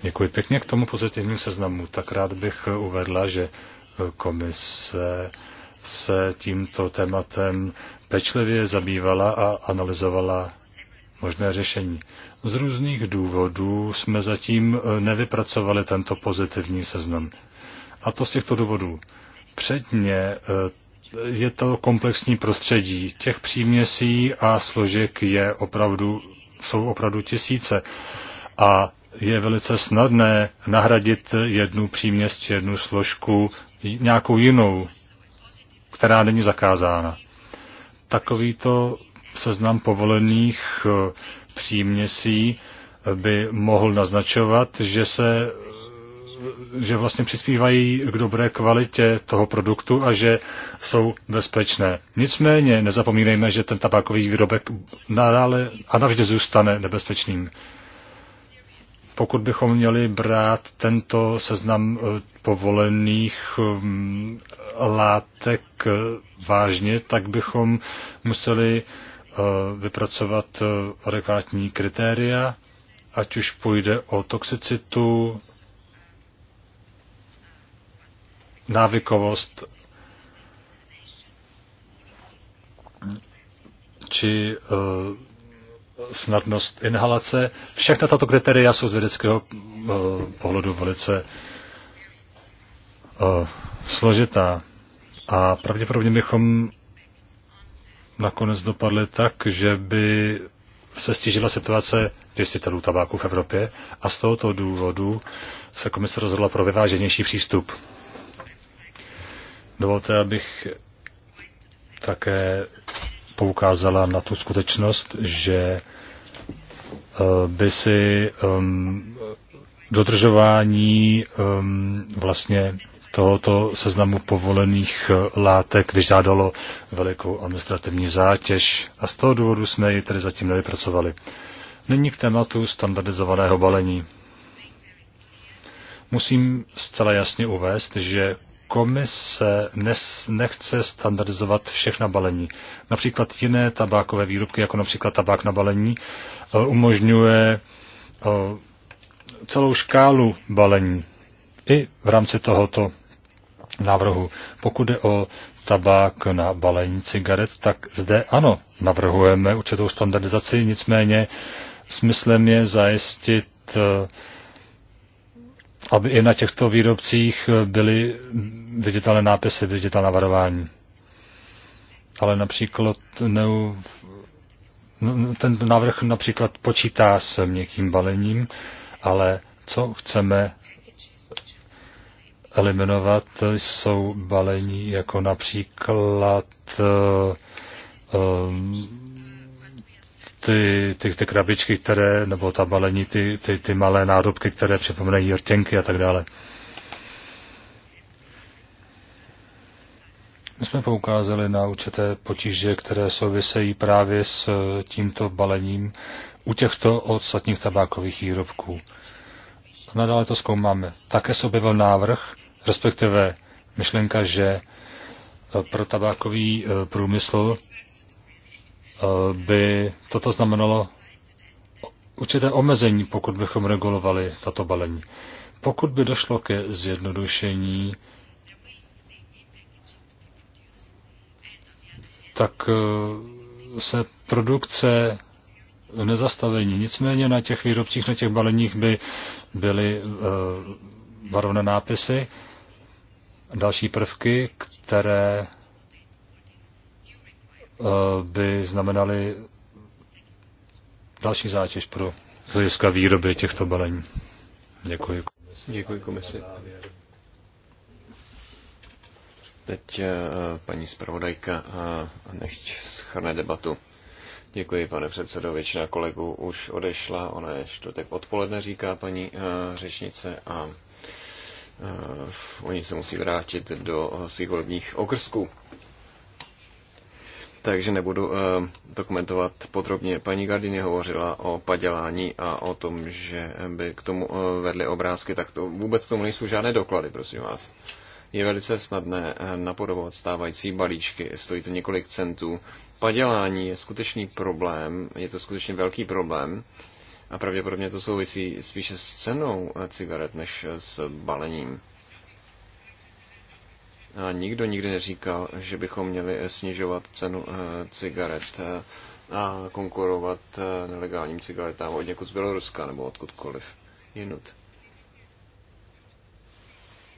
Děkuji pěkně k tomu pozitivnímu seznamu. Tak rád bych uvedla, že eh, komise se tímto tématem pečlivě zabývala a analyzovala možné řešení. Z různých důvodů jsme zatím eh, nevypracovali tento pozitivní seznam. A to z těchto důvodů předně eh, je to komplexní prostředí. Těch příměsí a složek je opravdu, jsou opravdu tisíce. A je velice snadné nahradit jednu příměst, jednu složku nějakou jinou, která není zakázána. Takovýto seznam povolených eh, příměsí by mohl naznačovat, že se že vlastně přispívají k dobré kvalitě toho produktu a že jsou bezpečné. Nicméně nezapomínejme, že ten tabákový výrobek nadále a navždy zůstane nebezpečným. Pokud bychom měli brát tento seznam eh, povolených eh, látek eh, vážně, tak bychom museli vypracovat adekvátní kritéria, ať už půjde o toxicitu, návykovost či eh, snadnost inhalace. Všechna tato kritéria jsou z vědeckého eh, pohledu velice eh, složitá. A pravděpodobně bychom nakonec dopadli tak, že by se stížila situace pěstitelů tabáku v Evropě a z tohoto důvodu se komise rozhodla pro vyváženější přístup. Dovolte, abych také poukázala na tu skutečnost, že eh, by si um, dodržování um, vlastně tohoto seznamu povolených eh, látek vyžádalo velikou administrativní zátěž a z toho důvodu jsme ji tedy zatím nevypracovali. Nyní k tématu standardizovaného balení. Musím zcela jasně uvést, že komise nes, nechce standardizovat všechna balení. Například jiné tabákové výrobky, jako například tabák na balení, eh, umožňuje eh, celou škálu balení i v rámci tohoto návrhu. Pokud je o tabák na balení cigaret, tak zde ano, navrhujeme určitou standardizaci, nicméně smyslem je zajistit eh, aby i na těchto výrobcích eh, byly viditelné nápisy, viditelná varování. Ale například neu, ten návrh například počítá s měkkým balením, ale co chceme eliminovat, eh, jsou balení jako například eh, ty, ty, ty krabičky, které, nebo ta balení, ty, ty, ty malé nádobky, které připomínají rtěnky a tak dále. My jsme poukázali na určité potíže, které souvisejí právě s eh, tímto balením u těchto ostatních tabákových výrobků. Nadále to zkoumáme. Také se objevil návrh, respektive myšlenka, že eh, pro tabákový eh, průmysl Eh, by toto znamenalo určité omezení, pokud bychom regulovali tato balení. Pokud by došlo ke zjednodušení, tak eh, se produkce nezastavení. Nicméně na těch výrobcích, na těch baleních by byly eh, varovné nápisy, další prvky, které Eh, by znamenaly další zátěž pro hlediska výroby těchto balení. Děkuji.
Děkuji komisi.
Teď eh, paní zpravodajka, eh,
nechť schrne debatu. Děkuji, pane předsedo. Většina kolegů už odešla, ona je čtvrtek odpoledne, říká paní řečnice, a oni se musí vrátit do svých volebních okrsků takže nebudu to eh, dokumentovat podrobně. Paní Gardiny hovořila o padělání a o tom, že by k tomu eh, vedly obrázky, tak to vůbec k tomu nejsou žádné doklady, prosím vás. Je velice snadné eh, napodobovat stávající balíčky, stojí to několik centů. Padělání je skutečný problém, je to skutečně velký problém a pravděpodobně to souvisí spíše s cenou cigaret než s balením. A nikdo nikdy neříkal, že bychom měli eh, snižovat cenu eh, cigaret eh, a konkurovat nelegálním cigaretám od někud z Běloruska nebo odkudkoliv jinut.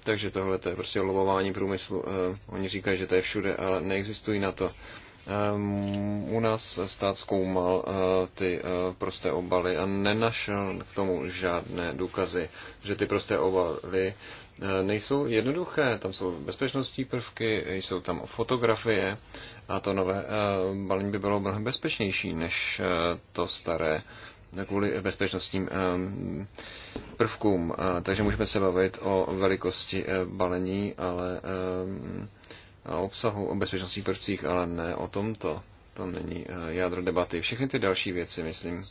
Takže tohle to je prostě lobování průmyslu. Oni říkají, že to je všude, ale neexistují na to Ehm, u nás stát zkoumal eh, ty eh, prosté obaly a nenašel k tomu žádné důkazy, že ty prosté obaly eh, nejsou jednoduché. Tam jsou bezpečnostní prvky, jsou tam fotografie a to nové balení by bylo mnohem bezpečnější než to staré kvůli bezpečnostním ehm, prvkům. Takže můžeme se bavit o velikosti balení, ale ehm, obsahu, o bezpečnostních prvcích, ale ne o tomto. To není eh, jádro debaty. Všechny ty další věci, myslím,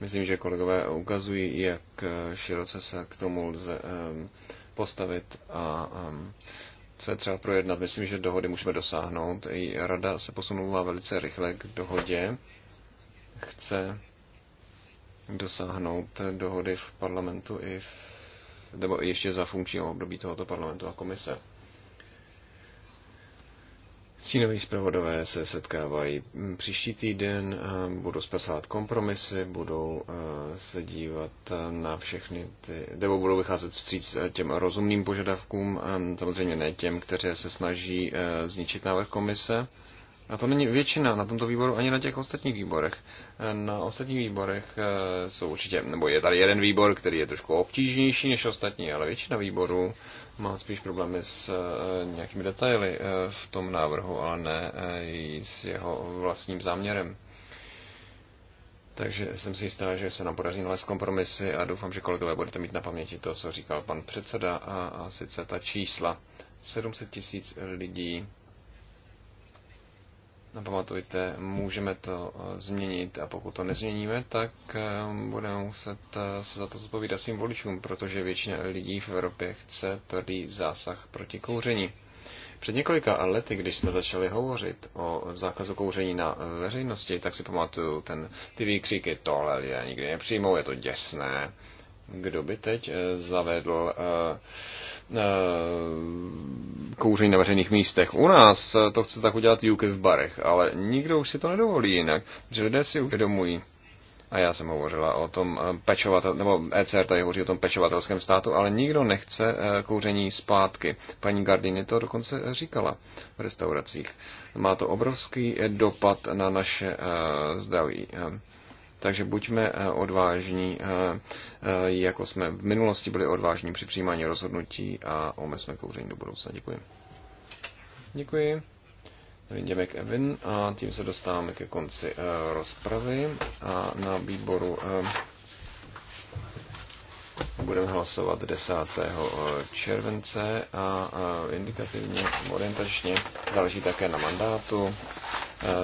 myslím, že kolegové ukazují, jak eh, široce se k tomu lze ehm, postavit a ehm, co je třeba projednat. Myslím, že dohody můžeme dosáhnout. I rada se posunula velice rychle k dohodě. Chce dosáhnout dohody v parlamentu i v, nebo ještě za funkčního období tohoto parlamentu a komise. Stínoví zpravodové se setkávají mm, příští týden, budou zpracovat kompromisy, budou e, se dívat e, na všechny ty, nebo budou vycházet vstříc e, těm rozumným požadavkům, samozřejmě ne těm, kteří se snaží zničit návrh komise. A to není většina na tomto výboru ani na těch ostatních výborech. Na ostatních výborech e, jsou určitě, nebo je tady jeden výbor, který je trošku obtížnější než ostatní, ale většina výborů má spíš problémy s e, nějakými detaily e, v tom návrhu, ale ne i s jeho vlastním záměrem. Takže jsem si jistá, že se nám podaří nalézt kompromisy a doufám, že kolegové budete mít na paměti to, co říkal pan předseda a, a sice ta čísla. 700 tisíc lidí Napamatujte, můžeme to eh, změnit a pokud to nezměníme, tak eh, budeme muset eh, se za to zodpovídat svým voličům, protože většina lidí v Evropě chce tvrdý zásah proti kouření. Před několika lety, když jsme začali hovořit o zákazu kouření na veřejnosti, tak si pamatuju ten, ty výkřiky, tohle lidé nikdy nepřijmou, je to děsné kdo by teď eh, zavedl eh, eh, kouření na veřejných místech. U nás to chce tak udělat juky v barech, ale nikdo už si to nedovolí jinak, že lidé si uvědomují, a já jsem hovořila o tom pečovatel, nebo ECR tady hovoří o tom pečovatelském státu, ale nikdo nechce kouření zpátky. Paní Gardini to dokonce říkala v restauracích. Má to obrovský dopad na naše zdraví. Takže buďme eh, odvážní, eh, eh, jako jsme v minulosti byli odvážní při přijímání rozhodnutí a omezme kouření do budoucna. Děkuji. Děkuji. k Evin a tím se dostáváme ke konci rozpravy a na výboru budeme hlasovat 10. července a indikativně, orientačně záleží také na mandátu.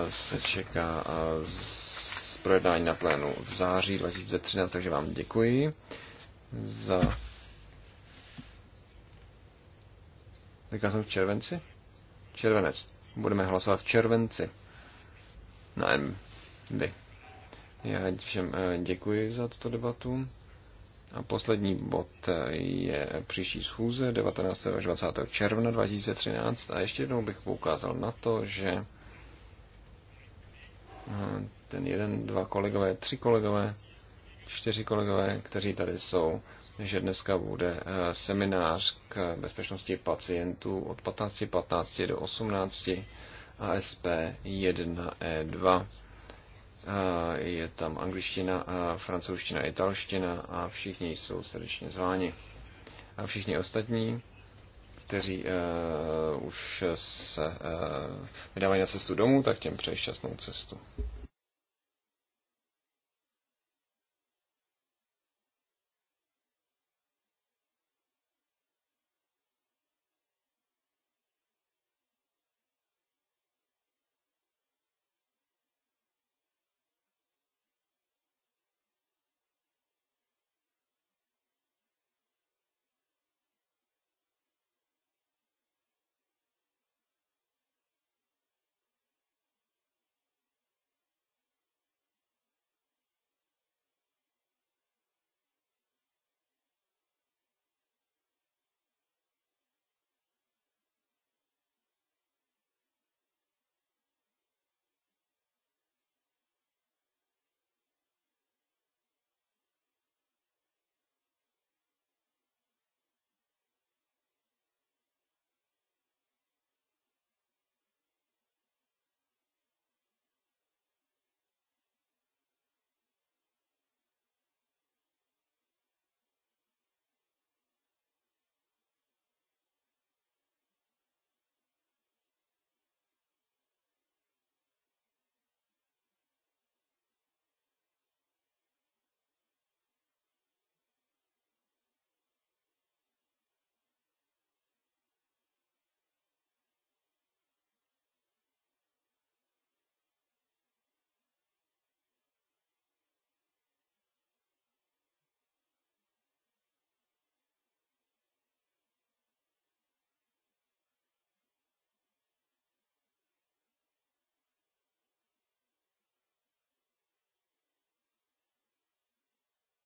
Se čeká z projednání na plénu v září 2013, takže vám děkuji za... Říkal jsem v červenci? Červenec. Budeme hlasovat v červenci. Na NB. Já všem eh, děkuji za tuto debatu. A poslední bod eh, je příští schůze 19. až 20. června 2013. A ještě jednou bych poukázal na to, že eh, ten jeden, dva kolegové, tři kolegové, čtyři kolegové, kteří tady jsou, že dneska bude eh, seminář k bezpečnosti pacientů od 15.15 do 18 ASP 1E2. Je tam angličtina, eh, francouzština, italština a všichni jsou srdečně zváni. A všichni ostatní, kteří uh, už se uh, vydávají na cestu domů, tak těm
přeji šťastnou cestu.